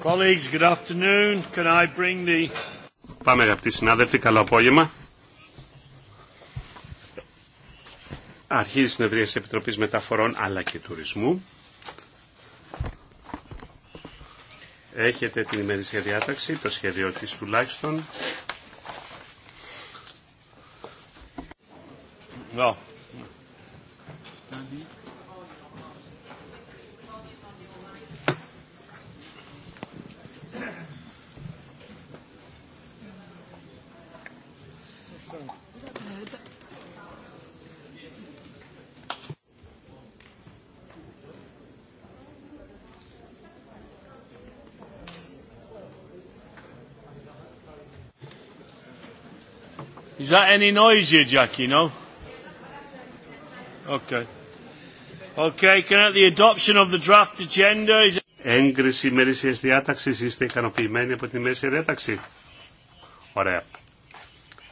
Colleagues, good afternoon. Can I bring the... Πάμε αγαπητοί συνάδελφοι, καλό απόγευμα. Αρχίζει η συνεδρία της Επιτροπής Μεταφορών αλλά και Τουρισμού. Έχετε την ημερήσια διάταξη, το σχέδιο τη τουλάχιστον. Is that any noisier, Jackie? No? Okay. Okay, can I the adoption of the draft agenda is... Έγκριση ημερήσια διάταξη, είστε ικανοποιημένοι από τη ημερήσια διάταξη. Ωραία.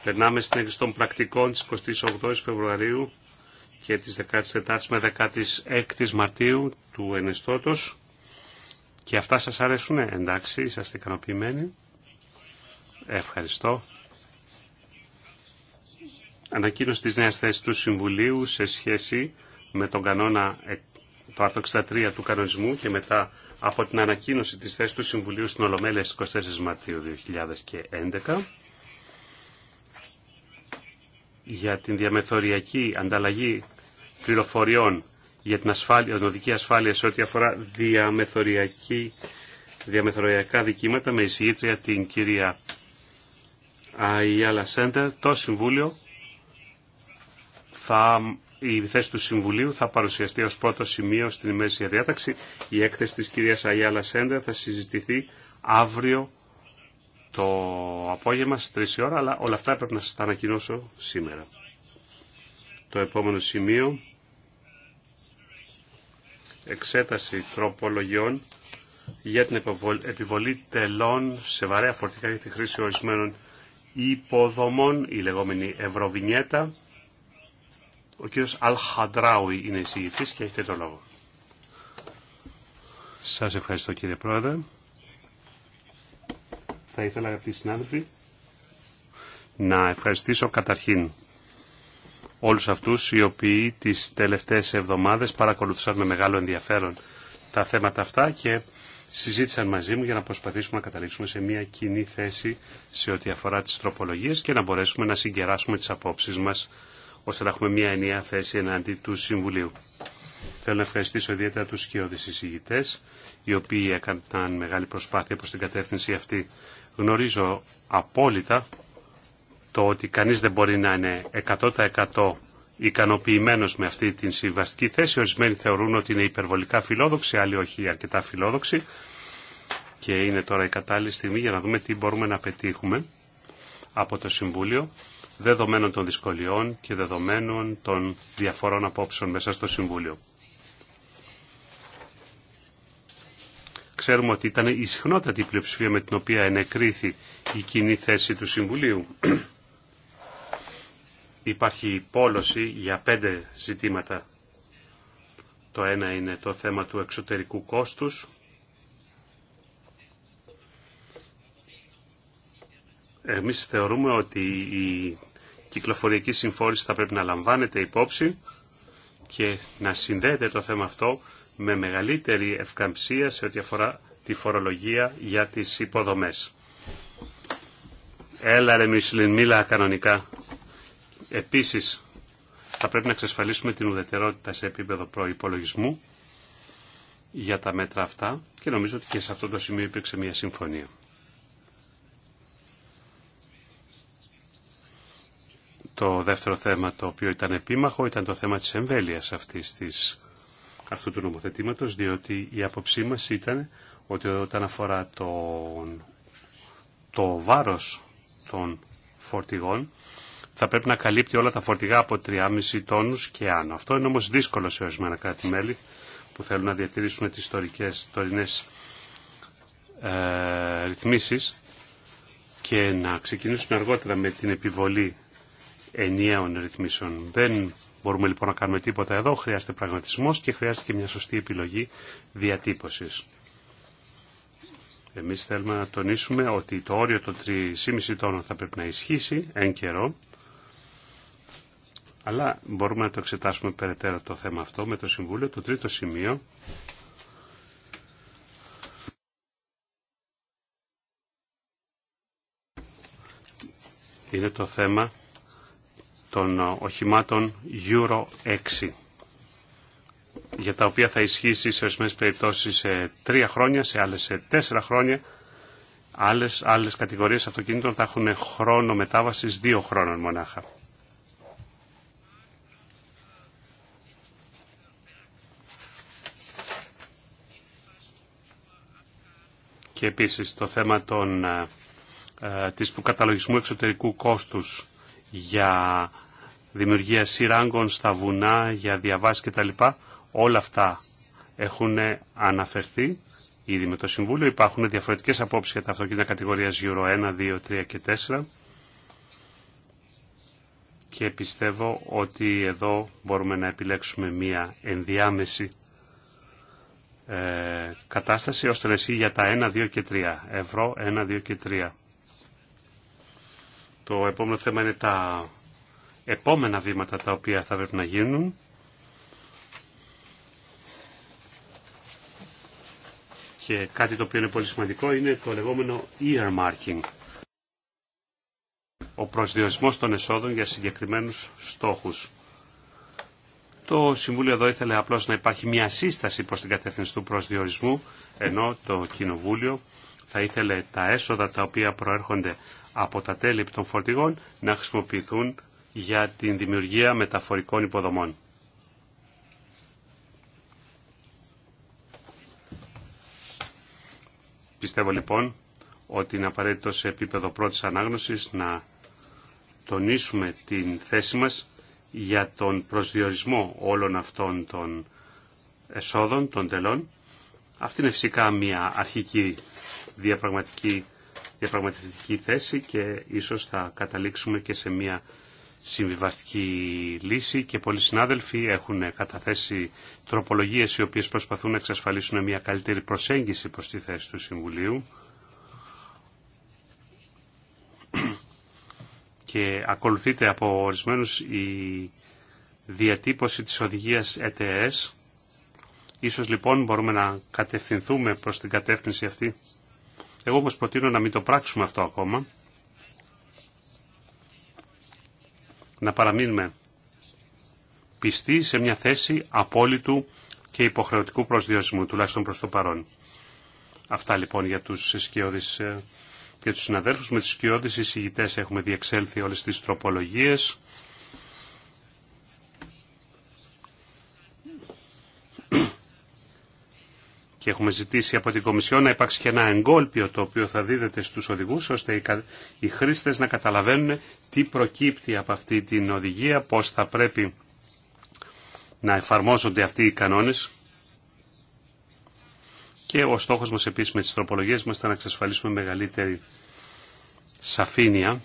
Περνάμε στην έγκριση των πρακτικών τη 28η Φεβρουαρίου και τη 14η με 16η Μαρτίου του Ενιστότο. Και αυτά σα αρέσουν, εντάξει, είσαστε ικανοποιημένοι. Ευχαριστώ ανακοίνωση της νέας θέσης του Συμβουλίου σε σχέση με τον κανόνα ε, το άρθρο 63 του κανονισμού και μετά από την ανακοίνωση της θέσης του Συμβουλίου στην Ολομέλεια στις 24 Μαρτίου 2011 για την διαμεθοριακή ανταλλαγή πληροφοριών για την ασφάλεια, οδική ασφάλεια σε ό,τι αφορά διαμεθοριακή, διαμεθοριακά δικήματα με εισηγήτρια την κυρία Αιάλα Σέντερ, το Συμβούλιο θα, η θέση του Συμβουλίου θα παρουσιαστεί ως πρώτο σημείο στην ημέρησια διάταξη. Η έκθεση της κυρίας Αγιάλα Σέντερ θα συζητηθεί αύριο το απόγευμα στις 3 ώρα, αλλά όλα αυτά πρέπει να σας τα ανακοινώσω σήμερα. Το επόμενο σημείο, εξέταση τροπολογιών για την επιβολή τελών σε βαρέα φορτικά για τη χρήση ορισμένων υποδομών, η λεγόμενη Ευρωβινιέτα. Ο κύριος Αλχαντράουι είναι εισηγητής και έχετε το λόγο. Σας ευχαριστώ κύριε Πρόεδρε. Θα ήθελα αγαπητοί συνάδελφοι να ευχαριστήσω καταρχήν όλους αυτούς οι οποίοι τις τελευταίες εβδομάδες παρακολουθούσαν με μεγάλο ενδιαφέρον τα θέματα αυτά και συζήτησαν μαζί μου για να προσπαθήσουμε να καταλήξουμε σε μια κοινή θέση σε ό,τι αφορά τις τροπολογίες και να μπορέσουμε να συγκεράσουμε τις απόψεις μας ώστε να έχουμε μια ενιαία θέση εναντί του Συμβουλίου. Θέλω να ευχαριστήσω ιδιαίτερα τους σκιώδεις εισηγητές, οι οποίοι έκαναν μεγάλη προσπάθεια προς την κατεύθυνση αυτή. Γνωρίζω απόλυτα το ότι κανείς δεν μπορεί να είναι 100% ικανοποιημένος με αυτή την συμβαστική θέση. Ορισμένοι θεωρούν ότι είναι υπερβολικά φιλόδοξη, άλλοι όχι αρκετά φιλόδοξη. Και είναι τώρα η κατάλληλη στιγμή για να δούμε τι μπορούμε να πετύχουμε από το Συμβούλιο δεδομένων των δυσκολιών και δεδομένων των διαφορών απόψεων μέσα στο Συμβούλιο. Ξέρουμε ότι ήταν η συχνότατη πλειοψηφία με την οποία ενεκρίθη η κοινή θέση του Συμβουλίου. Υπάρχει πόλωση για πέντε ζητήματα. Το ένα είναι το θέμα του εξωτερικού κόστους, εμείς θεωρούμε ότι η κυκλοφοριακή συμφόρηση θα πρέπει να λαμβάνεται υπόψη και να συνδέεται το θέμα αυτό με μεγαλύτερη ευκαμψία σε ό,τι αφορά τη φορολογία για τις υποδομές. Έλα ρε Μισλιν, μίλα κανονικά. Επίσης, θα πρέπει να εξασφαλίσουμε την ουδετερότητα σε επίπεδο προϋπολογισμού για τα μέτρα αυτά και νομίζω ότι και σε αυτό το σημείο υπήρξε μια συμφωνία. Το δεύτερο θέμα το οποίο ήταν επίμαχο ήταν το θέμα της εμβέλειας αυτής της, αυτού του νομοθετήματος, διότι η άποψή μας ήταν ότι όταν αφορά το το βάρος των φορτηγών, θα πρέπει να καλύπτει όλα τα φορτηγά από 3,5 τόνους και άνω. Αυτό είναι όμως δύσκολο σε ορισμένα κράτη-μέλη που θέλουν να διατηρήσουν τις ιστορικές τωρινές ε, ρυθμίσεις και να ξεκινήσουν αργότερα με την επιβολή ενιαίων ρυθμίσεων. Δεν μπορούμε λοιπόν να κάνουμε τίποτα εδώ. Χρειάζεται πραγματισμός και χρειάζεται και μια σωστή επιλογή διατύπωσης. Εμείς θέλουμε να τονίσουμε ότι το όριο των 3,5 τόνων θα πρέπει να ισχύσει εν καιρό, αλλά μπορούμε να το εξετάσουμε περαιτέρω το θέμα αυτό με το Συμβούλιο. Το τρίτο σημείο είναι το θέμα των ε, οχημάτων Euro 6 για τα οποία θα ισχύσει σε ορισμένε περιπτώσει σε τρία χρόνια, σε άλλε σε τέσσερα χρόνια. Άλλε άλλες κατηγορίε αυτοκινήτων θα έχουν χρόνο μετάβαση δύο χρόνων μονάχα. Και επίσης το θέμα των, ε, ε, της καταλογισμού εξωτερικού κόστους για δημιουργία σειράγκων στα βουνά, για διαβάσεις κτλ. Όλα αυτά έχουν αναφερθεί ήδη με το Συμβούλιο. Υπάρχουν διαφορετικές απόψεις για τα αυτοκίνητα κατηγορίας Euro 1, 2, 3 και 4 και πιστεύω ότι εδώ μπορούμε να επιλέξουμε μία ενδιάμεση ε, κατάσταση ώστε να για τα 1, 2 και 3. Ευρώ 1, 2 και 3. Το επόμενο θέμα είναι τα επόμενα βήματα τα οποία θα πρέπει να γίνουν. Και κάτι το οποίο είναι πολύ σημαντικό είναι το λεγόμενο earmarking. Ο προσδιορισμός των εσόδων για συγκεκριμένους στόχους. Το Συμβούλιο εδώ ήθελε απλώς να υπάρχει μια σύσταση προς την κατεύθυνση του προσδιορισμού, ενώ το Κοινοβούλιο θα ήθελε τα έσοδα τα οποία προέρχονται από τα τέλη των φορτηγών να χρησιμοποιηθούν για την δημιουργία μεταφορικών υποδομών. Πιστεύω λοιπόν ότι είναι απαραίτητο σε επίπεδο πρώτης ανάγνωσης να τονίσουμε την θέση μας για τον προσδιορισμό όλων αυτών των εσόδων, των τελών. Αυτή είναι φυσικά μια αρχική διαπραγματική, διαπραγματευτική θέση και ίσως θα καταλήξουμε και σε μια συμβιβαστική λύση και πολλοί συνάδελφοι έχουν καταθέσει τροπολογίες οι οποίες προσπαθούν να εξασφαλίσουν μια καλύτερη προσέγγιση προς τη θέση του Συμβουλίου και ακολουθείται από ορισμένους η διατύπωση της οδηγίας ΕΤΕΕΣ. Ίσως λοιπόν μπορούμε να κατευθυνθούμε προς την κατεύθυνση αυτή. Εγώ όμως προτείνω να μην το πράξουμε αυτό ακόμα να παραμείνουμε πιστοί σε μια θέση απόλυτου και υποχρεωτικού προσδιορισμού, τουλάχιστον προς το παρόν. Αυτά λοιπόν για τους σκιώδεις και ε, τους συναδέλφους. Με τους σκιώδεις εισηγητές έχουμε διεξέλθει όλες τις τροπολογίες. και έχουμε ζητήσει από την Κομισιόν να υπάρξει και ένα εγκόλπιο το οποίο θα δίδεται στους οδηγούς ώστε οι χρήστες να καταλαβαίνουν τι προκύπτει από αυτή την οδηγία, πώς θα πρέπει να εφαρμόζονται αυτοί οι κανόνες και ο στόχος μας επίσης με τις τροπολογίες μας ήταν να εξασφαλίσουμε μεγαλύτερη σαφήνεια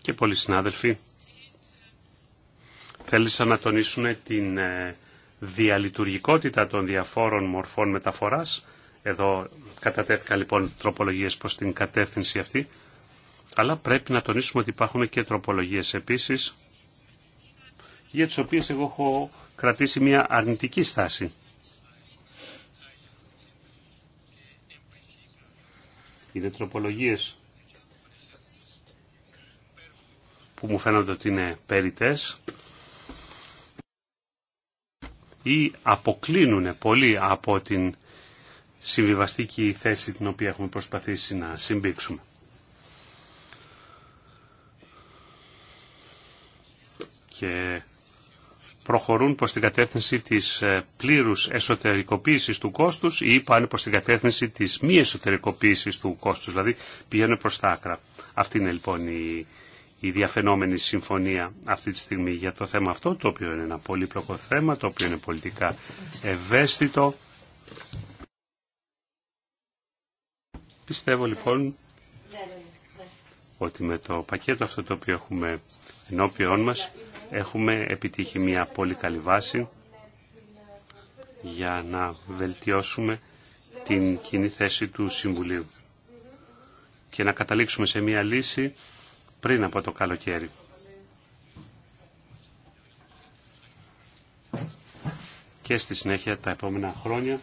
και πολλοί συνάδελφοι Θέλησα να τονίσουν την ε, διαλειτουργικότητα των διαφόρων μορφών μεταφοράς. Εδώ κατατέθηκα λοιπόν τροπολογίες προς την κατεύθυνση αυτή. Αλλά πρέπει να τονίσουμε ότι υπάρχουν και τροπολογίες επίσης, για τις οποίες εγώ έχω κρατήσει μια αρνητική στάση. Είναι τροπολογίες που μου φαίνονται ότι είναι περιτές, ή αποκλίνουν πολύ από την συμβιβαστική θέση την οποία έχουμε προσπαθήσει να συμπήξουμε. Και προχωρούν προς την κατεύθυνση της ε, πλήρους εσωτερικοποίησης του κόστους ή πάνε προς την κατεύθυνση της μη εσωτερικοποίησης του κόστους, δηλαδή πηγαίνουν προς τα άκρα. Αυτή είναι λοιπόν η η διαφαινόμενη συμφωνία αυτή τη στιγμή για το θέμα αυτό, το οποίο είναι ένα πολύπλοκο θέμα, το οποίο είναι πολιτικά ευαίσθητο. Πιστεύω λοιπόν ότι με το πακέτο αυτό το οποίο έχουμε ενώπιόν μας έχουμε επιτύχει μια πολύ καλή βάση για να βελτιώσουμε την κοινή θέση του Συμβουλίου και να καταλήξουμε σε μια λύση πριν από το καλοκαίρι. Και στη συνέχεια τα επόμενα χρόνια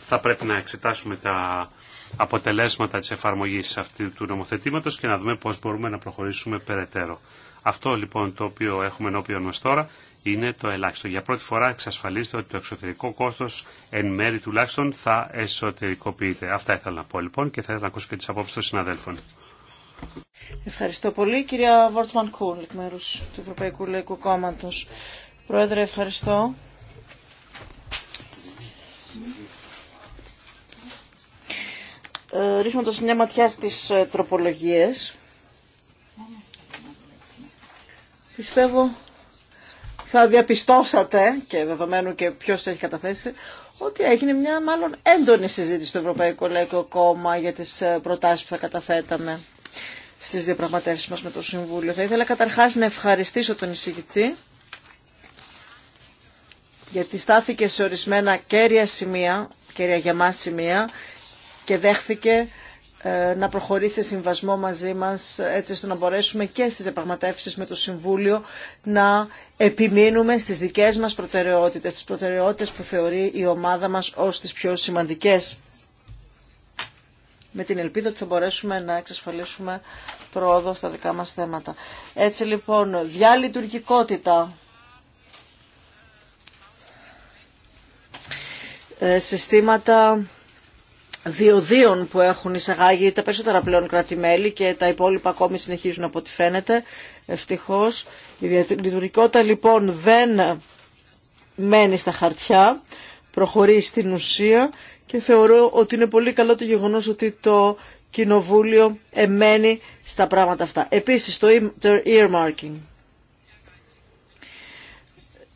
θα πρέπει να εξετάσουμε τα αποτελέσματα της εφαρμογής αυτού του νομοθετήματος και να δούμε πώς μπορούμε να προχωρήσουμε περαιτέρω. Αυτό λοιπόν το οποίο έχουμε ενώπιον μας τώρα είναι το ελάχιστο. Για πρώτη φορά εξασφαλίστε ότι το εξωτερικό κόστος εν μέρη τουλάχιστον θα εσωτερικοποιείται. Αυτά ήθελα να πω λοιπόν και θα ήθελα να ακούσω και τις απόψεις των συναδέλφων. Ευχαριστώ πολύ. Κυρία Βορτμαν, Κούλ, εκ μέρου του Ευρωπαϊκού Λαϊκού Κόμματο. Πρόεδρε, ευχαριστώ. Ε, Ρίχνοντα μια ματιά στι ε, τροπολογίε. Πιστεύω θα διαπιστώσατε, και δεδομένου και ποιος έχει καταθέσει, ότι έγινε μια μάλλον έντονη συζήτηση στο Ευρωπαϊκό Λαϊκό Κόμμα για τις ε, προτάσει που θα καταθέταμε στις διαπραγματεύσεις μας με το Συμβούλιο. Θα ήθελα καταρχάς να ευχαριστήσω τον εισηγητή γιατί στάθηκε σε ορισμένα κέρια σημεία, κέρια για μας σημεία και δέχθηκε ε, να προχωρήσει σε συμβασμό μαζί μας έτσι ώστε να μπορέσουμε και στις διαπραγματεύσεις με το Συμβούλιο να επιμείνουμε στις δικές μας προτεραιότητες, τις προτεραιότητες που θεωρεί η ομάδα μας ως τις πιο σημαντικές με την ελπίδα ότι θα μπορέσουμε να εξασφαλίσουμε πρόοδο στα δικά μας θέματα. Έτσι λοιπόν, διαλειτουργικότητα. Ε, συστήματα διοδίων που έχουν εισαγάγει τα περισσότερα πλέον κράτη-μέλη και τα υπόλοιπα ακόμη συνεχίζουν από ό,τι φαίνεται. Ευτυχώς η διαλειτουργικότητα λοιπόν δεν μένει στα χαρτιά, προχωρεί στην ουσία και θεωρώ ότι είναι πολύ καλό το γεγονός ότι το Κοινοβούλιο εμένει στα πράγματα αυτά. Επίσης το earmarking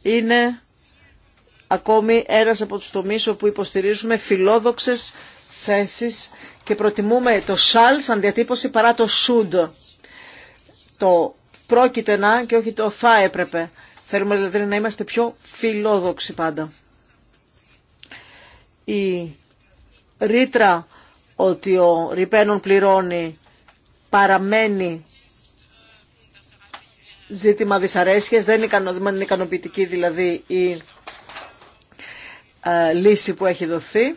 είναι ακόμη ένας από τους τομείς όπου υποστηρίζουμε φιλόδοξες θέσεις και προτιμούμε το shall σαν διατύπωση παρά το should. Το πρόκειται να και όχι το θα έπρεπε. Θέλουμε δηλαδή να είμαστε πιο φιλόδοξοι πάντα. Η ρήτρα ότι ο Ριπένον πληρώνει παραμένει ζήτημα δυσαρέσκειας, δεν είναι ικανοποιητική δηλαδή η ε, λύση που έχει δοθεί.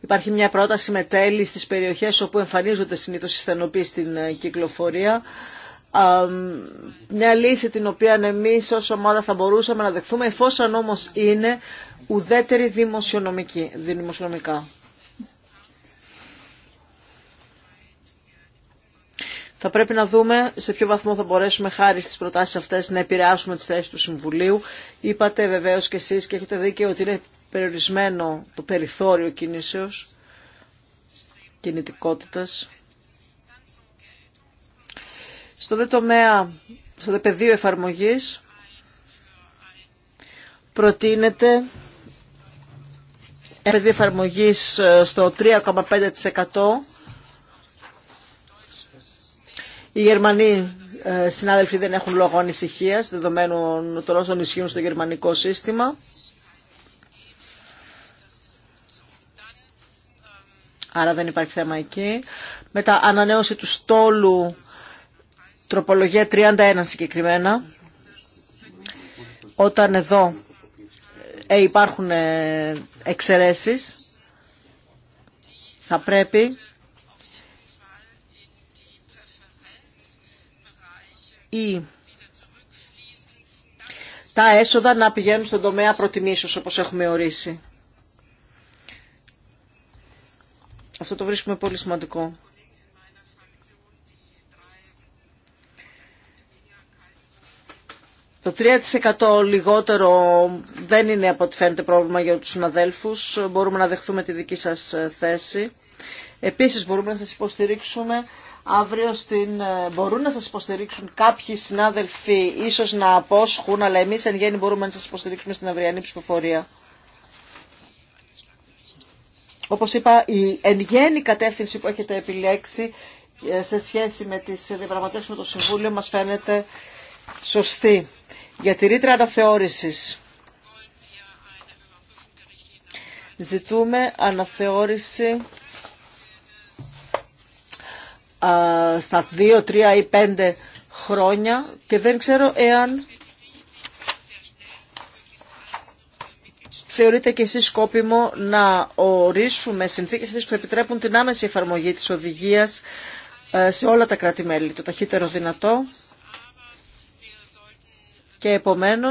Υπάρχει μια πρόταση με τέλη στις περιοχές όπου εμφανίζονται συνήθως οι στην ε, κυκλοφορία μια λύση την οποία εμείς ως ομάδα θα μπορούσαμε να δεχθούμε εφόσον όμως είναι ουδέτερη δημοσιονομική, δημοσιονομικά. Θα πρέπει να δούμε σε ποιο βαθμό θα μπορέσουμε χάρη στις προτάσεις αυτές να επηρεάσουμε τις θέσεις του Συμβουλίου. Είπατε βεβαίως και εσείς και έχετε δίκαιο ότι είναι περιορισμένο το περιθώριο κινήσεως, κινητικότητας. Στο δε τομέα, στο δε πεδίο εφαρμογής προτείνεται ένα πεδίο εφαρμογής ε, στο 3,5% οι Γερμανοί ε, συνάδελφοι δεν έχουν λόγο ανησυχίας δεδομένου των όσων ισχύουν στο γερμανικό σύστημα. Άρα δεν υπάρχει θέμα εκεί. Μετά ανανέωση του στόλου τροπολογία 31 συγκεκριμένα, όταν εδώ ε, υπάρχουν ε, εξαιρέσεις, θα πρέπει ή τα έσοδα να πηγαίνουν στον τομέα προτιμήσεως όπως έχουμε ορίσει. Αυτό το βρίσκουμε πολύ σημαντικό. Το 3% λιγότερο δεν είναι από ό,τι φαίνεται πρόβλημα για τους συναδέλφους. Μπορούμε να δεχθούμε τη δική σας ε, θέση. Επίσης μπορούμε να σας υποστηρίξουμε αύριο στην... Ε, μπορούν να σας υποστηρίξουν κάποιοι συνάδελφοι ίσως να απόσχουν, αλλά εμείς εν γέννη μπορούμε να σας υποστηρίξουμε στην αυριανή ψηφοφορία. Όπως είπα, η εν γέννη κατεύθυνση που έχετε επιλέξει ε, σε σχέση με τις διαπραγματεύσεις με το Συμβούλιο μας φαίνεται σωστή. Για τη ρήτρα αναθεώρησης. Ζητούμε αναθεώρηση στα 2, 3 ή 5 χρόνια και δεν ξέρω εάν θεωρείτε και εσείς σκόπιμο να ορίσουμε συνθήκες που επιτρέπουν την άμεση εφαρμογή της οδηγίας ε, σε όλα τα κράτη-μέλη, το ταχύτερο δυνατό. Και επομένω,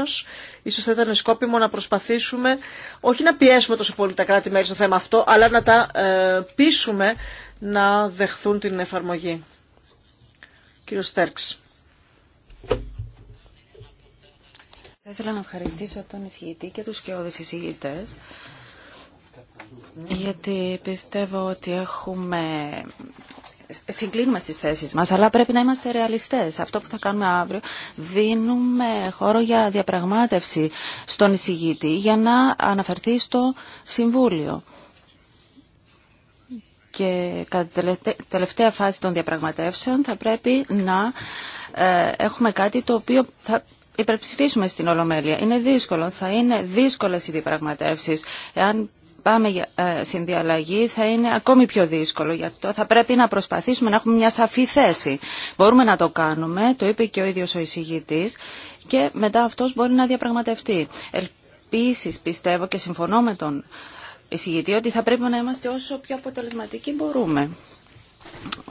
ίσω θα ήταν σκόπιμο να προσπαθήσουμε όχι να πιέσουμε τόσο πολύ τα κράτη-μέλη στο θέμα αυτό, αλλά να τα ε, πείσουμε να δεχθούν την εφαρμογή. Κύριο Στέρξ. Θα ήθελα να ευχαριστήσω τον εισηγητή και τους σκιώδεις εισηγητές γιατί πιστεύω ότι έχουμε συγκλίνουμε στις θέσεις μας, αλλά πρέπει να είμαστε ρεαλιστές. Αυτό που θα κάνουμε αύριο, δίνουμε χώρο για διαπραγμάτευση στον εισηγητή για να αναφερθεί στο Συμβούλιο. Και κατά τελευταία φάση των διαπραγματεύσεων θα πρέπει να ε, έχουμε κάτι το οποίο θα υπερψηφίσουμε στην Ολομέλεια. Είναι δύσκολο, θα είναι δύσκολες οι διαπραγματεύσεις. Εάν πάμε στην ε, συνδιαλλαγή θα είναι ακόμη πιο δύσκολο. Γι' αυτό θα πρέπει να προσπαθήσουμε να έχουμε μια σαφή θέση. Μπορούμε να το κάνουμε, το είπε και ο ίδιος ο εισηγητής και μετά αυτός μπορεί να διαπραγματευτεί. Επίσης πιστεύω και συμφωνώ με τον εισηγητή ότι θα πρέπει να είμαστε όσο πιο αποτελεσματικοί μπορούμε.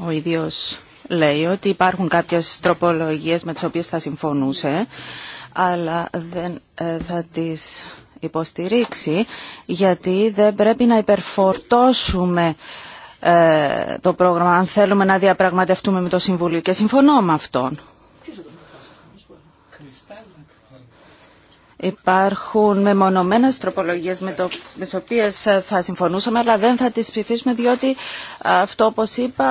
Ο ίδιος λέει ότι υπάρχουν κάποιες τροπολογίες με τις οποίες θα συμφωνούσε αλλά δεν ε, θα τις υποστηρίξει γιατί δεν πρέπει να υπερφορτώσουμε ε, το πρόγραμμα αν θέλουμε να διαπραγματευτούμε με το Συμβούλιο και συμφωνώ με αυτόν. Υπάρχουν μεμονωμένες τροπολογίες με, το, με τις οποίες θα συμφωνούσαμε, αλλά δεν θα τις ψηφίσουμε διότι αυτό, όπως είπα,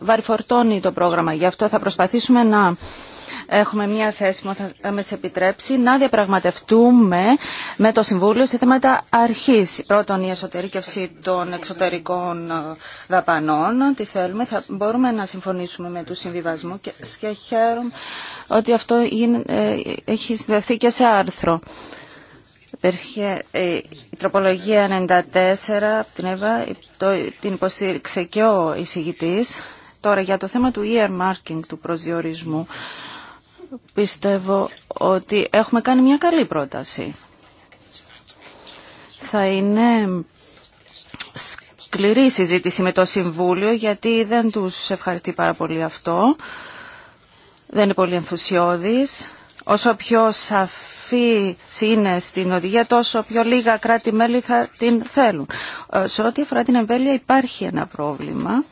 βαριφορτώνει το πρόγραμμα. Γι' αυτό θα προσπαθήσουμε να έχουμε μια θέση που θα μας επιτρέψει να διαπραγματευτούμε με το Συμβούλιο σε θέματα αρχής. Πρώτον, η εσωτερικεύση των εξωτερικών ε, δαπανών, τι θέλουμε. Θα μπορούμε να συμφωνήσουμε με του συμβιβασμού και, και χαίρομαι ότι αυτό ε, έχει συνδεθεί και σε άρθρο. Υπήρχε ε, η τροπολογία 94 από την ΕΒΑ, την υποστήριξε και ο εισηγητής. Τώρα για το θέμα του earmarking, του προσδιορισμού, Πιστεύω ότι έχουμε κάνει μια καλή πρόταση. Θα είναι σκληρή συζήτηση με το Συμβούλιο γιατί δεν τους ευχαριστεί πάρα πολύ αυτό. Δεν είναι πολύ ενθουσιώδης. Όσο πιο σαφή είναι στην οδηγία, τόσο πιο λίγα κράτη-μέλη θα την θέλουν. Ε, σε ό,τι αφορά την εμβέλεια υπάρχει ένα πρόβλημα.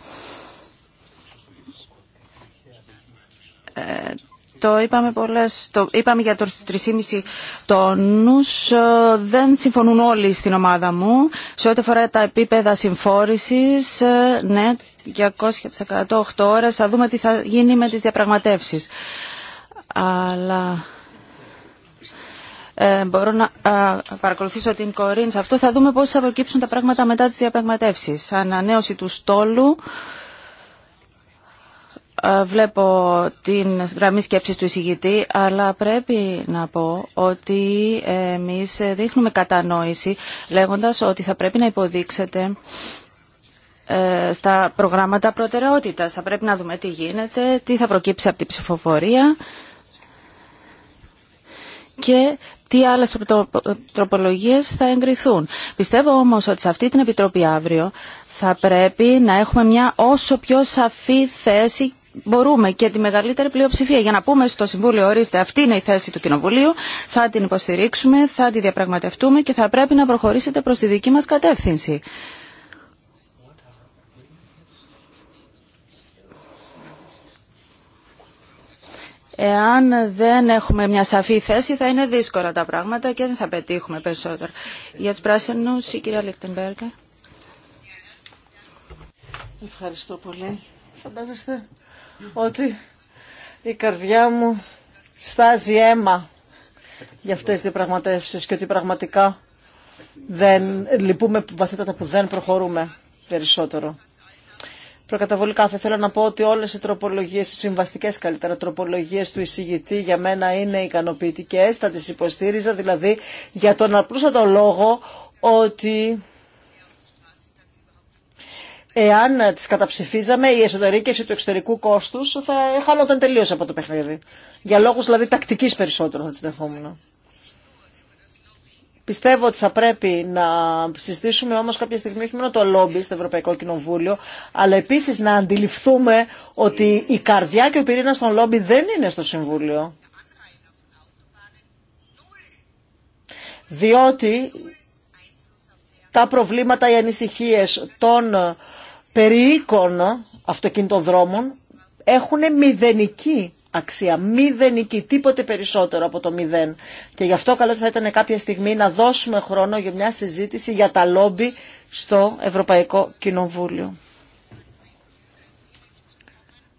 Ε, το είπαμε, πολλές, το είπαμε για τους 3,5 τόνους. Ε, δεν συμφωνούν όλοι στην ομάδα μου. Σε ό,τι αφορά τα επίπεδα συμφόρησης, ε, ναι, 200% 8 ώρες. Θα δούμε τι θα γίνει με τις διαπραγματεύσεις. Αλλά... Ε, μπορώ να παρακολουθήσω την Κορίν σε αυτό. Θα δούμε πώς θα προκύψουν τα πράγματα μετά τις διαπραγματεύσεις. Ανανέωση του στόλου. Ε, βλέπω την γραμμή σκέψης του εισηγητή, αλλά πρέπει να πω ότι εμείς δείχνουμε κατανόηση λέγοντας ότι θα πρέπει να υποδείξετε ε, στα προγράμματα προτεραιότητας. Θα πρέπει να δούμε τι γίνεται, τι θα προκύψει από την ψηφοφορία και τι άλλες τροπολογίες θα εγκριθούν. Πιστεύω όμως ότι σε αυτή την Επιτροπή αύριο θα πρέπει να έχουμε μια όσο πιο σαφή θέση μπορούμε και τη μεγαλύτερη πλειοψηφία για να πούμε στο Συμβούλιο ορίστε αυτή είναι η θέση του Κοινοβουλίου, θα την υποστηρίξουμε, θα τη διαπραγματευτούμε και θα πρέπει να προχωρήσετε προς τη δική μας κατεύθυνση. Εάν δεν έχουμε μια σαφή θέση θα είναι δύσκολα τα πράγματα και δεν θα πετύχουμε περισσότερο. Για τους πράσινους, η κυρία Ευχαριστώ πολύ. Φαντάζεστε ότι η καρδιά μου στάζει αίμα για αυτές τις διαπραγματεύσεις και ότι πραγματικά δεν, λυπούμε βαθύτατα που δεν προχωρούμε περισσότερο. Προκαταβολικά θα ήθελα να πω ότι όλες οι τροπολογίες, οι συμβαστικές καλύτερα τροπολογίες του εισηγητή για μένα είναι ικανοποιητικές, θα τις υποστήριζα δηλαδή για τον απλούστατο λόγο ότι Εάν ε, τι καταψηφίζαμε, η εσωτερήκευση του εξωτερικού κόστου, θα χάνονταν τελείω από το παιχνίδι. Για λόγου δηλαδή τακτική περισσότερο θα τι δεχόμουν. Πιστεύω ότι θα πρέπει να συζητήσουμε όμως κάποια στιγμή όχι μόνο το λόμπι στο Ευρωπαϊκό Κοινοβούλιο, αλλά επίσης να αντιληφθούμε ότι η καρδιά και ο πυρήνα των λόμπι δεν είναι στο Συμβούλιο. Διότι τα προβλήματα, οι ανησυχίες των περί αυτοκίνητων δρόμων έχουν μηδενική αξία, μηδενική, τίποτε περισσότερο από το μηδέν. Και γι' αυτό καλό θα ήταν κάποια στιγμή να δώσουμε χρόνο για μια συζήτηση για τα λόμπι στο Ευρωπαϊκό Κοινοβούλιο.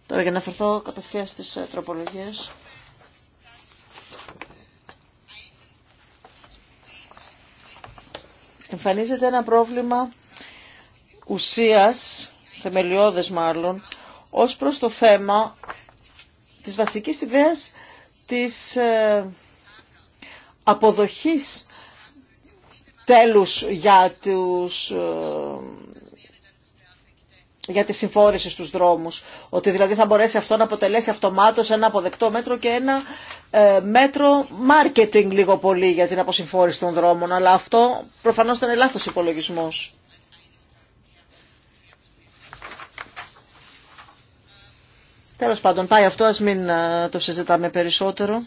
Τώρα για να φερθώ κατευθείαν στις ε, τροπολογίες. Εμφανίζεται ένα πρόβλημα ουσίας, θεμελιώδες μάλλον, ως προς το θέμα της βασικής ιδέας της ε, αποδοχής τέλους για, τους, ε, για τις συμφόρηση στους δρόμους. Ότι δηλαδή θα μπορέσει αυτό να αποτελέσει αυτομάτως ένα αποδεκτό μέτρο και ένα ε, μέτρο marketing λίγο πολύ για την αποσυμφόρηση των δρόμων. Αλλά αυτό προφανώς ήταν λάθος υπολογισμός. Τέλος πάντων, πάει αυτό, ας μην ε, το συζητάμε περισσότερο.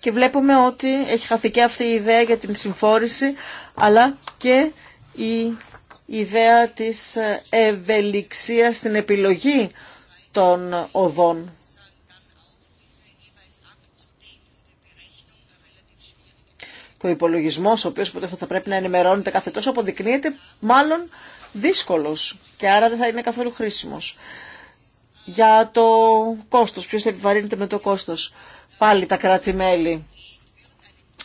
Και βλέπουμε ότι έχει χαθεί και αυτή η ιδέα για την συμφόρηση, αλλά και η ιδέα της ε, ευελιξίας στην επιλογή των οδών. Και ο υπολογισμός, ο οποίος θα πρέπει να ενημερώνεται κάθε τόσο, αποδεικνύεται μάλλον δύσκολος και άρα δεν θα είναι καθόλου χρήσιμος. Για το κόστος, ποιος θα επιβαρύνεται με το κόστος. Πάλι τα κράτη-μέλη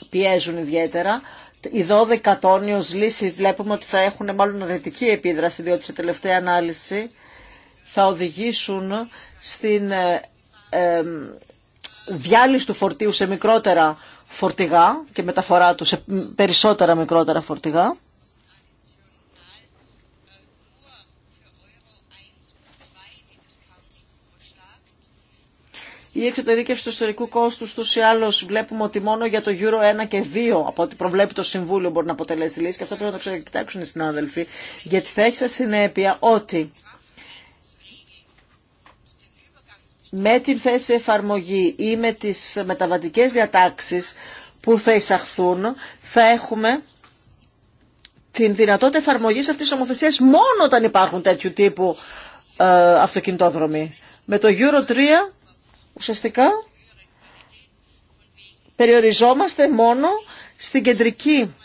πιέζουν ιδιαίτερα. Οι 12 ω λύση βλέπουμε ότι θα έχουν μάλλον αρνητική επίδραση, διότι σε τελευταία ανάλυση θα οδηγήσουν στην ε, διάλυση του φορτίου σε μικρότερα φορτηγά και μεταφορά του σε περισσότερα μικρότερα φορτηγά. Η εξωτερήκευση του ιστορικού κόστου του ή άλλω βλέπουμε ότι μόνο για το Euro 1 και 2, από ό,τι προβλέπει το Συμβούλιο, μπορεί να αποτελέσει λύση. Και αυτό πρέπει να το ξανακοιτάξουν οι συνάδελφοι, γιατί θα έχει σαν συνέπεια ότι με την θέση εφαρμογή ή με τι μεταβατικέ διατάξει που θα εισαχθούν, θα έχουμε την δυνατότητα εφαρμογή αυτή τη ομοθεσία μόνο όταν υπάρχουν τέτοιου τύπου ε, αυτοκινητόδρομοι. Με το Euro 3 ουσιαστικά περιοριζόμαστε μόνο στην κεντρική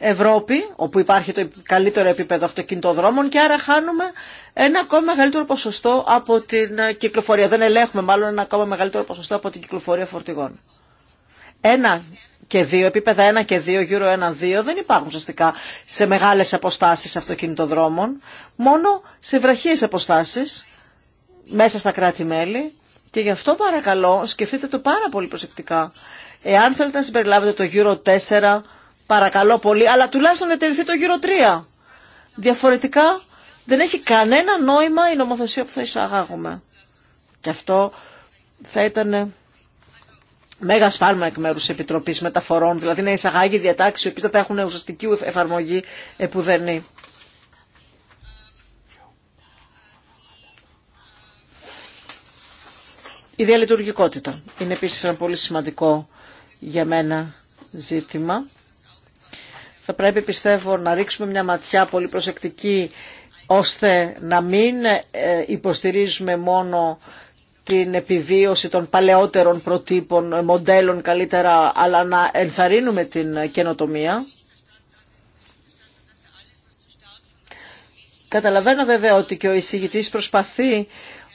Ευρώπη, όπου υπάρχει το καλύτερο επίπεδο αυτοκινητοδρόμων και άρα χάνουμε ένα ακόμα μεγαλύτερο ποσοστό από την κυκλοφορία. Δεν ελέγχουμε μάλλον ένα ακόμα μεγαλύτερο ποσοστό από την κυκλοφορία φορτηγών. Ένα και δύο, επίπεδα 1 και 2, γυρω γύρω ένα-δύο, δεν υπάρχουν ουσιαστικά σε μεγάλες αποστάσεις αυτοκινητοδρόμων, μόνο σε βραχίες αποστάσεις μέσα στα κράτη-μέλη και γι' αυτό παρακαλώ σκεφτείτε το πάρα πολύ προσεκτικά. Εάν θέλετε να συμπεριλάβετε το γύρο 4, παρακαλώ πολύ, αλλά τουλάχιστον να το γύρο 3. Διαφορετικά δεν έχει κανένα νόημα η νομοθεσία που θα εισαγάγουμε. Και αυτό θα ήταν μέγα σφάλμα εκ μέρου τη Επιτροπή Μεταφορών, δηλαδή να εισαγάγει διατάξει οι οποίε θα έχουν ουσιαστική εφαρμογή επουδενή. Η διαλειτουργικότητα είναι επίσης ένα πολύ σημαντικό για μένα ζήτημα. Θα πρέπει πιστεύω να ρίξουμε μια ματιά πολύ προσεκτική ώστε να μην ε, υποστηρίζουμε μόνο την επιβίωση των παλαιότερων προτύπων, μοντέλων καλύτερα, αλλά να ενθαρρύνουμε την καινοτομία. Καταλαβαίνω βέβαια ότι και ο εισηγητής προσπαθεί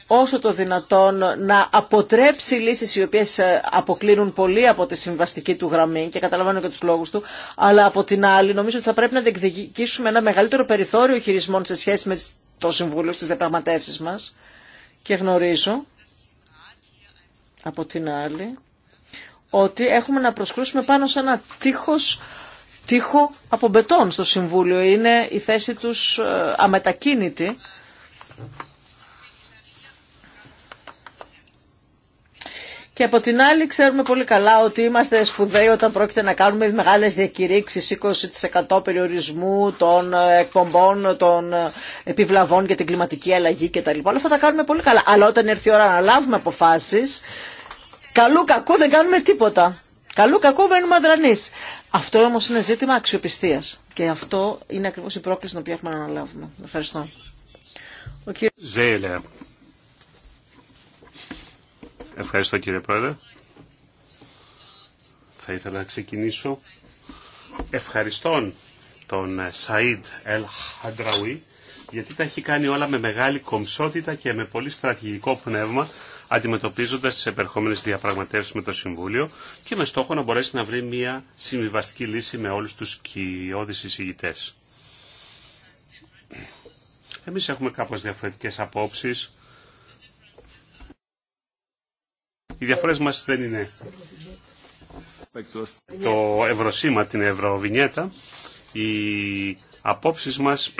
όσο το δυνατόν να αποτρέψει λύσεις οι οποίες ε, αποκλίνουν πολύ από τη συμβαστική του γραμμή και καταλαβαίνω και τους λόγους του, αλλά από την άλλη νομίζω ότι θα πρέπει να διεκδικήσουμε ένα μεγαλύτερο περιθώριο χειρισμών σε σχέση με το Συμβούλιο στις διαπραγματεύσεις μας και γνωρίζω από την άλλη ότι έχουμε να προσκρούσουμε πάνω σε ένα τείχος τείχο από μπετόν στο Συμβούλιο. Είναι η θέση τους ε, αμετακίνητη Και από την άλλη ξέρουμε πολύ καλά ότι είμαστε σπουδαίοι όταν πρόκειται να κάνουμε μεγάλες διακηρύξεις, 20% περιορισμού των ε, εκπομπών, των ε, επιβλαβών για την κλιματική αλλαγή κτλ. Όλα αυτά τα κάνουμε πολύ καλά. Αλλά όταν έρθει η ώρα να λάβουμε αποφάσεις, καλού κακού δεν κάνουμε τίποτα. Καλού κακού μένουμε αδρανείς. Αυτό όμως είναι ζήτημα αξιοπιστίας. Και αυτό είναι ακριβώς η πρόκληση την οποία έχουμε να αναλάβουμε. Ευχαριστώ. Ο κύριος... Ευχαριστώ κύριε Πρόεδρε. Θα ήθελα να ξεκινήσω ευχαριστών τον ε, Σαΐντ Ελ Χαντραουί γιατί τα έχει κάνει όλα με μεγάλη κομψότητα και με πολύ στρατηγικό πνεύμα αντιμετωπίζοντας τις επερχόμενες διαπραγματεύσεις με το Συμβούλιο και με στόχο να μπορέσει να βρει μια συμβιβαστική λύση με όλους τους κοιόδη εισηγητέ. Εμεί έχουμε κάπως διαφορετικέ απόψεις Οι διαφορές μας δεν είναι το ευρωσήμα, την ευρωβινιέτα. Οι απόψεις μας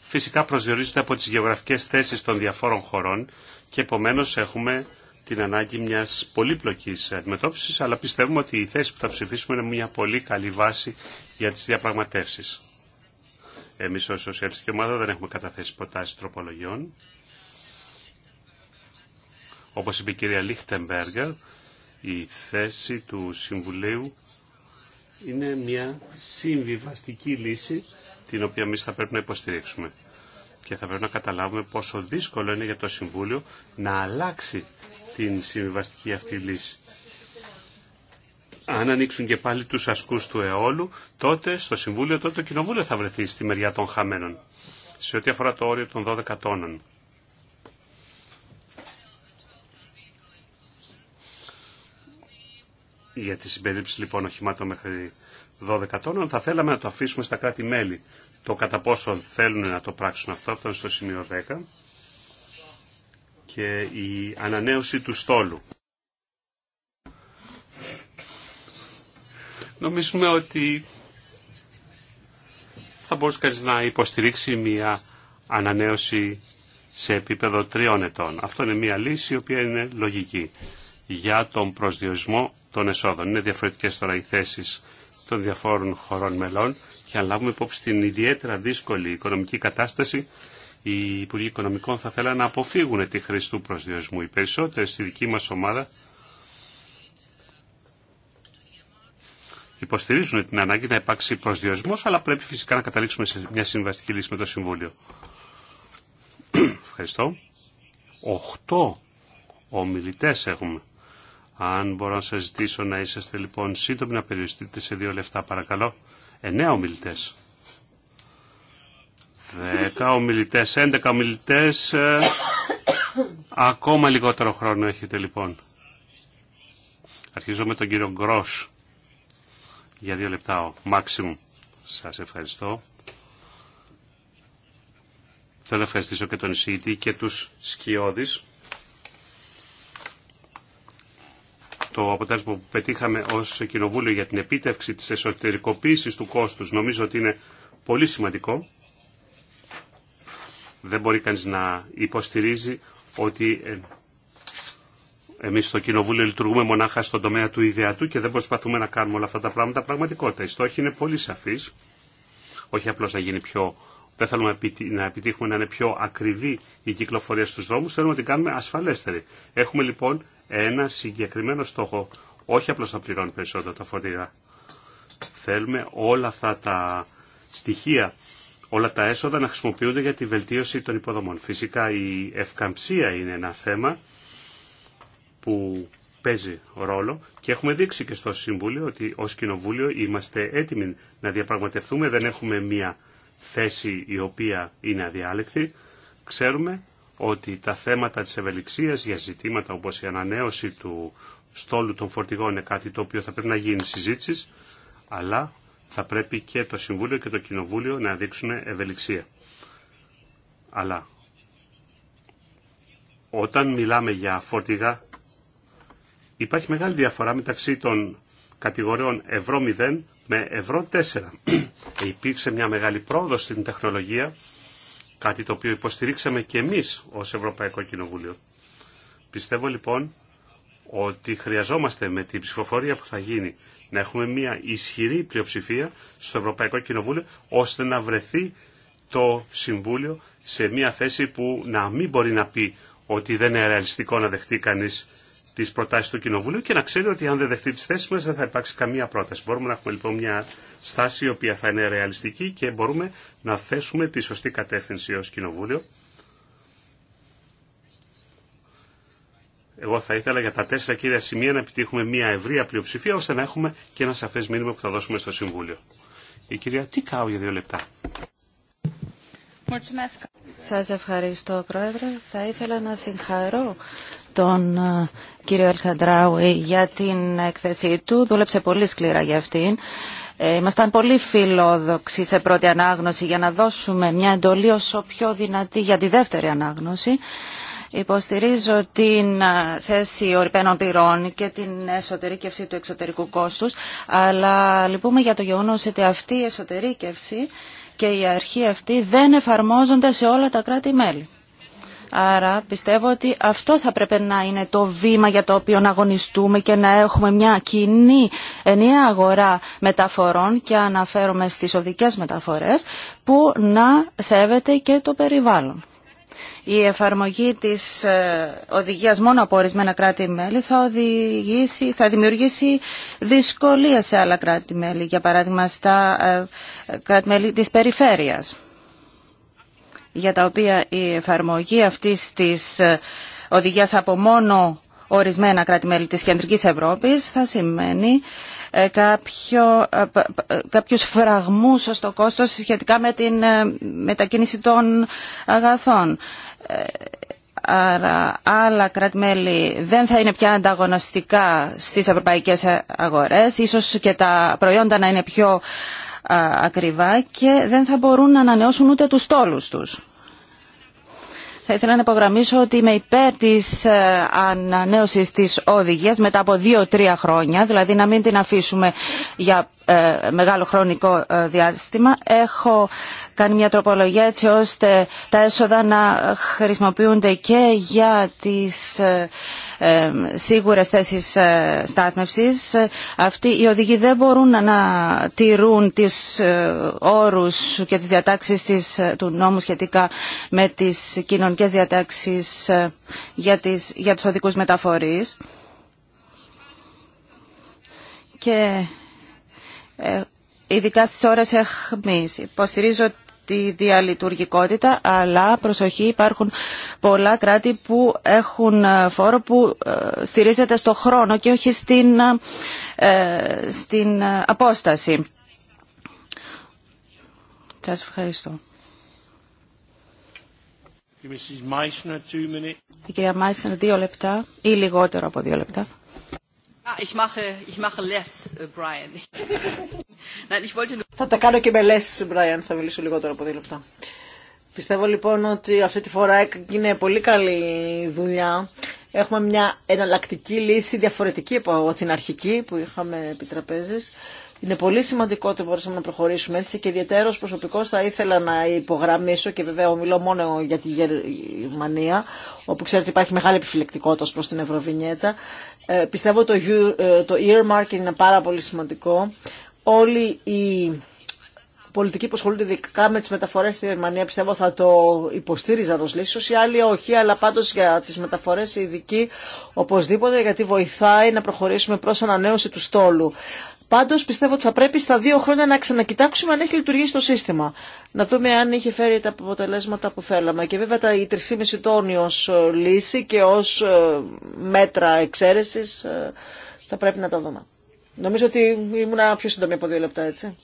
φυσικά προσδιορίζονται από τις γεωγραφικές θέσεις των διαφόρων χωρών και επομένως έχουμε την ανάγκη μιας πολύπλοκης αντιμετώπισης, αλλά πιστεύουμε ότι η θέση που θα ψηφίσουμε είναι μια πολύ καλή βάση για τις διαπραγματεύσεις. Εμείς ως σοσιαλιστική ομάδα δεν έχουμε καταθέσει ποτάσεις τροπολογιών. Όπως είπε η κυρία Λίχτεμπεργκερ, η θέση του Συμβουλίου είναι μια συμβιβαστική λύση την οποία εμεί θα πρέπει να υποστηρίξουμε. Και θα πρέπει να καταλάβουμε πόσο δύσκολο είναι για το Συμβούλιο να αλλάξει την συμβιβαστική αυτή λύση. Αν ανοίξουν και πάλι τους ασκούς του αιώλου, τότε στο Συμβούλιο, τότε το Κοινοβούλιο θα βρεθεί στη μεριά των χαμένων. Σε ό,τι αφορά το όριο των 12 τόνων. για τη συμπερίληψη λοιπόν οχημάτων μέχρι 12 τόνων. Θα θέλαμε να το αφήσουμε στα κράτη-μέλη το κατά πόσο θέλουν να το πράξουν αυτό. Αυτό είναι στο σημείο 10. Και η ανανέωση του στόλου. Νομίζουμε ότι θα μπορούσε κανείς να υποστηρίξει μια ανανέωση σε επίπεδο τριών ετών. Αυτό είναι μια λύση η οποία είναι λογική για τον προσδιορισμό των εσόδων. Είναι διαφορετικέ τώρα οι θέσει των διαφόρων χωρών μελών και αν λάβουμε υπόψη την ιδιαίτερα δύσκολη οικονομική κατάσταση, οι Υπουργοί Οικονομικών θα θέλανε να αποφύγουν τη χρήση του προσδιορισμού. Οι περισσότεροι στη δική μα ομάδα υποστηρίζουν την ανάγκη να υπάρξει προσδιορισμό, αλλά πρέπει φυσικά να καταλήξουμε σε μια συμβαστική λύση με το Συμβούλιο. Ευχαριστώ. Οχτώ ομιλητές έχουμε. Αν μπορώ να σα ζητήσω να είσαστε λοιπόν σύντομοι να περιοριστείτε σε δύο λεφτά παρακαλώ. Εννέα ομιλητέ. Δέκα ομιλητέ, έντεκα ομιλητέ. Ε, ακόμα λιγότερο χρόνο έχετε λοιπόν. Αρχίζω με τον κύριο Γκρό Για δύο λεπτά ο Μάξιμου. Σα ευχαριστώ. Θέλω να ευχαριστήσω και τον εισηγητή και τους σκιώδεις το αποτέλεσμα που πετύχαμε ως Κοινοβούλιο για την επίτευξη της εσωτερικοποίησης του κόστους νομίζω ότι είναι πολύ σημαντικό. Δεν μπορεί κανείς να υποστηρίζει ότι ε, εμείς στο Κοινοβούλιο λειτουργούμε μονάχα στον τομέα του ιδεατού και δεν προσπαθούμε να κάνουμε όλα αυτά τα πράγματα πραγματικότητα. η στόχη είναι πολύ σαφής. όχι απλώς να γίνει πιο... Δεν θέλουμε να επιτύχουμε να είναι πιο ακριβή η κυκλοφορία στους δρόμου, θέλουμε να την κάνουμε ασφαλέστερη. Έχουμε λοιπόν ένα συγκεκριμένο στόχο, όχι απλώς να πληρώνει περισσότερα τα φορτηγά. Θέλουμε όλα αυτά τα στοιχεία, όλα τα έσοδα να χρησιμοποιούνται για τη βελτίωση των υποδομών. Φυσικά η ευκαμψία είναι ένα θέμα που παίζει ρόλο και έχουμε δείξει και στο Συμβούλιο ότι ως Κοινοβούλιο είμαστε έτοιμοι να διαπραγματευτούμε, δεν έχουμε μία θέση η οποία είναι αδιάλεκτη. Ξέρουμε ότι τα θέματα της ευελιξίας για ζητήματα όπως η ανανέωση του στόλου των φορτηγών είναι κάτι το οποίο θα πρέπει να γίνει συζήτηση, αλλά θα πρέπει και το Συμβούλιο και το Κοινοβούλιο να δείξουν ευελιξία. Αλλά όταν μιλάμε για φορτηγά υπάρχει μεγάλη διαφορά μεταξύ των κατηγοριών ευρώ 0 με ευρώ 4. Υπήρξε μια μεγάλη πρόοδο στην τεχνολογία Κάτι το οποίο υποστηρίξαμε και εμείς ως Ευρωπαϊκό Κοινοβούλιο. Πιστεύω λοιπόν ότι χρειαζόμαστε με την ψηφοφορία που θα γίνει να έχουμε μια ισχυρή πλειοψηφία στο Ευρωπαϊκό Κοινοβούλιο ώστε να βρεθεί το Συμβούλιο σε μια θέση που να μην μπορεί να πει ότι δεν είναι ρεαλιστικό να δεχτεί κανείς τι προτάσει του Κοινοβουλίου και να ξέρει ότι αν δεν δεχτεί τι θέσει μα δεν θα υπάρξει καμία πρόταση. Μπορούμε να έχουμε λοιπόν μια στάση η οποία θα είναι ρεαλιστική και μπορούμε να θέσουμε τη σωστή κατεύθυνση ω Κοινοβούλιο. Εγώ θα ήθελα για τα τέσσερα κύρια σημεία να επιτύχουμε μια ευρεία πλειοψηφία ώστε να έχουμε και ένα σαφέ μήνυμα που θα δώσουμε στο Συμβούλιο. Η κυρία Τικάου για δύο λεπτά. Σας ευχαριστώ, Πρόεδρε. Θα ήθελα να συγχαρώ τον ε, κύριο Ελχαντράουι για την έκθεσή του. Δούλεψε πολύ σκληρά για αυτήν. Ε, ήμασταν πολύ φιλόδοξοι σε πρώτη ανάγνωση για να δώσουμε μια εντολή όσο πιο δυνατή για τη δεύτερη ανάγνωση. Υποστηρίζω την θέση ορυπαίνων πυρών και την εσωτερήκευση του εξωτερικού κόστους, αλλά λυπούμε για το γεγονός ότι αυτή η εσωτερήκευση και η αρχή αυτή δεν εφαρμόζονται σε όλα τα κράτη-μέλη. Άρα πιστεύω ότι αυτό θα πρέπει να είναι το βήμα για το οποίο να αγωνιστούμε και να έχουμε μια κοινή ενιαία αγορά μεταφορών και αναφέρομαι στις οδικές μεταφορές που να σέβεται και το περιβάλλον. Η εφαρμογή της ε, οδηγίας μόνο από ορισμένα κράτη-μέλη θα, θα δημιουργήσει δυσκολία σε άλλα κράτη-μέλη, για παράδειγμα στα ε, κράτη-μέλη της περιφέρειας, για τα οποία η εφαρμογή αυτής της ε, οδηγίας από μόνο ορισμένα κράτη-μέλη της Κεντρικής Ευρώπης θα σημαίνει ε, κάποιο, ε, ε, κάποιους φραγμούς στο κόστος σχετικά με την μετακίνηση των αγαθών. Άρα άλλα κράτη-μέλη δεν θα είναι πια ανταγωνιστικά στις ευρωπαϊκές αγορές, ίσως και τα προϊόντα να είναι πιο ακριβά και δεν θα μπορούν να ανανεώσουν ούτε τους τόλους τους. Θα ήθελα να υπογραμμίσω ότι είμαι υπέρ τη ε, ανανέωση τη οδηγια μετα μετά από δύο-τρία χρόνια, δηλαδή να μην την αφήσουμε για ε, μεγάλο χρονικό ε, διάστημα. Έχω κάνει μια τροπολογία έτσι ώστε τα έσοδα να χρησιμοποιούνται και για τις ε, σίγουρες θέσεις στάθμευσης. Αυτοί οι οδηγοί δεν μπορούν να τηρούν τις όρους και τις διατάξεις της, του νόμου σχετικά με τις κοινωνικές διατάξεις για, τις, για τους οδικούς μεταφορείς. Και ε, ειδικά στις ώρες εχμής. Υποστηρίζω τη διαλειτουργικότητα, αλλά προσοχή υπάρχουν πολλά κράτη που έχουν ε, φόρο που ε, στηρίζεται στο χρόνο και όχι στην, στην απόσταση. Σας ευχαριστώ. Η κυρία Μάισνερ, δύο λεπτά ή λιγότερο από δύο λεπτά. Θα τα κάνω και με less, Μπράιν, Θα μιλήσω λιγότερο από δύο λεπτά. Πιστεύω λοιπόν ότι αυτή τη φορά είναι πολύ καλή δουλειά. Έχουμε μια εναλλακτική λύση διαφορετική από την αρχική που είχαμε επί τραπέζης. Είναι πολύ σημαντικό ότι μπορούσαμε να προχωρήσουμε έτσι και ιδιαίτερος προσωπικός θα ήθελα να υπογραμμίσω και βέβαια μιλώ μόνο για τη Γερμανία όπου ξέρετε υπάρχει μεγάλη επιφυλεκτικότητα προς την Ευρωβινιέτα ε, πιστεύω το, ε, το earmarking είναι πάρα πολύ σημαντικό. Όλοι οι πολιτικοί που ασχολούνται ειδικά με τις μεταφορές στη Γερμανία πιστεύω θα το υποστήριζαν ως λύση, οι άλλοι όχι, αλλά πάντως για τις μεταφορές οι ειδικοί οπωσδήποτε γιατί βοηθάει να προχωρήσουμε προς ανανέωση του στόλου. Πάντως πιστεύω ότι θα πρέπει στα δύο χρόνια να ξανακοιτάξουμε αν έχει λειτουργήσει το σύστημα. Να δούμε αν είχε φέρει τα αποτελέσματα που θέλαμε. Και βέβαια τα 3,5 τόνοι ω λύση και ω ε, μέτρα εξαίρεση ε, θα πρέπει να τα δούμε. Νομίζω ότι ήμουν πιο σύντομη από δύο λεπτά έτσι.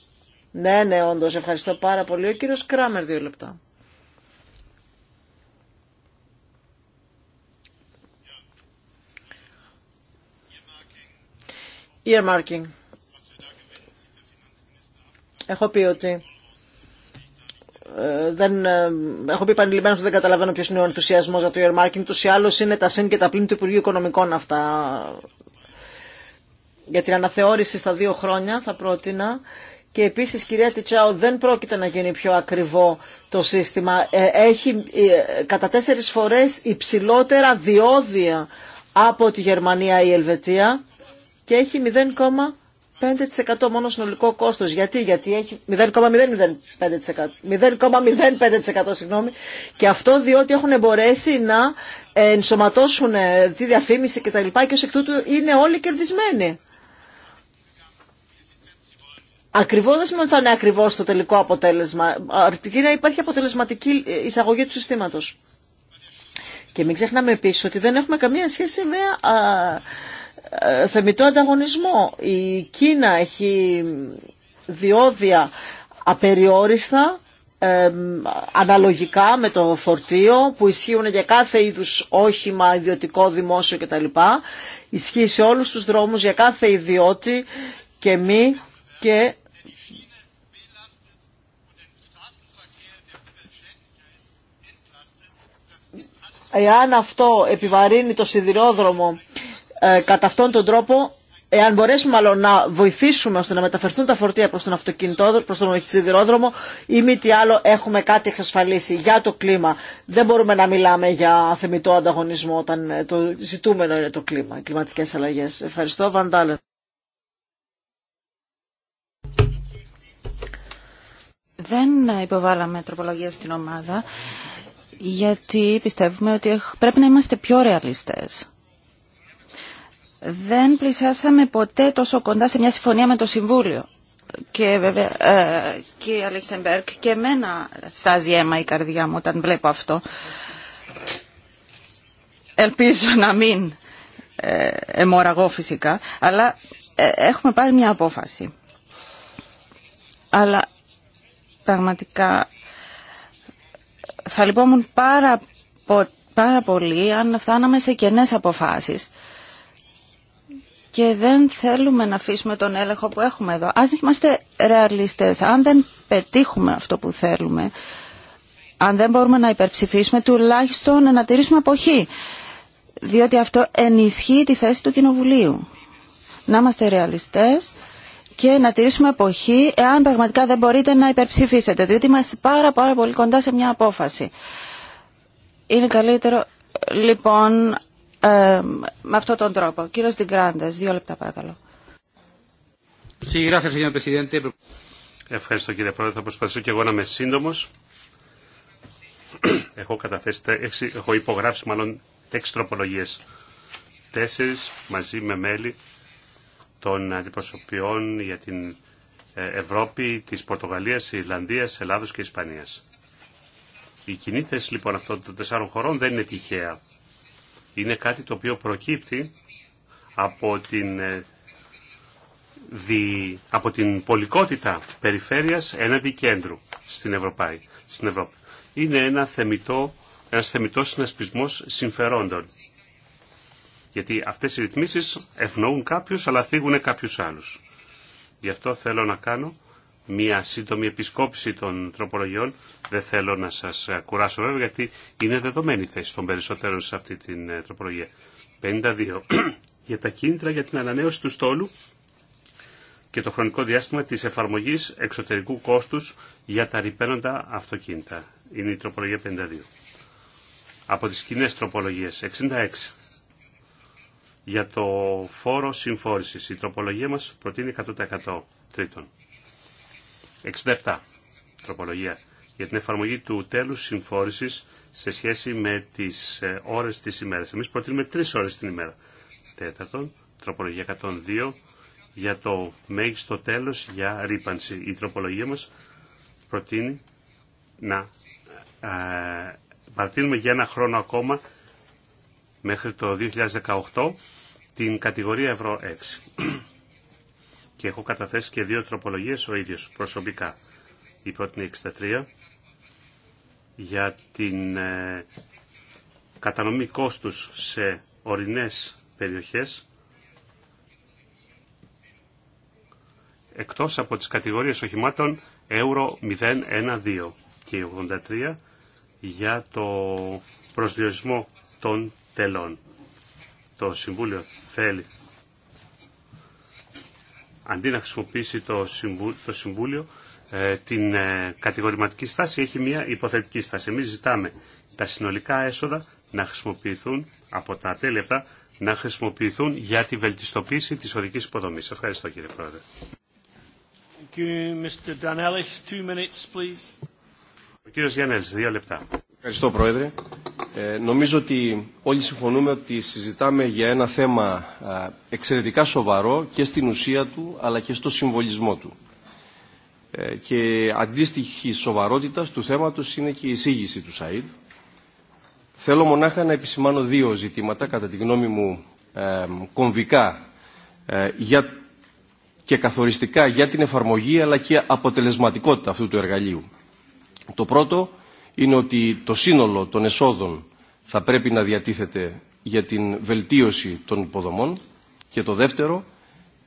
Ναι, ναι, όντω. Ευχαριστώ πάρα πολύ. Ο κύριο Κράμερ δύο λεπτά. Earmarking. Έχω πει ότι ε, δεν, ε, έχω πει ότι δεν καταλαβαίνω ποιο είναι ο ενθουσιασμό για το earmarking. Του ή άλλω είναι τα συν και τα πλήν του Υπουργείου Οικονομικών αυτά. Για την αναθεώρηση στα δύο χρόνια θα πρότεινα. Και επίσης, κυρία Τιτσάου, δεν πρόκειται να γίνει πιο ακριβό το σύστημα. Ε, έχει κατά τέσσερις φορές υψηλότερα διόδια από τη Γερμανία ή η Ελβετία και έχει 0, 5% μόνο συνολικό κόστο. Γιατί, γιατί έχει 0,05% συγγνώμη. Και αυτό διότι έχουν μπορέσει να ενσωματώσουν ε, τη διαφήμιση κτλ. Και, και ως εκ τούτου είναι όλοι κερδισμένοι. Ακριβώ δεν σημαίνει ότι θα είναι ακριβώ το τελικό αποτέλεσμα. Αρκεί να υπάρχει αποτελεσματική εισαγωγή του συστήματο. Και μην ξεχνάμε επίση ότι δεν έχουμε καμία σχέση με α, θεμητό ανταγωνισμό. Η Κίνα έχει διόδια απεριόριστα ε, αναλογικά με το φορτίο που ισχύουν για κάθε είδους όχημα, ιδιωτικό, δημόσιο κτλ. Ισχύει σε όλους τους δρόμους για κάθε ιδιώτη και μη και εάν αυτό επιβαρύνει το σιδηρόδρομο ε, κατά αυτόν τον τρόπο, εάν μπορέσουμε μάλλον να βοηθήσουμε ώστε να μεταφερθούν τα φορτία προς τον αυτοκίνητό, προς τον σιδηρόδρομο ή μη τι άλλο έχουμε κάτι εξασφαλίσει για το κλίμα. Δεν μπορούμε να μιλάμε για θεμητό ανταγωνισμό όταν ε, το ζητούμενο είναι το κλίμα, οι κλιματικές αλλαγές. Ευχαριστώ, Βαντάλε. Δεν υποβάλαμε τροπολογία στην ομάδα γιατί πιστεύουμε ότι πρέπει να είμαστε πιο ρεαλιστές δεν πλησιάσαμε ποτέ τόσο κοντά σε μια συμφωνία με το Συμβούλιο. Και βέβαια, ε, κύριε Λίχτεμπεργκ, και εμένα στάζει αίμα η καρδιά μου όταν βλέπω αυτό. Ελπίζω να μην ε, εμοραγώ φυσικά, αλλά ε, έχουμε πάρει μια απόφαση. Αλλά πραγματικά θα λυπόμουν πάρα, πάρα πολύ αν φτάναμε σε κενές αποφάσεις και δεν θέλουμε να αφήσουμε τον έλεγχο που έχουμε εδώ. Ας είμαστε ρεαλιστές. Αν δεν πετύχουμε αυτό που θέλουμε, αν δεν μπορούμε να υπερψηφίσουμε, τουλάχιστον να τηρήσουμε αποχή. Διότι αυτό ενισχύει τη θέση του Κοινοβουλίου. Να είμαστε ρεαλιστές και να τηρήσουμε αποχή εάν πραγματικά δεν μπορείτε να υπερψηφίσετε. Διότι είμαστε πάρα πάρα πολύ κοντά σε μια απόφαση. Είναι καλύτερο λοιπόν ε, με αυτόν τον τρόπο. Κύριος Διγκράντες, δύο λεπτά παρακαλώ. Ευχαριστώ κύριε Πρόεδρε. Θα προσπαθήσω και εγώ να είμαι σύντομο. έχω, καταθέσει, έχω υπογράψει μάλλον έξι τροπολογίες. Τέσσερις μαζί με μέλη των αντιπροσωπιών για την ε, Ευρώπη, τη Πορτογαλία, Ιρλανδία, Ελλάδο και Ισπανία. Η κοινή θέση λοιπόν αυτών των τεσσάρων χωρών δεν είναι τυχαία είναι κάτι το οποίο προκύπτει από την, ε, από την πολικότητα περιφέρειας έναντι κέντρου στην Στην Ευρώπη. Είναι ένα θεμητό, ένας θεμητός συνασπισμός συμφερόντων. Γιατί αυτές οι ρυθμίσεις ευνοούν κάποιους αλλά θίγουν κάποιους άλλους. Γι' αυτό θέλω να κάνω μια σύντομη επισκόπηση των τροπολογιών. Δεν θέλω να σας κουράσω βέβαια γιατί είναι δεδομένη η θέση των περισσότερων σε αυτή την ε, τροπολογία. 52. για τα κίνητρα για την ανανέωση του στόλου και το χρονικό διάστημα της εφαρμογής εξωτερικού κόστους για τα ρηπαίνοντα αυτοκίνητα. Είναι η τροπολογία 52. Από τις κοινέ τροπολογίες 66. Για το φόρο συμφόρησης η τροπολογία μας προτείνει 100% τρίτον. 67 τροπολογία για την εφαρμογή του τέλους συμφόρησης σε σχέση με τις ε, ώρες της ημέρας. Εμείς προτείνουμε τρεις ώρες την ημέρα. Τέταρτον, τροπολογία 102 για το μέγιστο τέλος για ρήπανση. Η τροπολογία μας προτείνει να ε, για ένα χρόνο ακόμα μέχρι το 2018 την κατηγορία ευρώ 6 και έχω καταθέσει και δύο τροπολογίες ο ίδιος προσωπικά. Η πρώτη είναι 63 για την ε, κατανομή κόστους σε ορεινές περιοχές εκτός από τις κατηγορίες οχημάτων Euro 012 και 83 για το προσδιορισμό των τελών. Το Συμβούλιο θέλει αντί να χρησιμοποιήσει το, Συμβούλιο ε, την ε, κατηγορηματική στάση, έχει μια υποθετική στάση. Εμείς ζητάμε τα συνολικά έσοδα να χρησιμοποιηθούν από τα τέλη αυτά, να χρησιμοποιηθούν για τη βελτιστοποίηση της οδικής υποδομής. Ευχαριστώ κύριε Πρόεδρε. Ο κύριος δύο λεπτά. Ευχαριστώ Πρόεδρε. Ε, νομίζω ότι όλοι συμφωνούμε ότι συζητάμε για ένα θέμα εξαιρετικά σοβαρό και στην ουσία του αλλά και στο συμβολισμό του. Ε, και αντίστοιχη σοβαρότητα του θέματος είναι και η εισήγηση του ΣΑΙΔ. Θέλω μονάχα να επισημάνω δύο ζητήματα, κατά τη γνώμη μου ε, κομβικά για και καθοριστικά για την εφαρμογή αλλά και αποτελεσματικότητα αυτού του εργαλείου. Το πρώτο είναι ότι το σύνολο των εσόδων θα πρέπει να διατίθεται για την βελτίωση των υποδομών και το δεύτερο,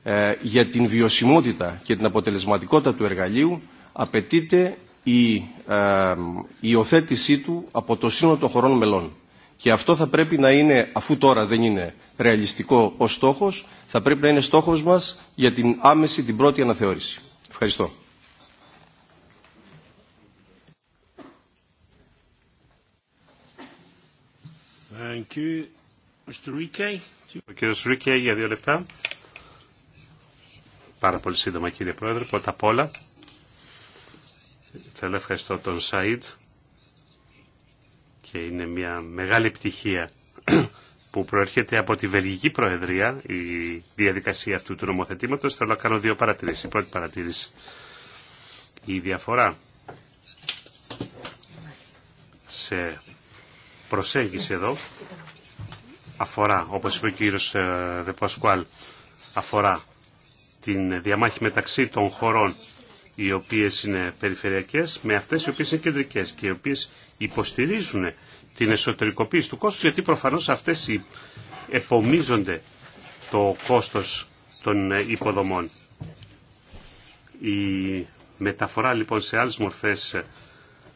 ε, για την βιωσιμότητα και την αποτελεσματικότητα του εργαλείου απαιτείται ε, η υιοθέτησή του από το σύνολο των χωρών μελών. Και αυτό θα πρέπει να είναι, αφού τώρα δεν είναι ρεαλιστικό ο στόχος, θα πρέπει να είναι στόχος μας για την άμεση την πρώτη αναθεώρηση. Ευχαριστώ. Ο κύριος Ρίκε για δύο λεπτά. Πάρα πολύ σύντομα κύριε Πρόεδρε. Πρώτα απ' όλα θέλω ευχαριστώ τον Σάιτ και είναι μια μεγάλη πτυχία που προέρχεται από τη Βελγική Προεδρία η διαδικασία αυτού του νομοθετήματος. Θέλω να κάνω δύο παρατηρήσεις. Η πρώτη παρατήρηση. Η διαφορά σε προσέγγιση εδώ αφορά, όπως είπε ο κύριος ε, αφορά την διαμάχη μεταξύ των χωρών οι οποίες είναι περιφερειακές με αυτές οι οποίες είναι κεντρικές και οι οποίες υποστηρίζουν την εσωτερικοποίηση του κόστους γιατί προφανώς αυτές επομίζονται το κόστος των υποδομών. Η μεταφορά λοιπόν σε άλλες μορφές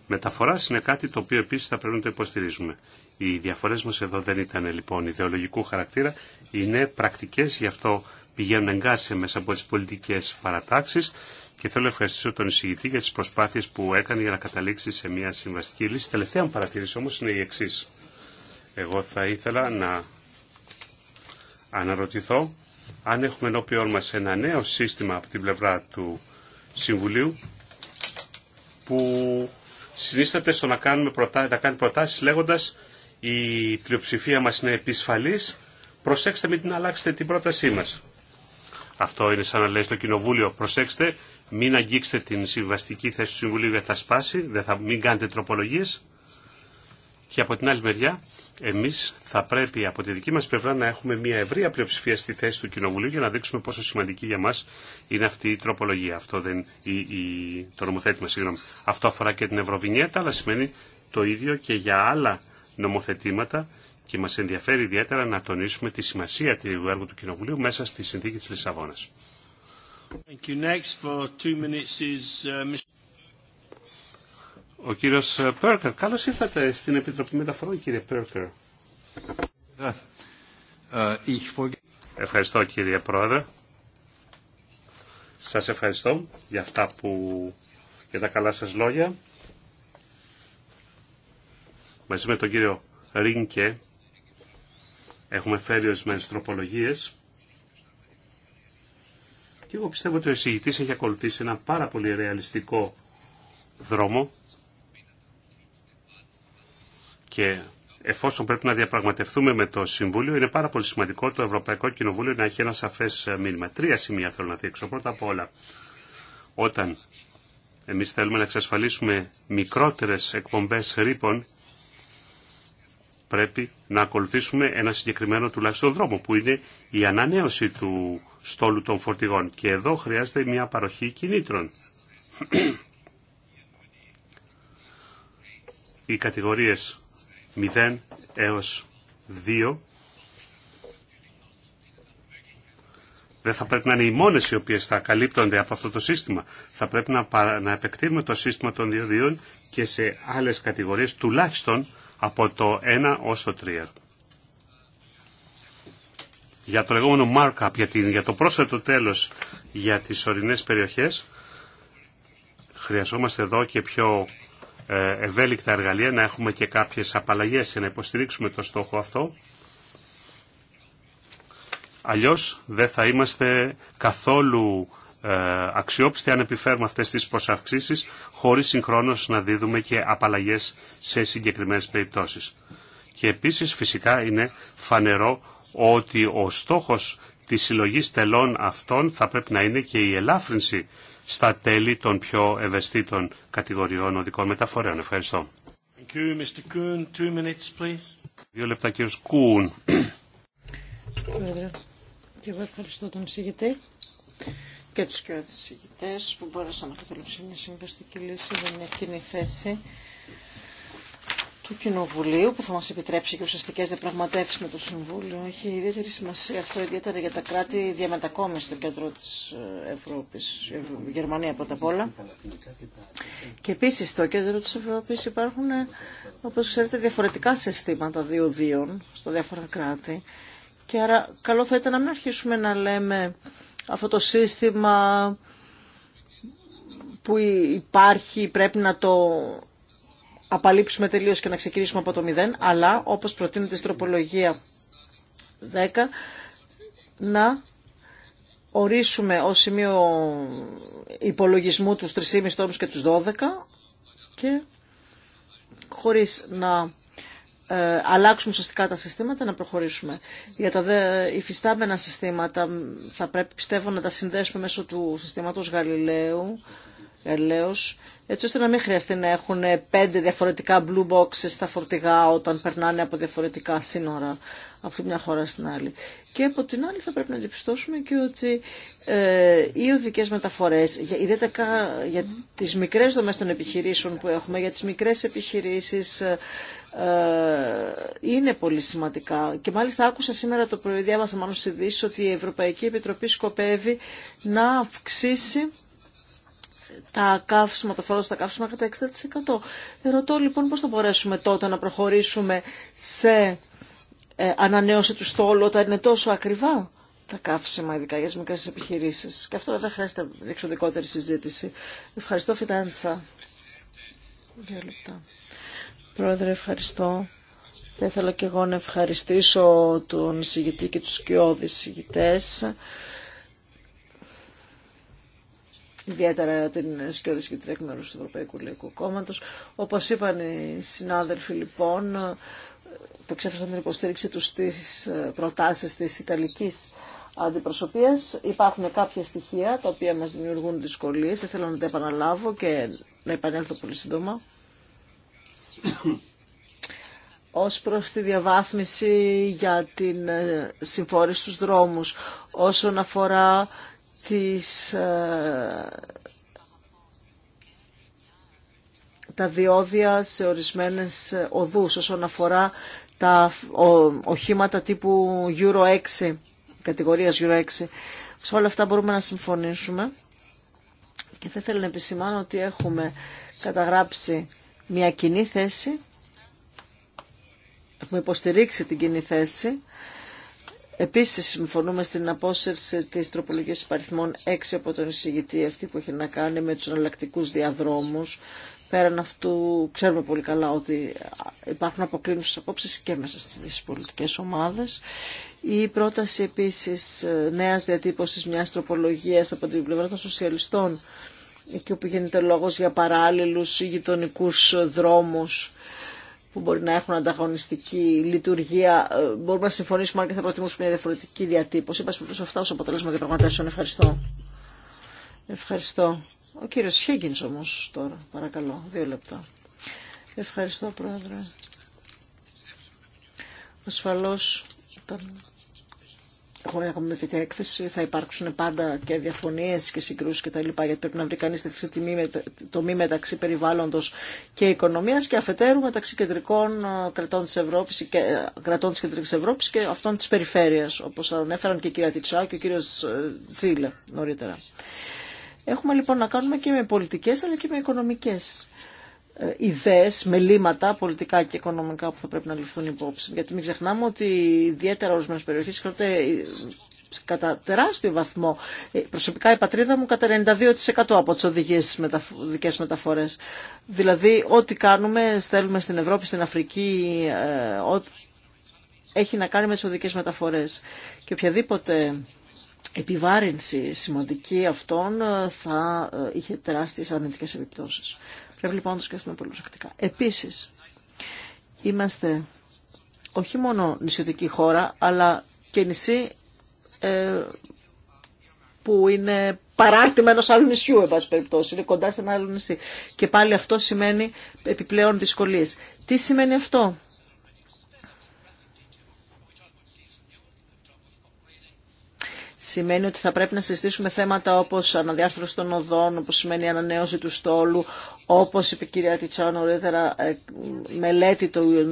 Μεταφορά είναι κάτι το οποίο επίση θα πρέπει να το υποστηρίζουμε. Οι διαφορέ μα εδώ δεν ήταν λοιπόν ιδεολογικού χαρακτήρα, είναι πρακτικέ, γι' αυτό πηγαίνουν εγκάσια μέσα από τι πολιτικέ παρατάξει και θέλω να ευχαριστήσω τον εισηγητή για τι προσπάθειες που έκανε για να καταλήξει σε μια συμβαστική λύση. Τελευταία μου παρατήρηση όμως είναι η εξή. Εγώ θα ήθελα να αναρωτηθώ αν έχουμε ενώπιόν μα ένα νέο σύστημα από την πλευρά του Συμβουλίου που συνίσταται στο να, κάνουμε προτά, να κάνει προτάσεις λέγοντας η πλειοψηφία μας είναι επισφαλής, προσέξτε μην την αλλάξετε την πρότασή μας. Αυτό είναι σαν να λέει στο Κοινοβούλιο, προσέξτε, μην αγγίξετε την συμβαστική θέση του Συμβουλίου, δεν θα σπάσει, δεν θα, μην κάνετε τροπολογίες. Και από την άλλη μεριά, εμεί θα πρέπει από τη δική μα πλευρά να έχουμε μια ευρία πλειοψηφία στη θέση του Κοινοβουλίου για να δείξουμε πόσο σημαντική για μα είναι αυτή η τροπολογία. Αυτό δεν, η, η, το νομοθέτημα, Αυτό αφορά και την Ευρωβινιέτα, αλλά σημαίνει το ίδιο και για άλλα νομοθετήματα και μας ενδιαφέρει ιδιαίτερα να τονίσουμε τη σημασία του έργου του Κοινοβουλίου μέσα στη συνθήκη της Λισαβόνας. Thank you. Next for two minutes is, uh, Mr. Ο κύριος Πέρκερ. Καλώς ήρθατε στην Επιτροπή Μεταφορών, κύριε Πέρκερ. Ευχαριστώ κύριε Πρόεδρε. Σας ευχαριστώ για αυτά που... για τα καλά σας λόγια. Μαζί με τον κύριο Ρίνκε έχουμε φέρει ορισμένε τροπολογίε. Και εγώ πιστεύω ότι ο εισηγητή έχει ακολουθήσει ένα πάρα πολύ ρεαλιστικό δρόμο και εφόσον πρέπει να διαπραγματευτούμε με το Συμβούλιο, είναι πάρα πολύ σημαντικό το Ευρωπαϊκό Κοινοβούλιο να έχει ένα σαφέ μήνυμα. Τρία σημεία θέλω να δείξω. Πρώτα απ' όλα, όταν εμεί θέλουμε να εξασφαλίσουμε μικρότερε εκπομπέ ρήπων, πρέπει να ακολουθήσουμε ένα συγκεκριμένο τουλάχιστον δρόμο, που είναι η ανανέωση του στόλου των φορτηγών. Και εδώ χρειάζεται μια παροχή κινήτρων. Οι κατηγορίες 0 έως 2 δεν θα πρέπει να είναι οι μόνες οι οποίες θα καλύπτονται από αυτό το σύστημα. Θα πρέπει να, να επεκτείνουμε το σύστημα των διοδίων και σε άλλες κατηγορίες τουλάχιστον από το 1 ως το 3. Για το λεγόμενο markup, για, την, για το πρόσθετο τέλος για τις ορεινές περιοχές, χρειαζόμαστε εδώ και πιο ε, ευέλικτα εργαλεία, να έχουμε και κάποιες απαλλαγές για να υποστηρίξουμε το στόχο αυτό. Αλλιώς δεν θα είμαστε καθόλου ε, αξιόπιστοι αν επιφέρουμε αυτές τις προσαυξήσεις χωρίς συγχρόνως να δίδουμε και απαλλαγές σε συγκεκριμένες περιπτώσεις. Και επίσης φυσικά είναι φανερό ότι ο στόχος της συλλογής τελών αυτών θα πρέπει να είναι και η ελάφρυνση στα τέλη των πιο ευαισθητών κατηγοριών οδικών μεταφορέων. Ευχαριστώ. Δύο λεπτά κύριο Κούν. Πρόεδρε, και εγώ ευχαριστώ τον συγγητή και τους και συγγητές που μπόρεσαν να καταλήξουν μια συμβαστική λύση για μια κοινή θέση του Κοινοβουλίου που θα μας επιτρέψει και ουσιαστικές διαπραγματεύσεις με το Συμβούλιο. Έχει ιδιαίτερη σημασία αυτό, ιδιαίτερα για τα κράτη διαμετακόμιση στο κέντρο της ε, Ευρώπης, Γερμανία πρώτα απ' όλα. Και επίσης στο κέντρο της Ευρώπης υπάρχουν, ε, όπως ξέρετε, διαφορετικά συστήματα δύο-δύο στα διάφορα κράτη. Και άρα καλό θα ήταν να μην αρχίσουμε να λέμε αυτό το σύστημα που υπάρχει πρέπει να το απαλείψουμε τελείως και να ξεκινήσουμε από το μηδέν, αλλά όπως προτείνεται στην τροπολογία 10, να ορίσουμε ως σημείο υπολογισμού τους 3,5 τόνους και τους 12 και χωρίς να ε, αλλάξουμε ουσιαστικά τα συστήματα να προχωρήσουμε. Για τα δε, υφιστάμενα συστήματα θα πρέπει πιστεύω να τα συνδέσουμε μέσω του συστήματος Γαλιλαίου, έτσι ώστε να μην χρειαστεί να έχουν πέντε διαφορετικά blue boxes στα φορτηγά όταν περνάνε από διαφορετικά σύνορα από μια χώρα στην άλλη. Και από την άλλη θα πρέπει να διαπιστώσουμε και ότι ε, οι οδικέ μεταφορέ, ιδιαίτερα για τι μικρέ δομέ των επιχειρήσεων που έχουμε, για τι μικρέ επιχειρήσει, ε, ε, είναι πολύ σημαντικά. Και μάλιστα άκουσα σήμερα το πρωί, διάβασα μάλλον στι ειδήσει, ότι η Ευρωπαϊκή Επιτροπή σκοπεύει να αυξήσει τα καύσιμα, το φόρο στα καύσιμα κατά 60%. Ρωτώ λοιπόν πώς θα μπορέσουμε τότε να προχωρήσουμε σε ε, ανανέωση του στόλου όταν είναι τόσο ακριβά τα καύσιμα, ειδικά για τι μικρέ επιχειρήσει. Και αυτό δεν χρειάζεται διεξοδικότερη συζήτηση. Ευχαριστώ, Φιτάντσα. Πρόεδρε, ευχαριστώ. Θα ήθελα και εγώ να ευχαριστήσω τον συγητή και τους κοιόδης συγητές ιδιαίτερα την Σκιώδη Σκητρέκ μέρους του Ευρωπαϊκού Λαϊκού Κόμματος. Όπως είπαν οι συνάδελφοι λοιπόν που εξέφρασαν την υποστήριξη τους στις ε, προτάσεις της Ιταλικής αντιπροσωπείας. Υπάρχουν κάποια στοιχεία τα οποία μας δημιουργούν δυσκολίες. Δεν θέλω να τα επαναλάβω και να επανέλθω πολύ σύντομα. ως προς τη διαβάθμιση για την ε, συμφόρηση στους δρόμους, όσον αφορά τις, ε, τα διόδια σε ορισμένες οδούς όσον αφορά τα οχήματα τύπου Euro 6, κατηγορίας Euro 6. Σε όλα αυτά μπορούμε να συμφωνήσουμε και θα ήθελα να επισημάνω ότι έχουμε καταγράψει μια κοινή θέση, έχουμε υποστηρίξει την κοινή θέση Επίσης συμφωνούμε στην απόσυρση της τροπολογίας υπαριθμών 6 από τον εισηγητή αυτή που έχει να κάνει με τους εναλλακτικού διαδρόμους. Πέραν αυτού ξέρουμε πολύ καλά ότι υπάρχουν αποκλίνουσες απόψεις και μέσα στις πολιτικές ομάδες. Η πρόταση επίσης ε, νέας διατύπωσης μιας τροπολογίας από την πλευρά των σοσιαλιστών εκεί όπου γίνεται λόγος για παράλληλους ή γειτονικού δρόμους που μπορεί να έχουν ανταγωνιστική λειτουργία. Ε, μπορούμε να συμφωνήσουμε αν και θα προτιμούσουμε μια διαφορετική διατύπωση. Είπα προς αυτά ως αποτέλεσμα και πραγματεύσεων. Ευχαριστώ. Ευχαριστώ. Ο κύριος Χίγκιν όμως τώρα, παρακαλώ, δύο λεπτά. Ευχαριστώ, Πρόεδρε. Ασφαλώς, χωρίς να έχουμε τέτοια έκθεση θα υπάρξουν πάντα και διαφωνίε και συγκρούσεις και τα λοιπά γιατί πρέπει να βρει κανείς τη τομή μεταξύ περιβάλλοντος και οικονομίας και αφετέρου μεταξύ κεντρικών ε, κρατών της, Ευρώπης, και, ε, κρατών της Κεντρικής Ευρώπης και αυτών της περιφέρειας όπως ανέφεραν και η κυρία Τιτσά και ο κύριος ε, Ζήλε νωρίτερα. Έχουμε λοιπόν να κάνουμε και με πολιτικές αλλά και με οικονομικές ε, ιδέες, μελήματα πολιτικά και οικονομικά που θα πρέπει να ληφθούν υπόψη. Γιατί μην ξεχνάμε ότι ιδιαίτερα ορισμένε περιοχέ χρειάζονται ε, κατά τεράστιο βαθμό. Ε, προσωπικά η πατρίδα μου κατά 92% από τι οδηγίε στι δικέ μεταφορέ. Δηλαδή ό,τι κάνουμε, στέλνουμε στην Ευρώπη, στην Αφρική, ό,τι έχει να κάνει με τι οδικέ μεταφορέ. Και οποιαδήποτε επιβάρυνση σημαντική αυτών θα είχε τεράστιες αρνητικές επιπτώσεις. Πρέπει λοιπόν να πολύ Επίσης, είμαστε όχι μόνο νησιωτική χώρα, αλλά και νησί ε, που είναι παράρτημα ενό άλλου νησιού, περιπτώσει. Είναι κοντά σε ένα άλλο νησί. Και πάλι αυτό σημαίνει επιπλέον δυσκολίε. Τι σημαίνει αυτό, σημαίνει ότι θα πρέπει να συζητήσουμε θέματα όπως αναδιάρθρωση των οδών, όπως σημαίνει ανανέωση του στόλου, όπως είπε η κυρία Τιτσάου νωρίτερα, ε, μελέτη του,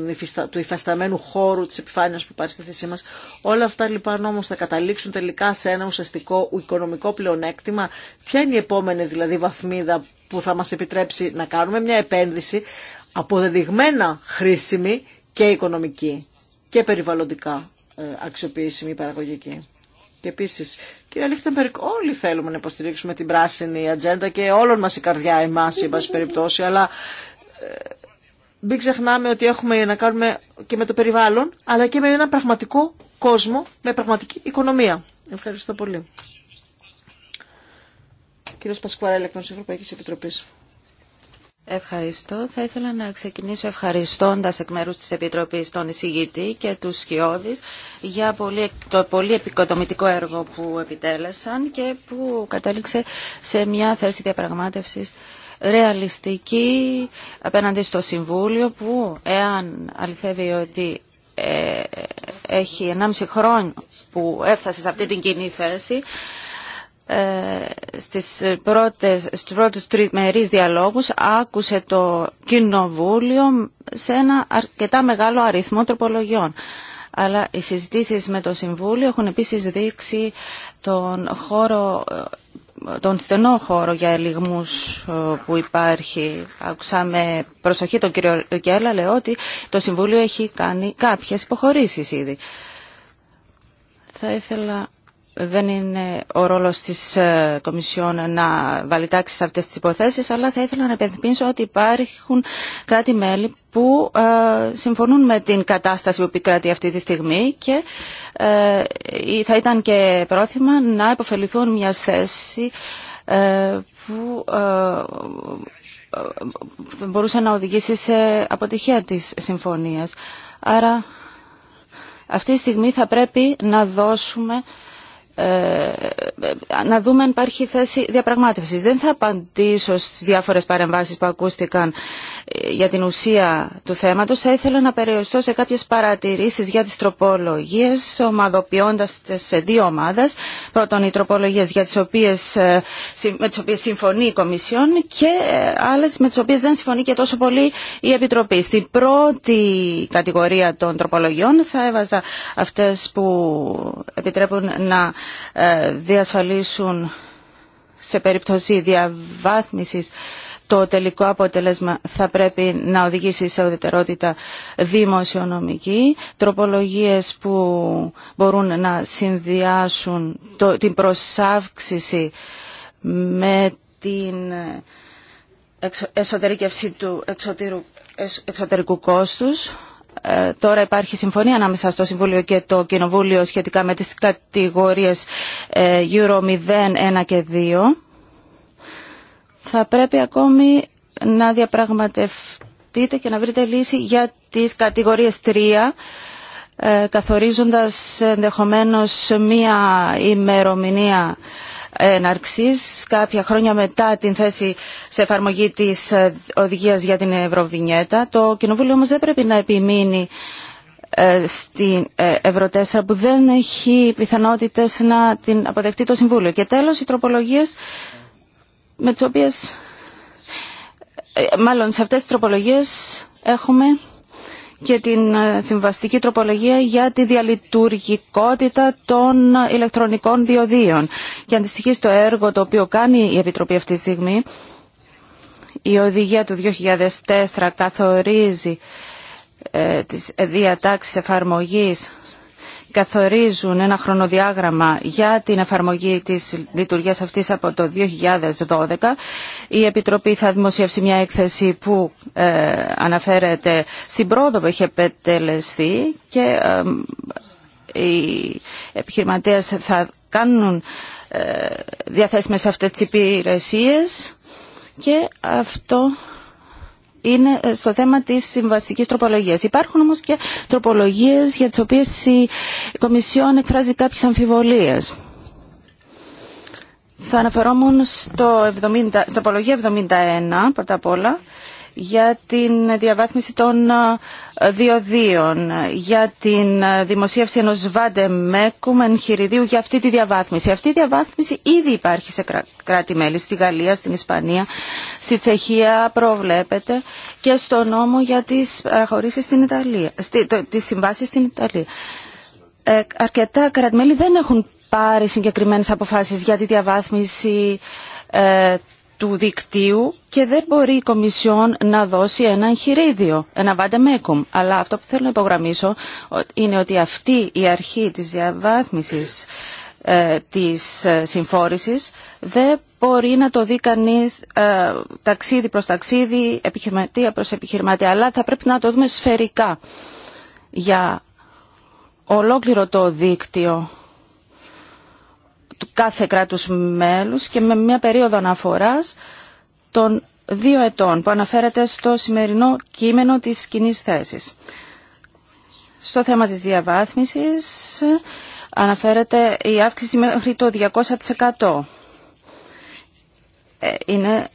του υφασταμένου χώρου της επιφάνειας που υπάρχει στη θέση μας. Όλα αυτά λοιπόν όμως θα καταλήξουν τελικά σε ένα ουσιαστικό οικονομικό πλεονέκτημα. Ποια είναι η επόμενη δηλαδή βαθμίδα που θα μας επιτρέψει να κάνουμε μια επένδυση αποδεδειγμένα χρήσιμη και οικονομική και περιβαλλοντικά ε, αξιοποιήσιμη παραγωγική. Και επίσης, κύριε Λίχτεμπερκ, όλοι θέλουμε να υποστηρίξουμε την πράσινη ατζέντα και όλων μας η καρδιά εμάς, εν πάση περιπτώσει, αλλά ε, μην ξεχνάμε ότι έχουμε να κάνουμε και με το περιβάλλον, αλλά και με ένα πραγματικό κόσμο, με πραγματική οικονομία. Ευχαριστώ πολύ. Κύριος Πασκουαρέλα, εκ Ευρωπαϊκής Επιτροπής. Ευχαριστώ. Θα ήθελα να ξεκινήσω ευχαριστώντας εκ μέρους της Επιτροπής τον εισηγητή και του σκιώδης για το πολύ επικοδομητικό έργο που επιτέλεσαν και που κατέληξε σε μια θέση διαπραγμάτευσης ρεαλιστική απέναντι στο Συμβούλιο που εάν αληθεύει ότι ε, έχει 1,5 χρόνο που έφτασε σε αυτή την κοινή θέση ε, στις πρώτες, στους πρώτους τριμερείς διαλόγους άκουσε το Κοινοβούλιο σε ένα αρκετά μεγάλο αριθμό τροπολογιών. Αλλά οι συζητήσεις με το Συμβούλιο έχουν επίσης δείξει τον χώρο ε, τον στενό χώρο για ελιγμούς ε, που υπάρχει. ακούσαμε προσοχή τον κύριο Κέλλα, λέω ότι το Συμβούλιο έχει κάνει κάποιες υποχωρήσεις ήδη. Θα ήθελα δεν είναι ο ρόλος της ε, Κομισιόν να βάλει τάξη σε αυτές τις υποθέσεις, αλλά θα ήθελα να επενθυμίσω ότι υπάρχουν κράτη-μέλη που ε, συμφωνούν με την κατάσταση που επικρατεί αυτή τη στιγμή και ε, θα ήταν και πρόθυμα να υποφεληθούν μια θέση που μπορούσε να οδηγήσει σε αποτυχία της συμφωνίας. Άρα αυτή τη στιγμή θα πρέπει να δώσουμε ε, να δούμε αν υπάρχει θέση διαπραγμάτευσης. Δεν θα απαντήσω στις διάφορες παρεμβάσεις που ακούστηκαν ε, για την ουσία του θέματος. Θα ήθελα να περιοριστώ σε κάποιες παρατηρήσεις για τις τροπολογίες, ομαδοποιώντας τις σε δύο ομάδες. Πρώτον, οι τροπολογίες για τις οποίες, ε, με τις οποίες συμφωνεί η Κομισιόν και άλλες με τις οποίες δεν συμφωνεί και τόσο πολύ η Επιτροπή. Στην πρώτη κατηγορία των τροπολογιών θα έβαζα αυτές που επιτρέπουν να ε, διασφαλίσουν σε περίπτωση διαβάθμισης το τελικό αποτέλεσμα θα πρέπει να οδηγήσει σε ουδετερότητα δημοσιονομική, τροπολογίες που μπορούν να συνδυάσουν την προσάυξηση με την ε, εσωτερικεύση του εξωτερικού κόστους ε, τώρα υπάρχει συμφωνία ανάμεσα στο Συμβούλιο και το Κοινοβούλιο σχετικά με τις κατηγορίες ε, Euro 0, 1 και 2. Θα πρέπει ακόμη να διαπραγματευτείτε και να βρείτε λύση για τις κατηγορίες 3 ε, καθορίζοντας ενδεχομένως μία ημερομηνία έναρξης, κάποια χρόνια μετά την θέση σε εφαρμογή της ε, οδηγίας για την Ευρωβινιέτα. Το Κοινοβούλιο όμως δεν πρέπει να επιμείνει ε, στην ε, Ευρω 4 που δεν έχει πιθανότητες να την αποδεχτεί το Συμβούλιο. Και τέλος οι τροπολογίες με τις οποίες, μάλλον σε αυτές τις τροπολογίες έχουμε και την ε, συμβαστική τροπολογία για τη διαλειτουργικότητα των ηλεκτρονικών διοδίων. Και αντιστοιχεί στο έργο το οποίο κάνει η Επιτροπή αυτή τη στιγμή, η οδηγία του 2004 καθορίζει ε, τις διατάξεις εφαρμογής καθορίζουν ένα χρονοδιάγραμμα για την εφαρμογή της λειτουργίας αυτής από το 2012. Η Επιτροπή θα δημοσιεύσει μια έκθεση που ε, αναφέρεται στην πρόοδο που έχει επετελεστεί και ε, οι επιχειρηματίες θα κάνουν ε, διαθέσιμες αυτές τις υπηρεσίες και αυτό είναι ε, στο θέμα της συμβαστικής τροπολογίας. Υπάρχουν όμως και τροπολογίες για τις οποίες η Κομισιόν εκφράζει κάποιε αμφιβολίε. Θα αναφερόμουν στο 70, τροπολογία 71 πρώτα απ' όλα για την διαβάθμιση των ε, διοδίων, για την ε, δημοσίευση ενός μεν εγχειριδίου για αυτή τη διαβάθμιση. Αυτή η διαβάθμιση ήδη υπάρχει σε κράτη-μέλη, στη Γαλλία, στην Ισπανία, στη Τσεχία προβλέπεται και στο νόμο για τις παραχωρήσεις στην Ιταλία, τις συμβάσεις στην Ιταλία. Ε, αρκετά κράτη-μέλη δεν έχουν πάρει συγκεκριμένες αποφάσεις για τη διαβάθμιση του δικτύου και δεν μπορεί η Κομισιόν να δώσει ένα εγχειρίδιο, ένα βαντεμέκουμ. Αλλά αυτό που θέλω να υπογραμμίσω είναι ότι αυτή η αρχή της διαβάθμισης ε, της ε, συμφόρησης δεν μπορεί να το δει κανεί ε, ταξίδι προς ταξίδι, επιχειρηματία προς επιχειρηματία, αλλά θα πρέπει να το δούμε σφαιρικά για ολόκληρο το δίκτυο του κάθε κράτους μέλους και με μια περίοδο αναφοράς των δύο ετών που αναφέρεται στο σημερινό κείμενο της κοινή θέσης. Στο θέμα της διαβάθμισης αναφέρεται η αύξηση μέχρι το 200%. Ε, είναι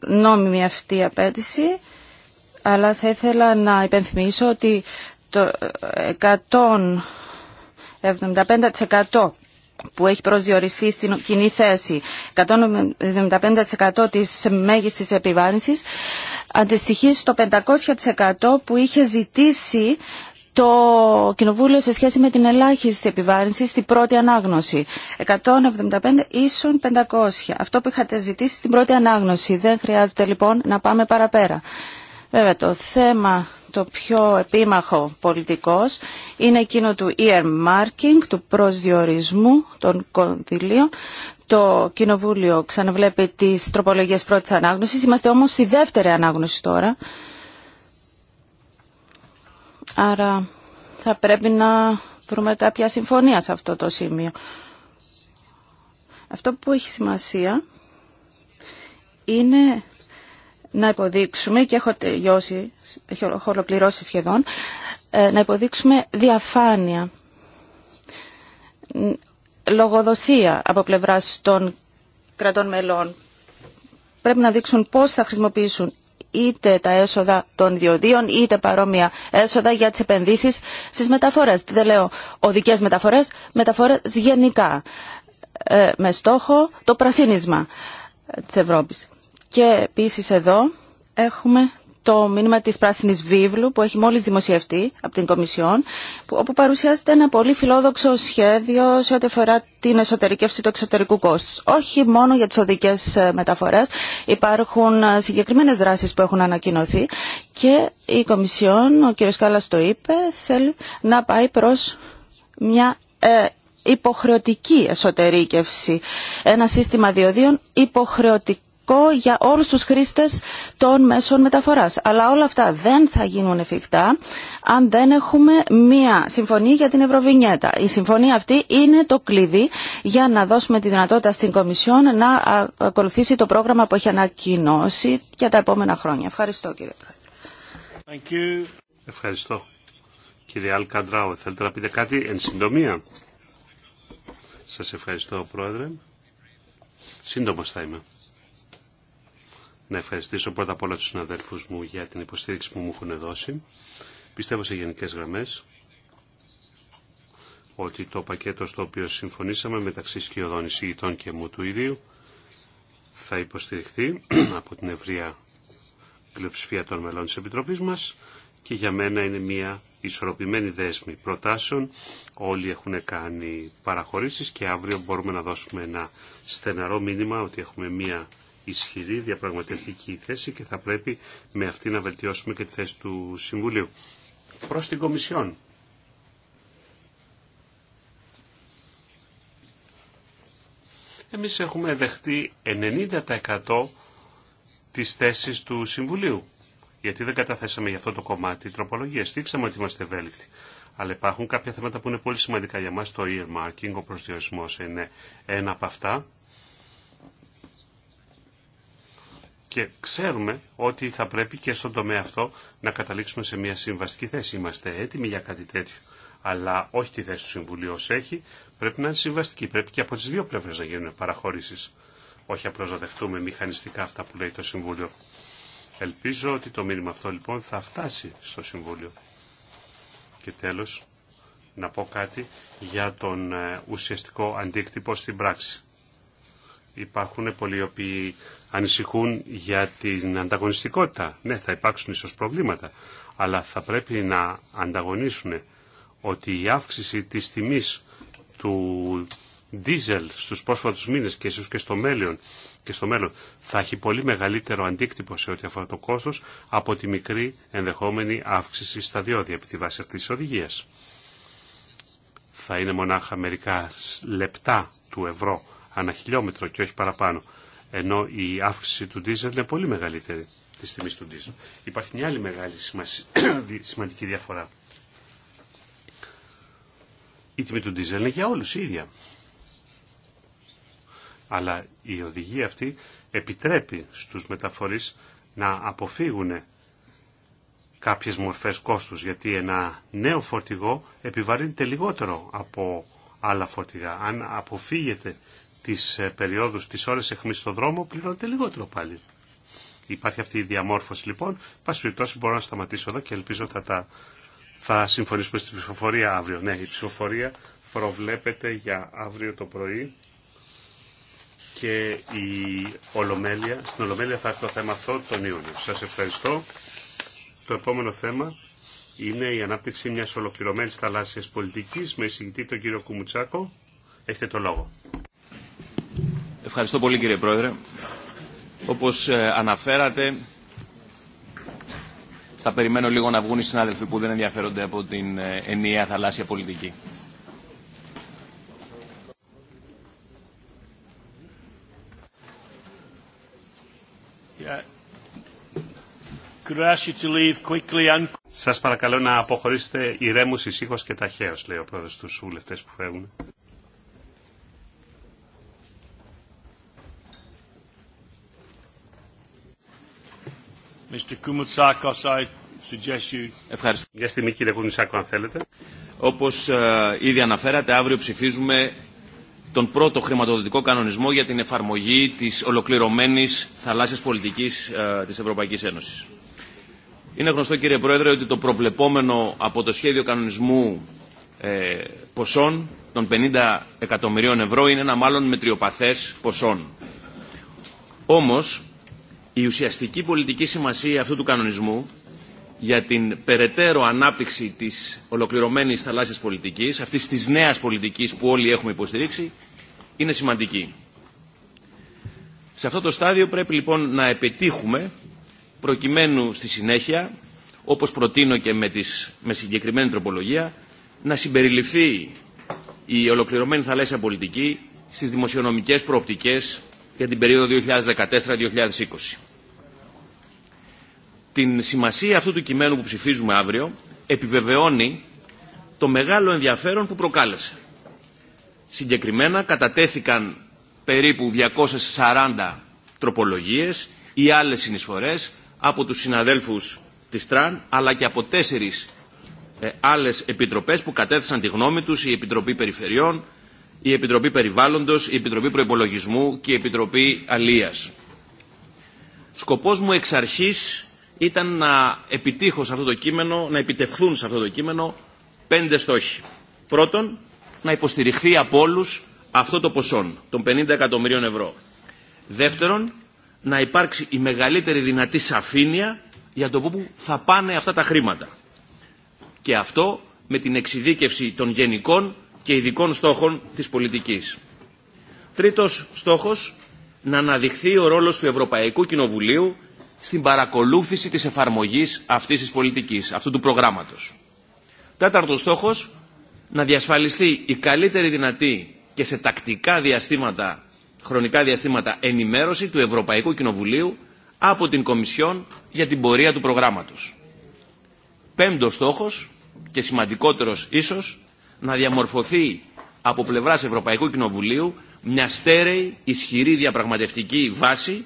νόμιμη αυτή η απέτηση, αλλά θα ήθελα να υπενθυμίσω ότι το 175% που έχει προσδιοριστεί στην κοινή θέση 175% της μέγιστης επιβάρυνσης αντιστοιχεί στο 500% που είχε ζητήσει το Κοινοβούλιο σε σχέση με την ελάχιστη επιβάρυνση στην πρώτη ανάγνωση. 175 ίσον 500. Αυτό που είχατε ζητήσει στην πρώτη ανάγνωση. Δεν χρειάζεται λοιπόν να πάμε παραπέρα. Βέβαια το θέμα το πιο επίμαχο πολιτικός είναι εκείνο του earmarking, του προσδιορισμού των κονδυλίων. Το Κοινοβούλιο ξαναβλέπει τις τροπολογίες πρώτης ανάγνωσης. Είμαστε όμως στη δεύτερη ανάγνωση τώρα. Άρα θα πρέπει να βρούμε κάποια συμφωνία σε αυτό το σημείο. Αυτό που έχει σημασία είναι να υποδείξουμε, και έχω τελειώσει, έχω ολοκληρώσει σχεδόν, ε, να υποδείξουμε διαφάνεια, λογοδοσία από πλευράς των κρατών μελών. Πρέπει να δείξουν πώς θα χρησιμοποιήσουν είτε τα έσοδα των διοδίων, είτε παρόμοια έσοδα για τις επενδύσεις στις μεταφορές. Δεν λέω οδικές μεταφορές, μεταφορές γενικά, ε, με στόχο το πρασίνισμα της Ευρώπης. Και επίσης εδώ έχουμε το μήνυμα της Πράσινης Βίβλου που έχει μόλις δημοσιευτεί από την Κομισιόν όπου παρουσιάζεται ένα πολύ φιλόδοξο σχέδιο σε ό,τι αφορά την εσωτερικεύση του εξωτερικού κόστους. Όχι μόνο για τις οδικές ε, μεταφορές, υπάρχουν ε, συγκεκριμένες δράσεις που έχουν ανακοινωθεί και η Κομισιόν, ο κ. Κάλλας το είπε, θέλει να πάει προς μια ε, υποχρεωτική εσωτερήκευση. Ένα σύστημα διοδίων υποχρεωτικό κο για όλους τους χρήστες των μέσων μεταφοράς. Αλλά όλα αυτά δεν θα γίνουν εφικτά αν δεν έχουμε μία συμφωνία για την Ευρωβινιέτα. Η συμφωνία αυτή είναι το κλειδί για να δώσουμε τη δυνατότητα στην Κομισιόν να ακολουθήσει το πρόγραμμα που έχει ανακοινώσει για τα επόμενα χρόνια. Ευχαριστώ κύριε Πρόεδρε. Ευχαριστώ. Κύριε Αλκαντράου, θέλετε να πείτε κάτι εν συντομία. Σας ευχαριστώ, Πρόεδρε. Σύντομος θα είμαι να ευχαριστήσω πρώτα απ' όλα τους συναδέλφους μου για την υποστήριξη που μου έχουν δώσει. Πιστεύω σε γενικές γραμμές ότι το πακέτο στο οποίο συμφωνήσαμε μεταξύ σκιωδών εισηγητών και μου του ίδιου θα υποστηριχθεί από την ευρεία πλειοψηφία των μελών της Επιτροπής μας και για μένα είναι μια ισορροπημένη δέσμη προτάσεων. Όλοι έχουν κάνει παραχωρήσεις και αύριο μπορούμε να δώσουμε ένα στεναρό μήνυμα ότι έχουμε μια ισχυρή διαπραγματευτική θέση και θα πρέπει με αυτή να βελτιώσουμε και τη θέση του Συμβουλίου. Προς την Κομισιόν. Εμείς έχουμε δεχτεί 90% της θέσης του Συμβουλίου. Γιατί δεν καταθέσαμε για αυτό το κομμάτι τροπολογίες. Δείξαμε ότι είμαστε ευέλικτοι. Αλλά υπάρχουν κάποια θέματα που είναι πολύ σημαντικά για μας. Το earmarking, ο προσδιορισμός είναι ένα από αυτά. και ξέρουμε ότι θα πρέπει και στον τομέα αυτό να καταλήξουμε σε μια συμβαστική θέση. Είμαστε έτοιμοι για κάτι τέτοιο. Αλλά όχι τη θέση του Συμβουλίου ως έχει. Πρέπει να είναι συμβαστική. Πρέπει και από τις δύο πλευρές να γίνουν παραχωρήσεις. Όχι απλώς να δεχτούμε μηχανιστικά αυτά που λέει το Συμβούλιο. Ελπίζω ότι το μήνυμα αυτό λοιπόν θα φτάσει στο Συμβούλιο. Και τέλος να πω κάτι για τον ε, ουσιαστικό αντίκτυπο στην πράξη. Υπάρχουν πολλοί οι οποίοι ανησυχούν για την ανταγωνιστικότητα. Ναι, θα υπάρξουν ίσως προβλήματα, αλλά θα πρέπει να ανταγωνίσουν ότι η αύξηση της τιμής του δίζελ στους πρόσφατους μήνες και στο μέλλον, και στο μέλλον θα έχει πολύ μεγαλύτερο αντίκτυπο σε ό,τι αφορά το κόστος από τη μικρή ενδεχόμενη αύξηση στα διόδια επί τη βάση αυτής της οδηγίας. Θα είναι μονάχα μερικά λεπτά του ευρώ ανά χιλιόμετρο και όχι παραπάνω. Ενώ η αύξηση του διζελ είναι πολύ μεγαλύτερη τη τιμή του ντίζελ. Υπάρχει μια άλλη μεγάλη σημαντική διαφορά. Η τιμή του διζελ είναι για όλους η ίδια. Αλλά η οδηγία αυτή επιτρέπει στους μεταφορείς να αποφύγουν κάποιες μορφές κόστους, γιατί ένα νέο φορτηγό επιβαρύνεται λιγότερο από άλλα φορτηγά. Αν αποφύγετε τις ε, περιόδους, τις ώρες εχμής στο δρόμο πληρώνεται λιγότερο πάλι. Υπάρχει αυτή η διαμόρφωση λοιπόν. Πάση περιπτώσει μπορώ να σταματήσω εδώ και ελπίζω θα, τα... θα συμφωνήσουμε στην ψηφοφορία αύριο. Ναι, η ψηφοφορία προβλέπεται για αύριο το πρωί και η Ολομέλεια, στην Ολομέλεια θα έρθει το θέμα αυτό τον Ιούνιο. Σας ευχαριστώ. Το επόμενο θέμα είναι η ανάπτυξη μιας ολοκληρωμένης θαλάσσιας πολιτικής με εισηγητή τον κύριο Κουμουτσάκο. Έχετε το λόγο. Ευχαριστώ πολύ κύριε Πρόεδρε. Όπως ε, αναφέρατε, θα περιμένω λίγο να βγουν οι συνάδελφοι που δεν ενδιαφέρονται από την ε, ενιαία θαλάσσια πολιτική. Σας παρακαλώ να αποχωρήσετε ηρέμους, ησύχως και ταχαίως, λέει ο πρόεδρος στους βουλευτές που φεύγουν. Ευχαριστώ. Για κύριε αν θέλετε. Όπως ε, ήδη αναφέρατε αύριο ψηφίζουμε τον πρώτο χρηματοδοτικό κανονισμό για την εφαρμογή της ολοκληρωμένης θαλάσσιας πολιτικής ε, της Ευρωπαϊκής Ένωσης. Είναι γνωστό κύριε Πρόεδρε ότι το προβλεπόμενο από το σχέδιο κανονισμού ε, ποσών των 50 εκατομμυρίων ευρώ είναι ένα μάλλον μετριοπαθές ποσών. Όμως η ουσιαστική πολιτική σημασία αυτού του κανονισμού για την περαιτέρω ανάπτυξη της ολοκληρωμένης θαλάσσιας πολιτικής, αυτή της νέας πολιτικής που όλοι έχουμε υποστηρίξει, είναι σημαντική. Σε αυτό το στάδιο πρέπει λοιπόν να επιτύχουμε, προκειμένου στη συνέχεια, όπως προτείνω και με, τις, με συγκεκριμένη τροπολογία, να συμπεριληφθεί η ολοκληρωμένη θαλάσσια πολιτική στις δημοσιονομικές προοπτικές για την περίοδο 2014-2020. Την σημασία αυτού του κειμένου που ψηφίζουμε αύριο επιβεβαιώνει το μεγάλο ενδιαφέρον που προκάλεσε. Συγκεκριμένα κατατέθηκαν περίπου 240 τροπολογίες ή άλλες συνεισφορές από τους συναδέλφους της ΤΡΑΝ αλλά και από τέσσερις ε, άλλες επιτροπές που κατέθεσαν τη γνώμη τους η Επιτροπή Περιφερειών, η Επιτροπή Περιβάλλοντος, η Επιτροπή Προϋπολογισμού και η Επιτροπή Αλίας. Σκοπός μου εξ αρχής ήταν να επιτύχω σε αυτό το κείμενο, να επιτευχθούν σε αυτό το κείμενο πέντε στόχοι. Πρώτον, να υποστηριχθεί από όλου αυτό το ποσό των 50 εκατομμυρίων ευρώ. Δεύτερον, να υπάρξει η μεγαλύτερη δυνατή σαφήνεια για το πού θα πάνε αυτά τα χρήματα. Και αυτό με την εξειδίκευση των γενικών και ειδικών στόχων της πολιτικής. Τρίτος στόχος, να αναδειχθεί ο ρόλος του Ευρωπαϊκού Κοινοβουλίου στην παρακολούθηση της εφαρμογής αυτής της πολιτικής, αυτού του προγράμματος. Τέταρτος στόχος, να διασφαλιστεί η καλύτερη δυνατή και σε τακτικά διαστήματα, χρονικά διαστήματα ενημέρωση του Ευρωπαϊκού Κοινοβουλίου από την Κομισιόν για την πορεία του προγράμματος. Πέμπτος στόχος και σημαντικότερος ίσως να διαμορφωθεί από πλευράς Ευρωπαϊκού Κοινοβουλίου μια στέρεη, ισχυρή διαπραγματευτική βάση,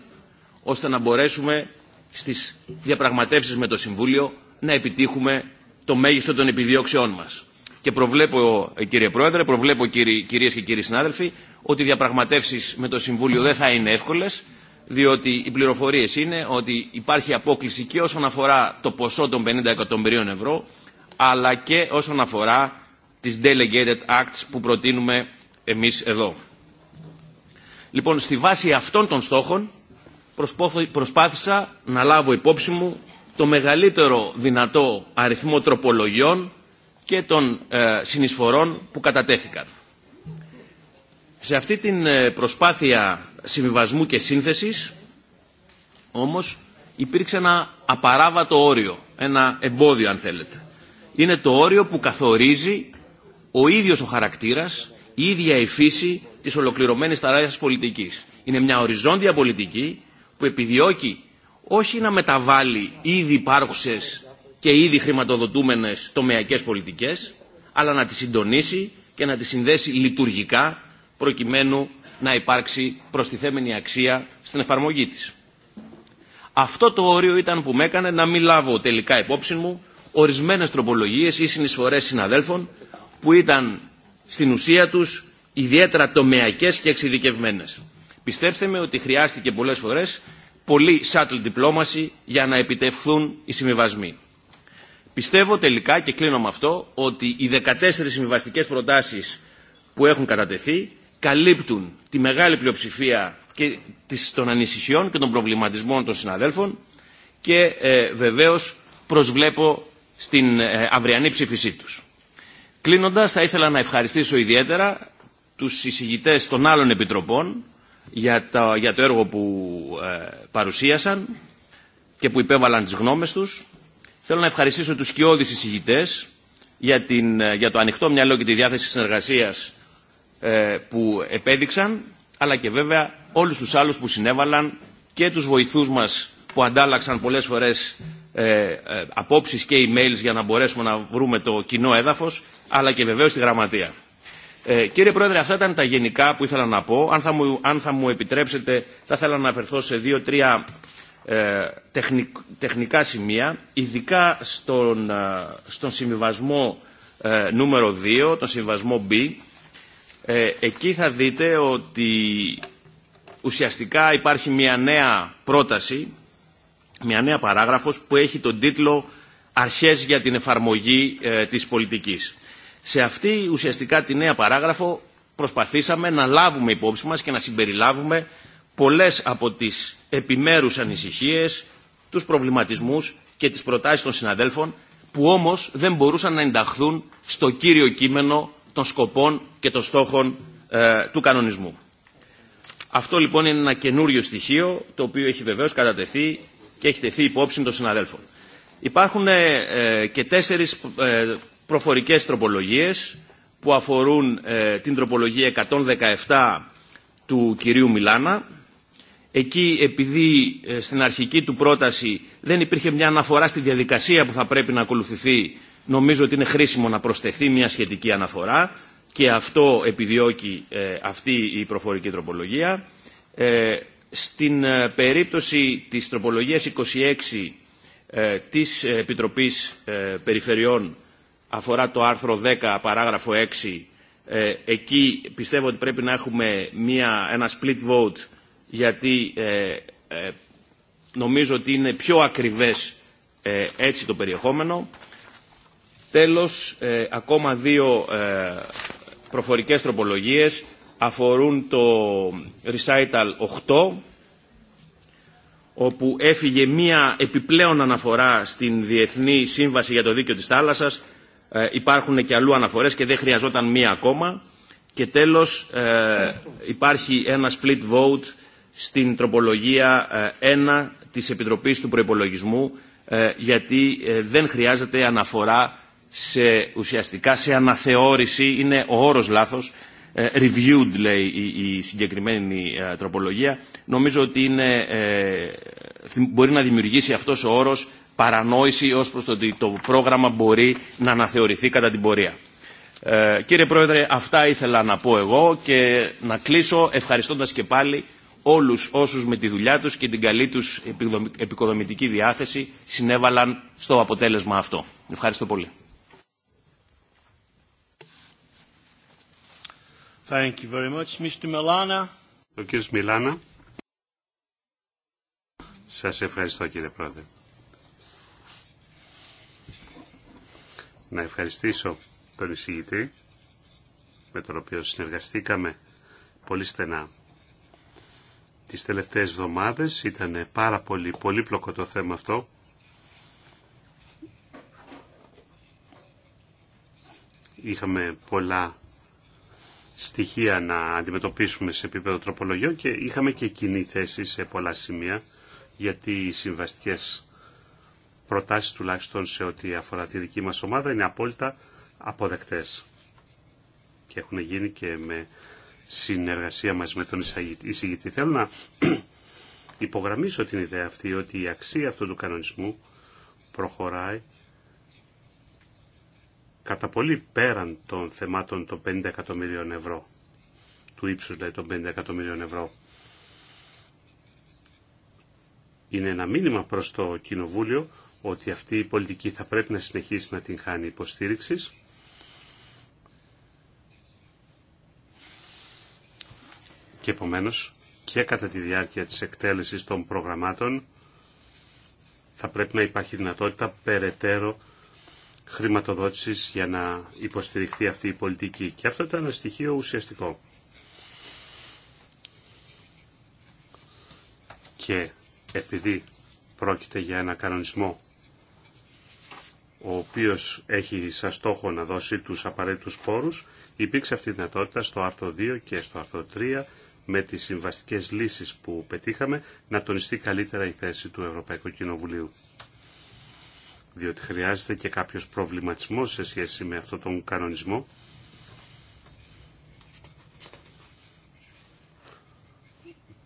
ώστε να μπορέσουμε στις διαπραγματεύσεις με το Συμβούλιο να επιτύχουμε το μέγιστο των επιδιώξεών μας. Και προβλέπω, ε, κύριε Πρόεδρε, προβλέπω κυρίες και κύριοι συνάδελφοι, ότι οι διαπραγματεύσεις με το Συμβούλιο δεν θα είναι εύκολες, διότι οι πληροφορίες είναι ότι υπάρχει απόκληση και όσον αφορά το ποσό των 50 εκατομμυρίων ευρώ, αλλά και όσον αφορά τις delegated acts που προτείνουμε εμείς εδώ. Λοιπόν, στη βάση αυτών των στόχων προσπάθησα να λάβω υπόψη μου το μεγαλύτερο δυνατό αριθμό τροπολογιών και των ε, συνεισφορών που κατατέθηκαν. Σε αυτή την ε, προσπάθεια συμβιβασμού και σύνθεσης, όμως, υπήρξε ένα απαράβατο όριο, ένα εμπόδιο αν θέλετε. Είναι το όριο που καθορίζει ο ίδιος ο χαρακτήρας, η ίδια η φύση της ολοκληρωμένης θαλάσσιας πολιτικής. Είναι μια οριζόντια πολιτική που επιδιώκει όχι να μεταβάλει ήδη υπάρχουσες και ήδη χρηματοδοτούμενες τομεακές πολιτικές, αλλά να τις συντονίσει και να τις συνδέσει λειτουργικά προκειμένου να υπάρξει προστιθέμενη αξία στην εφαρμογή της. Αυτό το όριο ήταν που με έκανε να μην λάβω τελικά υπόψη μου ορισμένες τροπολογίες ή συνεισφορές συναδέλφων που ήταν στην ουσία τους ιδιαίτερα τομεακές και εξειδικευμένες. Πιστέψτε με ότι χρειάστηκε πολλές φορές πολύ shuttle διπλώμαση για να επιτευχθούν οι συμβιβασμοί. Πιστεύω τελικά και κλείνω με αυτό ότι οι 14 συμβιβαστικές προτάσεις που έχουν κατατεθεί καλύπτουν τη μεγάλη πλειοψηφία και των ανησυχιών και των προβληματισμών των συναδέλφων και ε, βεβαίως προσβλέπω στην ε, αυριανή ψήφισή τους. Κλείνοντας, θα ήθελα να ευχαριστήσω ιδιαίτερα τους συζητητές των άλλων επιτροπών για το, έργο που ε, παρουσίασαν και που υπέβαλαν τις γνώμες τους. Θέλω να ευχαριστήσω τους σκιώδεις συζητητές για, ε, για το ανοιχτό μυαλό και τη διάθεση συνεργασίας ε, που επέδειξαν, αλλά και βέβαια όλους τους άλλους που συνέβαλαν και τους βοηθούς μας που αντάλλαξαν πολλές φορές ε, ε, απόψεις και emails για να μπορέσουμε να βρούμε το κοινό έδαφος, αλλά και βεβαίως τη γραμματεία. Ε, κύριε Πρόεδρε, αυτά ήταν τα γενικά που ήθελα να πω. Αν θα μου, αν θα μου επιτρέψετε, θα ήθελα να αναφερθώ σε δύο-τρία τεχνικά σημεία, ειδικά στον, στον συμβιβασμό νούμερο 2, τον συμβιβασμό B. Εκεί θα δείτε ότι ουσιαστικά υπάρχει μια νέα πρόταση μια νέα παράγραφος που έχει τον τίτλο «Αρχές για την εφαρμογή ε, της πολιτικής». Σε αυτή ουσιαστικά τη νέα παράγραφο προσπαθήσαμε να λάβουμε υπόψη μας και να συμπεριλάβουμε πολλές από τις επιμέρους ανησυχίες, τους προβληματισμούς και τις προτάσεις των συναδέλφων που όμως δεν μπορούσαν να ενταχθούν στο κύριο κείμενο των σκοπών και των στόχων ε, του κανονισμού. Αυτό λοιπόν είναι ένα καινούριο στοιχείο το οποίο έχει βεβαίως κατατεθεί και έχει τεθεί υπόψη των συναδέλφων. Υπάρχουν ε, ε, και τέσσερις ε, προφορικές τροπολογίες που αφορούν την τροπολογία 117 του κυρίου Μιλάνα. Εκεί επειδή στην αρχική του πρόταση δεν υπήρχε μια αναφορά στη διαδικασία που θα πρέπει να ακολουθηθεί νομίζω ότι είναι χρήσιμο να προσθεθεί μια σχετική αναφορά και αυτό επιδιώκει αυτή η προφορική τροπολογία. Στην ε, περίπτωση της τροπολογίας 26 ε, της Επιτροπής ε, Περιφερειών αφορά το άρθρο 10 παράγραφο 6 εκεί πιστεύω ότι πρέπει να έχουμε μια, ένα split vote γιατί νομίζω ότι είναι πιο ακριβές έτσι το περιεχόμενο. Τέλος, ακόμα δύο προφορικές τροπολογίες αφορούν το recital 8 όπου έφυγε μία επιπλέον αναφορά στην Διεθνή Σύμβαση για το Δίκαιο της Θάλασσας. Ε, υπάρχουν και αλλού αναφορές και δεν χρειαζόταν μία ακόμα. Και τέλος ε, υπάρχει ένα split vote στην τροπολογία 1 ε, της Επιτροπής του Προϋπολογισμού γιατί δεν χρειάζεται αναφορά σε ουσιαστικά σε αναθεώρηση, είναι ο όρος λάθος, ε, reviewed λέει η συγκεκριμένη ε, τροπολογία, νομίζω ότι ε, μπορεί να δημιουργήσει αυτός ο όρος παρανόηση ως προς το ότι το πρόγραμμα μπορεί να αναθεωρηθεί κατά την πορεία. κύριε Πρόεδρε, αυτά ήθελα να πω εγώ και να κλείσω ευχαριστώντας και πάλι όλους όσους με τη δουλειά τους και την καλή τους επικοδομητική διάθεση συνέβαλαν στο αποτέλεσμα αυτό. Ευχαριστώ πολύ. Thank you very much, Mr. Ο κύριος Μιλάνα. Σας ευχαριστώ κύριε Πρόεδρε. Να ευχαριστήσω τον εισηγητή με τον οποίο συνεργαστήκαμε πολύ στενά τις τελευταίες εβδομάδες. Ήταν πάρα πολύ πολύπλοκο το θέμα αυτό. Είχαμε πολλά στοιχεία να αντιμετωπίσουμε σε επίπεδο τροπολογιών και είχαμε και κοινή θέση σε πολλά σημεία γιατί οι συμβαστικές προτάσεις τουλάχιστον σε ό,τι αφορά τη δική μας ομάδα είναι απόλυτα αποδεκτές και έχουν γίνει και με συνεργασία μας με τον εισηγητή. Θέλω να υπογραμμίσω την ιδέα αυτή ότι η αξία αυτού του κανονισμού προχωράει κατά πολύ πέραν των θεμάτων των 50 εκατομμυρίων ευρώ, του ύψους δηλαδή των 50 εκατομμυρίων ευρώ. Είναι ένα μήνυμα προς το Κοινοβούλιο ότι αυτή η πολιτική θα πρέπει να συνεχίσει να την χάνει υποστήριξης. Και επομένως και κατά τη διάρκεια της εκτέλεσης των προγραμμάτων θα πρέπει να υπάρχει δυνατότητα περαιτέρω χρηματοδότησης για να υποστηριχθεί αυτή η πολιτική. Και αυτό ήταν ένα στοιχείο ουσιαστικό. Και επειδή πρόκειται για ένα κανονισμό ο οποίος έχει σαν στόχο να δώσει τους απαραίτητους πόρους, υπήρξε αυτή η δυνατότητα στο άρθρο 2 και στο άρθρο 3 με τις συμβαστικές λύσεις που πετύχαμε να τονιστεί καλύτερα η θέση του Ευρωπαϊκού Κοινοβουλίου διότι χρειάζεται και κάποιος προβληματισμός σε σχέση με αυτόν τον κανονισμό.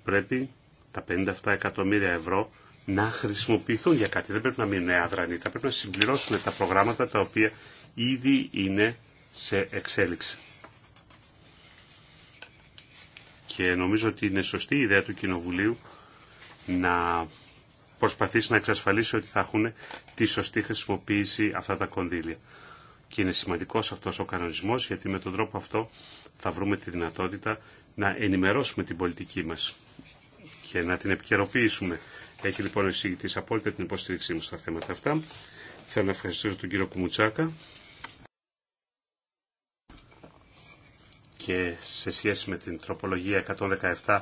Πρέπει τα 57 εκατομμύρια ευρώ να χρησιμοποιηθούν για κάτι. Δεν πρέπει να μείνουν αδρανοί. Θα πρέπει να συμπληρώσουν τα προγράμματα τα οποία ήδη είναι σε εξέλιξη. Και νομίζω ότι είναι σωστή η ιδέα του Κοινοβουλίου να προσπαθήσει να εξασφαλίσει ότι θα έχουν τη σωστή χρησιμοποίηση αυτά τα κονδύλια. Και είναι σημαντικός αυτός ο κανονισμός γιατί με τον τρόπο αυτό θα βρούμε τη δυνατότητα να ενημερώσουμε την πολιτική μας και να την επικαιροποιήσουμε. Έχει λοιπόν ο εισηγητής απόλυτα την υποστήριξή μου στα θέματα αυτά. Θέλω να ευχαριστήσω τον κύριο Κουμουτσάκα. Και σε σχέση με την τροπολογία 117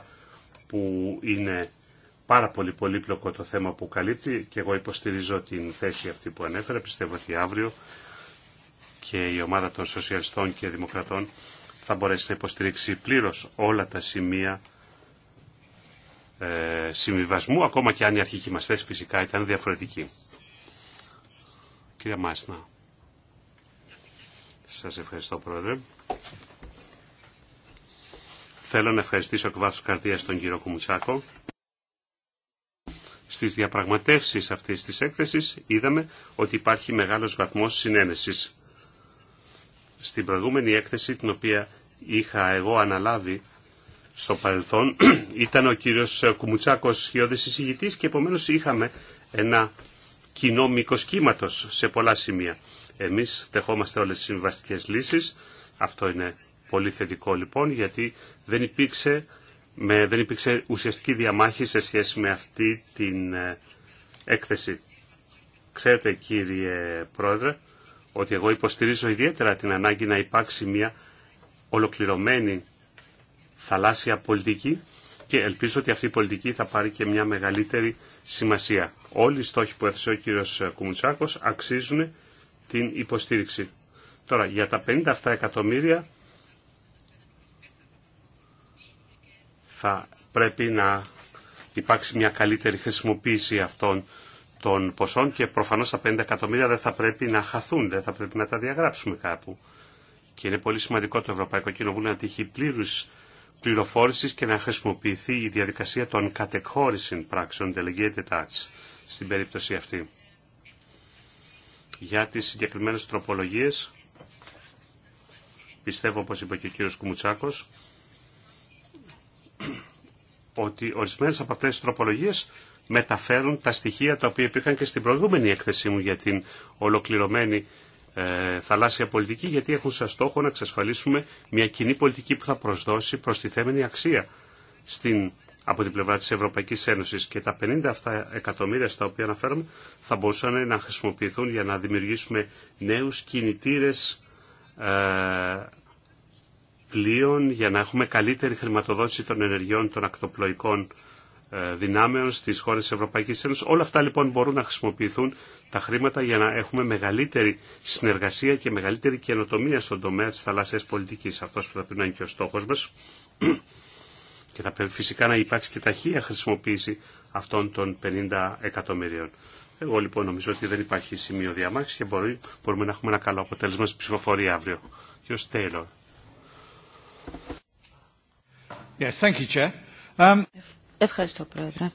που είναι πάρα πολύ πολύπλοκο το θέμα που καλύπτει και εγώ υποστηρίζω την θέση αυτή που ανέφερα. Πιστεύω ότι αύριο και η ομάδα των Σοσιαλιστών και Δημοκρατών θα μπορέσει να υποστηρίξει πλήρως όλα τα σημεία ε, συμβιβασμού, ακόμα και αν η αρχική μας θέση φυσικά ήταν διαφορετική. Κύριε Μάσνα, σας ευχαριστώ Πρόεδρε. Θέλω να ευχαριστήσω εκ βάθους καρδίας τον κύριο Κουμουτσάκο. Στις διαπραγματεύσεις αυτή της έκθεσης είδαμε ότι υπάρχει μεγάλος βαθμός συνένεσης. Στην προηγούμενη έκθεση την οποία είχα εγώ αναλάβει στο παρελθόν ήταν ο κύριος Κουμουτσάκος σχεδόν εισηγητής και επομένως είχαμε ένα κοινό μήκο κύματο σε πολλά σημεία. Εμείς δεχόμαστε όλες τις συμβαστικές λύσεις. Αυτό είναι πολύ θετικό λοιπόν γιατί δεν υπήρξε με, δεν υπήρξε ουσιαστική διαμάχη σε σχέση με αυτή την ε, έκθεση. Ξέρετε κύριε Πρόεδρε ότι εγώ υποστηρίζω ιδιαίτερα την ανάγκη να υπάρξει μια ολοκληρωμένη θαλάσσια πολιτική και ελπίζω ότι αυτή η πολιτική θα πάρει και μια μεγαλύτερη σημασία. Όλοι οι στόχοι που έθεσε ο κύριος Κουμουτσάκος αξίζουν την υποστήριξη. Τώρα, για τα 57 εκατομμύρια θα πρέπει να υπάρξει μια καλύτερη χρησιμοποίηση αυτών των ποσών και προφανώς τα 50 εκατομμύρια δεν θα πρέπει να χαθούν, δεν θα πρέπει να τα διαγράψουμε κάπου. Και είναι πολύ σημαντικό το Ευρωπαϊκό Κοινοβούλιο να τύχει πλήρους πληροφόρηση και να χρησιμοποιηθεί η διαδικασία των κατεχώρησης πράξεων delegated acts στην περίπτωση αυτή. Για τις συγκεκριμένες τροπολογίες, πιστεύω όπως είπε και ο κύριος Κουμουτσάκος, ότι ορισμένε από αυτέ τι τροπολογίε μεταφέρουν τα στοιχεία τα οποία υπήρχαν και στην προηγούμενη έκθεσή μου για την ολοκληρωμένη ε, θαλάσσια πολιτική, γιατί έχουν σαν στόχο να εξασφαλίσουμε μια κοινή πολιτική που θα προσδώσει προστιθέμενη αξία στην, από την πλευρά τη Ευρωπαϊκή Ένωση και τα 50 αυτά εκατομμύρια στα οποία αναφέρομαι θα μπορούσαν να χρησιμοποιηθούν για να δημιουργήσουμε νέου κινητήρε. Ε, πλοίων, για να έχουμε καλύτερη χρηματοδότηση των ενεργειών των ακτοπλοϊκών ε, δυνάμεων στις χώρες της Ευρωπαϊκής Ένωσης. Όλα αυτά λοιπόν μπορούν να χρησιμοποιηθούν τα χρήματα για να έχουμε μεγαλύτερη συνεργασία και μεγαλύτερη καινοτομία στον τομέα της θαλάσσιας πολιτικής. Αυτός που θα πρέπει να είναι και ο στόχος μας. Και θα πρέπει φυσικά να υπάρξει και ταχεία χρησιμοποίηση αυτών των 50 εκατομμυρίων. Εγώ λοιπόν νομίζω ότι δεν υπάρχει σημείο διαμάχης και μπορούμε να έχουμε ένα καλό αποτέλεσμα στη ψηφοφορία αύριο. Κύριος Τέιλορ. Ευχαριστώ, Πρόεδρε.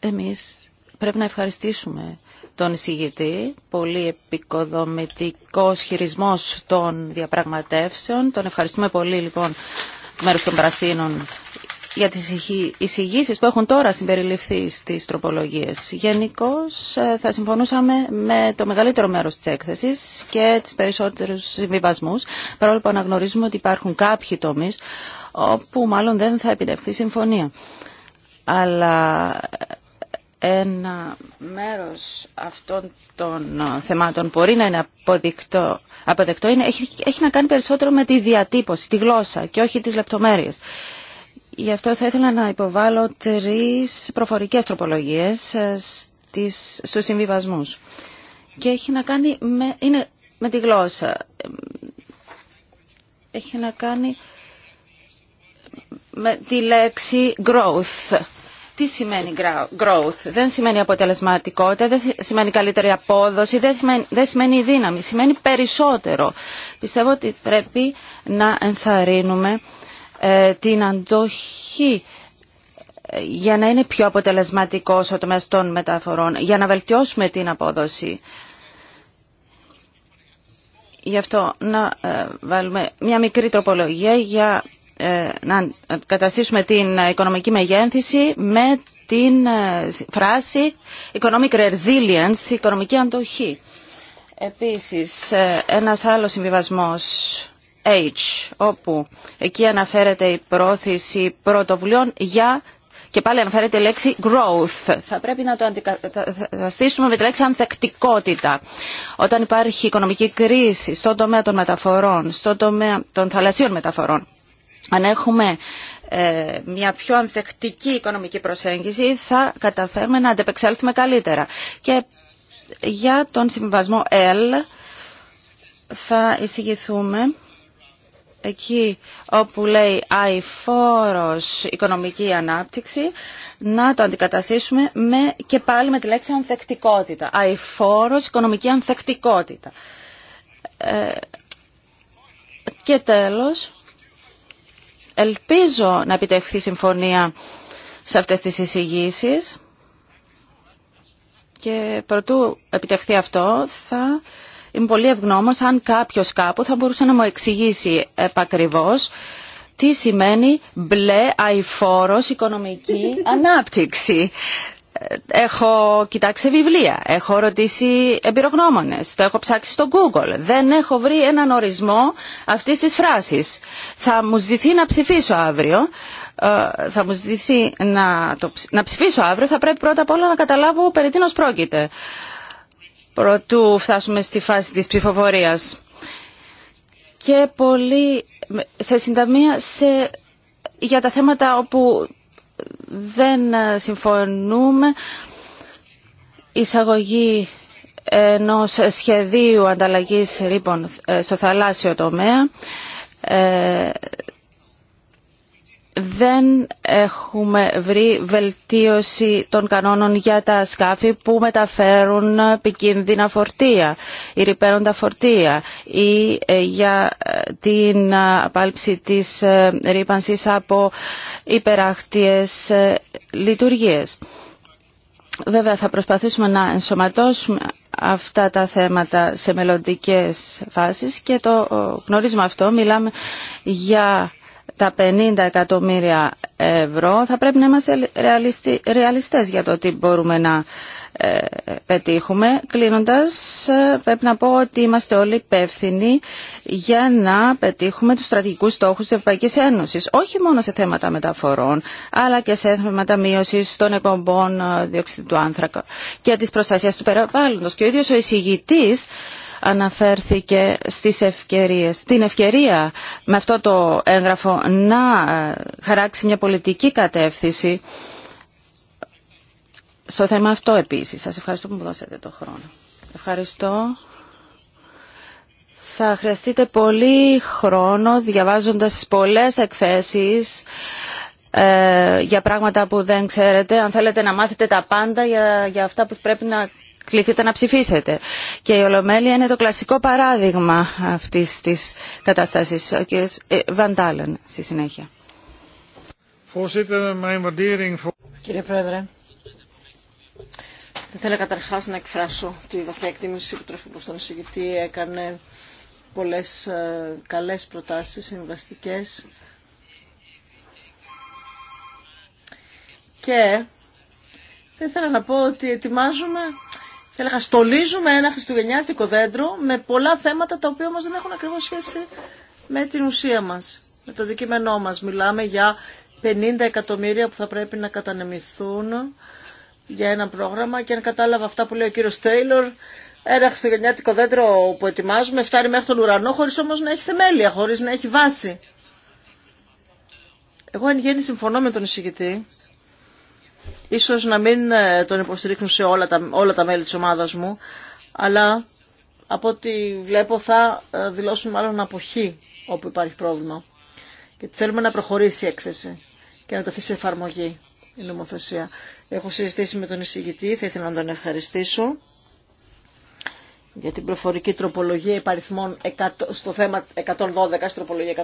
Εμείς πρέπει να ευχαριστήσουμε τον εισηγητή, πολύ επικοδομητικός χειρισμός των διαπραγματεύσεων. Τον ευχαριστούμε πολύ, λοιπόν, μέρος των Πρασίνων για τις εισηγήσεις που έχουν τώρα συμπεριληφθεί στις τροπολογίες. Γενικώ ε, θα συμφωνούσαμε με το μεγαλύτερο μέρος της έκθεσης και τις περισσότερους συμβιβασμούς, παρόλο που αναγνωρίζουμε ότι υπάρχουν κάποιοι τομείς όπου μάλλον δεν θα επιτευχθεί συμφωνία. Αλλά ε, ένα μέρος αυτών των ε, θεμάτων μπορεί να είναι αποδεκτό είναι, έχει, έχει να κάνει περισσότερο με τη διατύπωση, τη γλώσσα και όχι τις λεπτομέρειες. Γι' αυτό θα ήθελα να υποβάλω τρεις προφορικές τροπολογίες ε, στις, στους συμβιβασμούς. Και έχει να κάνει με, είναι με τη γλώσσα. Έχει να κάνει με τη λέξη growth. Τι σημαίνει growth. Δεν σημαίνει αποτελεσματικότητα, δεν σημαίνει καλύτερη απόδοση, δεν σημαίνει, δεν σημαίνει δύναμη. Σημαίνει περισσότερο. Πιστεύω ότι πρέπει να ενθαρρύνουμε ε, την αντοχή ε, για να είναι πιο αποτελεσματικός ο τομέας των μεταφορών, για να βελτιώσουμε την απόδοση. Γι' αυτό να ε, βάλουμε μια μικρή τροπολογία για να καταστήσουμε την οικονομική μεγένθηση με την φράση economic resilience, οικονομική αντοχή. Επίσης, ένας άλλος συμβιβασμός H, όπου εκεί αναφέρεται η πρόθεση πρωτοβουλειών για και πάλι αναφέρεται η λέξη growth. Θα πρέπει να το αντικαταστήσουμε με τη λέξη ανθεκτικότητα. Όταν υπάρχει οικονομική κρίση στον τομέα των μεταφορών, στον τομέα των θαλασσίων μεταφορών, αν έχουμε ε, μια πιο ανθεκτική οικονομική προσέγγιση, θα καταφέρουμε να αντεπεξέλθουμε καλύτερα. Και για τον συμβασμό L θα εισηγηθούμε εκεί όπου λέει αηφόρος οικονομική ανάπτυξη, να το αντικαταστήσουμε με, και πάλι με τη λέξη ανθεκτικότητα. Αηφόρος οικονομική ανθεκτικότητα. Ε, και τέλος, ελπίζω να επιτευχθεί συμφωνία σε αυτές τις εισηγήσεις και προτού επιτευχθεί αυτό θα Είμαι πολύ ευγνώμος αν κάποιος κάπου θα μπορούσε να μου εξηγήσει επακριβώς τι σημαίνει μπλε αηφόρος οικονομική ανάπτυξη. Έχω κοιτάξει βιβλία, έχω ρωτήσει εμπειρογνώμονες, το έχω ψάξει στο Google. Δεν έχω βρει έναν ορισμό αυτής της φράσης. Θα μου ζητηθεί να ψηφίσω αύριο. Ε, θα μου ζητηθεί να, να ψηφίσω αύριο. Θα πρέπει πρώτα απ' όλα να καταλάβω περί τίνος πρόκειται προτού φτάσουμε στη φάση της ψηφοφορία. Και πολύ σε συνταμία σε, για τα θέματα όπου δεν συμφωνούμε εισαγωγή ενό σχεδίου ανταλλαγής ρήπων λοιπόν, ε, στο θαλάσσιο τομέα ε, δεν έχουμε βρει βελτίωση των κανόνων για τα σκάφη που μεταφέρουν επικίνδυνα φορτία ή ρηπαίνοντα φορτία ή ε, για ε, την ε, απάλψη της ρήπανσης από υπεράχτιες λειτουργίες. Βέβαια θα προσπαθήσουμε να ενσωματώσουμε αυτά τα θέματα σε μελλοντικές φάσεις και το γνωρίζουμε αυτό, μιλάμε για τα 50 εκατομμύρια ευρώ, θα πρέπει να είμαστε ρεαλιστές για το τι μπορούμε να ε, πετύχουμε. Κλείνοντας, ε, πρέπει να πω ότι είμαστε όλοι υπεύθυνοι για να πετύχουμε τους στρατηγικούς στόχους της Ευρωπαϊκής Ένωσης. Όχι μόνο σε θέματα μεταφορών, αλλά και σε θέματα μείωσης των εκπομπών ε, διοξιδίου του άνθρακα και της προστασίας του περιβάλλοντος. Και ο ίδιος ο εισηγητής αναφέρθηκε στις ευκαιρίες. Την ευκαιρία με αυτό το έγγραφο να χαράξει μια πολιτική κατεύθυνση στο θέμα αυτό επίσης. Σας ευχαριστώ που μου δώσατε το χρόνο. Ευχαριστώ. Θα χρειαστείτε πολύ χρόνο διαβάζοντας πολλές εκθέσεις ε, για πράγματα που δεν ξέρετε. Αν θέλετε να μάθετε τα πάντα για, για αυτά που πρέπει να κληθείτε να ψηφίσετε. Και η Ολομέλεια είναι το κλασικό παράδειγμα αυτής της κατάστασης. Ο κ. Ε, Βαντάλεν στη συνέχεια. Κύριε Πρόεδρε, θα ήθελα καταρχάς να εκφράσω τη βαθιά εκτίμηση που τρέφει προ τον εισηγητή. Έκανε πολλές ε, καλές προτάσεις συμβαστικέ. Και θα ήθελα να πω ότι ετοιμάζουμε, θα έλεγα, στολίζουμε ένα χριστουγεννιάτικο δέντρο με πολλά θέματα τα οποία μας δεν έχουν ακριβώς σχέση με την ουσία μας, με το δικείμενό μας. Μιλάμε για 50 εκατομμύρια που θα πρέπει να κατανεμηθούν για ένα πρόγραμμα και αν κατάλαβα αυτά που λέει ο κύριο Τέιλορ, ένα χριστουγεννιάτικο δέντρο που ετοιμάζουμε φτάνει μέχρι τον ουρανό χωρί όμω να έχει θεμέλια, χωρί να έχει βάση. Εγώ εν γέννη συμφωνώ με τον εισηγητή. Ίσως να μην ε, τον υποστηρίξουν σε όλα τα, όλα τα μέλη της ομάδας μου, αλλά από ό,τι βλέπω θα ε, δηλώσουν μάλλον αποχή όπου υπάρχει πρόβλημα. Γιατί θέλουμε να προχωρήσει η έκθεση και να τεθεί σε εφαρμογή η νομοθεσία έχω συζητήσει με τον εισηγητή, θα ήθελα να τον ευχαριστήσω για την προφορική τροπολογία υπαριθμών στο θέμα 112, στην τροπολογία 112.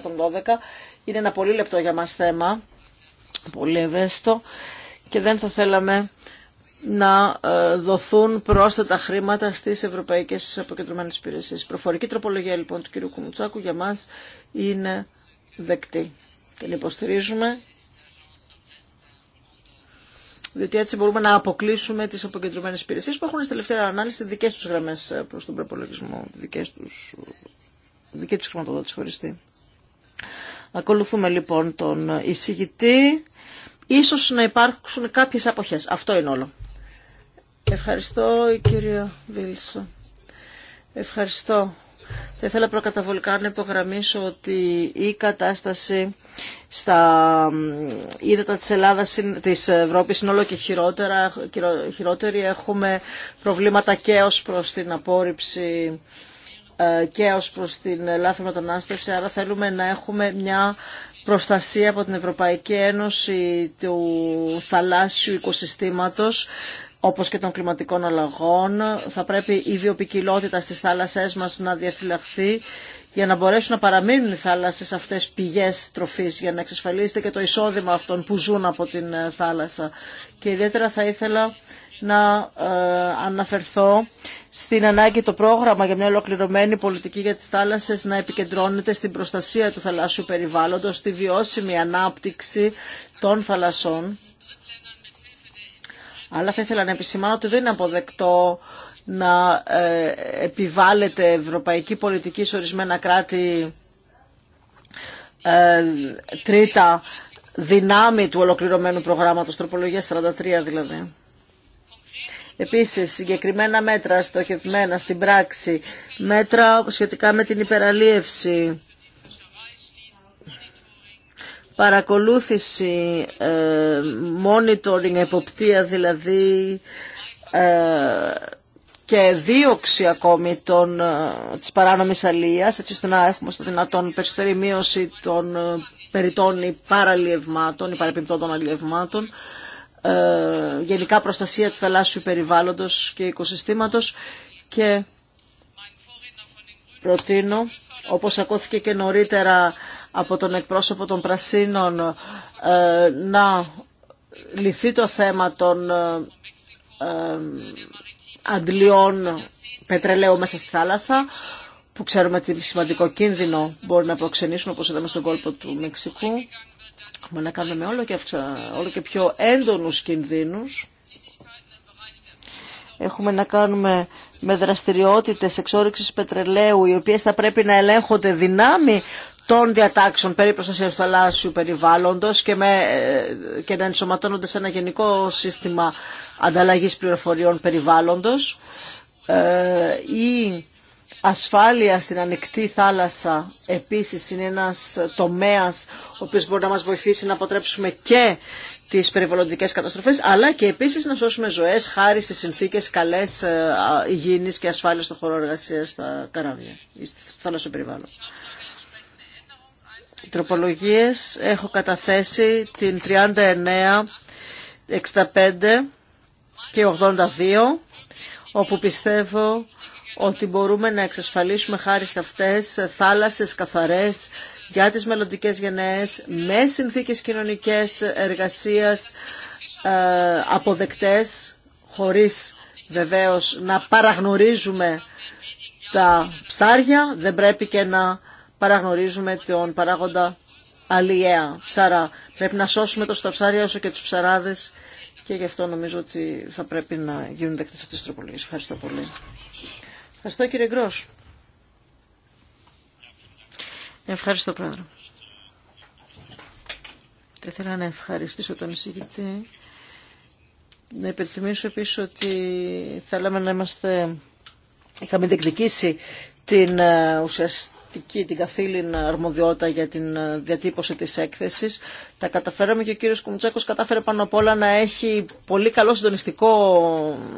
Είναι ένα πολύ λεπτό για μας θέμα, πολύ ευαίσθητο και δεν θα θέλαμε να ε, δοθούν πρόσθετα χρήματα στις ευρωπαϊκές αποκεντρωμένες υπηρεσίες. προφορική τροπολογία λοιπόν του κ. Κουμουτσάκου για μας είναι δεκτή. Την υποστηρίζουμε διότι έτσι μπορούμε να αποκλείσουμε τις αποκεντρωμένες υπηρεσίες που έχουν στη τελευταία ανάλυση δικές τους γραμμές ε, προς τον προπολογισμό, δικές τους, δικές τους χρηματοδότηση χωριστή. Ακολουθούμε λοιπόν τον εισηγητή. Ίσως να υπάρξουν κάποιες αποχές. Αυτό είναι όλο. Ευχαριστώ κυρία Βίλσο. Ευχαριστώ. Θα ήθελα προκαταβολικά να υπογραμμίσω ότι η κατάσταση στα ύδατα της Ελλάδας, της Ευρώπης είναι όλο και χειρότερα, χειρότερη. Έχουμε προβλήματα και ως προς την απόρριψη ε, και ως προς την λάθη μετανάστευση. Άρα θέλουμε να έχουμε μια προστασία από την Ευρωπαϊκή Ένωση του θαλάσσιου οικοσυστήματος όπως και των κλιματικών αλλαγών. Θα πρέπει η βιοπικιλότητα στις θάλασσές μας να διαφυλαχθεί για να μπορέσουν να παραμείνουν οι θάλασσες αυτές πηγές τροφής, για να εξασφαλίσετε και το εισόδημα αυτών που ζουν από την ε, θάλασσα. Και ιδιαίτερα θα ήθελα να ε, αναφερθώ στην ανάγκη το πρόγραμμα για μια ολοκληρωμένη πολιτική για τις θάλασσες να επικεντρώνεται στην προστασία του θαλάσσιου περιβάλλοντος, στη βιώσιμη ανάπτυξη των θαλασσών αλλά θα ήθελα να επισημάνω ότι δεν είναι αποδεκτό να ε, επιβάλλεται ευρωπαϊκή πολιτική σε ορισμένα κράτη ε, τρίτα δυνάμει του ολοκληρωμένου προγράμματος, τροπολογία 43 δηλαδή. Επίσης, συγκεκριμένα μέτρα στοχευμένα στην πράξη, μέτρα σχετικά με την υπεραλίευση, παρακολούθηση, ε, monitoring, εποπτεία δηλαδή ε, και δίωξη ακόμη των, ε, της παράνομης αλίας, έτσι ώστε να έχουμε στο δυνατόν περισσότερη μείωση των περιττών ή παραλιευμάτων ή παρεπιπτόντων γενικά προστασία του θαλάσσιου περιβάλλοντος και οικοσυστήματος και προτείνω όπως ακούθηκε και νωρίτερα από τον εκπρόσωπο των Πρασίνων, ε, να λυθεί το θέμα των ε, ε, αντλειών πετρελαίου μέσα στη θάλασσα, που ξέρουμε ότι σημαντικό κίνδυνο μπορεί να προξενήσουν, όπως είδαμε στον κόλπο του Μεξικού. Έχουμε να κάνουμε όλο και, όλο και πιο έντονους κινδύνους Έχουμε να κάνουμε με δραστηριότητες εξόρυξης πετρελαίου, οι οποίες θα πρέπει να ελέγχονται δυνάμει των διατάξεων περί προστασίας θαλάσσιου περιβάλλοντος και, με, ε, και να ενσωματώνονται σε ένα γενικό σύστημα ανταλλαγής πληροφοριών περιβάλλοντος. Ε, η ασφάλεια στην ανοιχτή θάλασσα επίσης είναι ένας τομέας ο οποίος μπορεί να μας βοηθήσει να αποτρέψουμε και τις περιβαλλοντικές καταστροφές, αλλά και επίσης να σώσουμε ζωές χάρη σε συνθήκες καλές ε, υγιεινής και ασφάλειας στον χώρο εργασίας στα καράβια ή στο θάλασσο περιβάλλον. Τροπολογίες έχω καταθέσει την 39, 65 και 82, όπου πιστεύω ότι μπορούμε να εξασφαλίσουμε χάρη σε αυτές θάλασσες καθαρές για τις μελλοντικές γενναίες με συνθήκες κοινωνικές εργασίας ε, αποδεκτές χωρίς βεβαίως να παραγνωρίζουμε τα ψάρια, δεν πρέπει και να παραγνωρίζουμε τον παράγοντα αλλιέα ψαρά. Πρέπει να σώσουμε τόσο τα ψάρια όσο και τους ψαράδες και γι' αυτό νομίζω ότι θα πρέπει να γίνουν δεκτές αυτές τις τροπολογίες. Ευχαριστώ πολύ. Ευχαριστώ κύριε Γκρός. Ευχαριστώ πρόεδρο. Θα ήθελα να ευχαριστήσω τον εισηγητή. Να υπενθυμίσω επίσης ότι θέλαμε να είμαστε... Είχαμε διεκδικήσει την ε, ουσιαστική την καθήλυνα αρμοδιότητα για την ε, διατύπωση της έκθεσης. Τα καταφέραμε και ο κύριος Κουμουτσέκος κατάφερε πάνω απ' όλα να έχει πολύ καλό συντονιστικό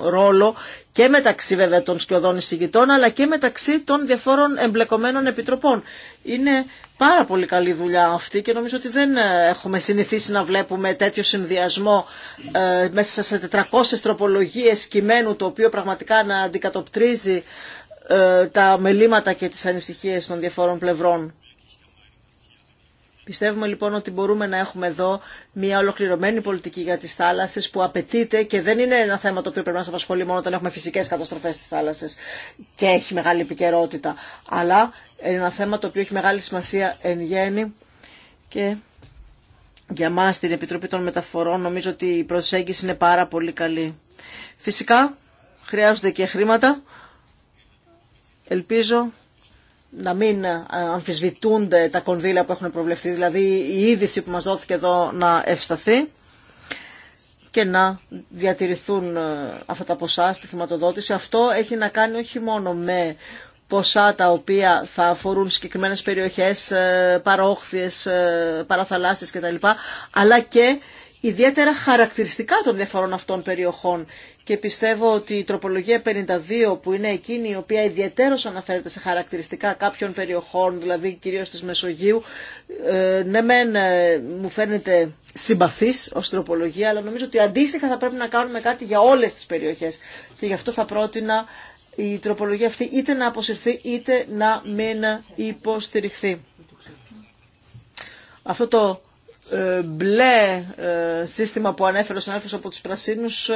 ρόλο και μεταξύ βέβαια των σκιωδών εισηγητών αλλά και μεταξύ των διαφόρων εμπλεκομένων επιτροπών. Είναι πάρα πολύ καλή δουλειά αυτή και νομίζω ότι δεν ε, έχουμε συνηθίσει να βλέπουμε τέτοιο συνδυασμό ε, μέσα σε 400 τροπολογίες κειμένου το οποίο πραγματικά να αντικατοπτρίζει ε, τα μελήματα και τις ανησυχίες των διαφόρων πλευρών. Πιστεύουμε λοιπόν ότι μπορούμε να έχουμε εδώ μια ολοκληρωμένη πολιτική για τις θάλασσες που απαιτείται και δεν είναι ένα θέμα το οποίο πρέπει να μας απασχολεί μόνο όταν έχουμε φυσικές καταστροφές στις θάλασσες και έχει μεγάλη επικαιρότητα. Αλλά είναι ένα θέμα το οποίο έχει μεγάλη σημασία εν γέννη και για μας την Επιτροπή των Μεταφορών νομίζω ότι η προσέγγιση είναι πάρα πολύ καλή. Φυσικά χρειάζονται και χρήματα Ελπίζω να μην ε, αμφισβητούνται τα κονδύλια που έχουν προβλεφθεί, δηλαδή η είδηση που μας δόθηκε εδώ να ευσταθεί και να διατηρηθούν ε, αυτά τα ποσά στη χρηματοδότηση. Αυτό έχει να κάνει όχι μόνο με ποσά τα οποία θα αφορούν συγκεκριμένες περιοχές, ε, παρόχθιες, παραθαλάσσιες κτλ. Αλλά και ιδιαίτερα χαρακτηριστικά των διαφορών αυτών περιοχών και πιστεύω ότι η τροπολογία 52 που είναι εκείνη η οποία ιδιαίτερως αναφέρεται σε χαρακτηριστικά κάποιων περιοχών, δηλαδή κυρίως της Μεσογείου, ε, ναι μεν ε, μου φαίνεται συμπαθής ως τροπολογία, αλλά νομίζω ότι αντίστοιχα θα πρέπει να κάνουμε κάτι για όλες τις περιοχές και γι' αυτό θα πρότεινα η τροπολογία αυτή είτε να αποσυρθεί είτε να μην υποστηριχθεί. Αυτό το ε, μπλε σύστημα που ανέφερε ο συνάδελφος από τους πρασίνους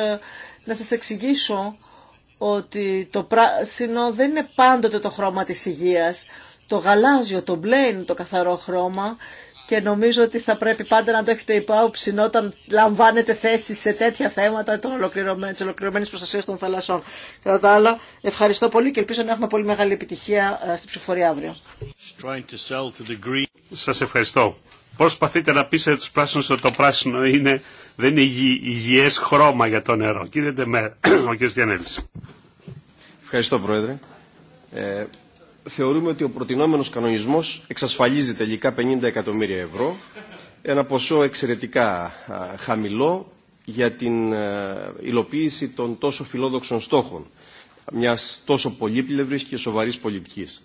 να σας εξηγήσω ότι το πράσινο δεν είναι πάντοτε το χρώμα της υγείας. Το γαλάζιο, το μπλε είναι το καθαρό χρώμα και νομίζω ότι θα πρέπει πάντα να το έχετε υπόψη όταν λαμβάνετε θέση σε τέτοια θέματα τη ολοκληρωμένη προστασία των θαλασσών. Κατά τα άλλα, ευχαριστώ πολύ και ελπίζω να έχουμε πολύ μεγάλη επιτυχία ε, στην ψηφορία αύριο. Σα ευχαριστώ. Προσπαθείτε να πείσετε τους πράσινους ότι το πράσινο είναι, δεν είναι υγι, υγιές χρώμα για το νερό. Κύριε Ντεμέρ, ο κ. Διανέλης. Ευχαριστώ, Πρόεδρε. Ε, θεωρούμε ότι ο προτινόμενος κανονισμός εξασφαλίζει τελικά 50 εκατομμύρια ευρώ, ένα ποσό εξαιρετικά χαμηλό για την ε, υλοποίηση των τόσο φιλόδοξων στόχων μιας τόσο πολύπλευρης και σοβαρής πολιτικής.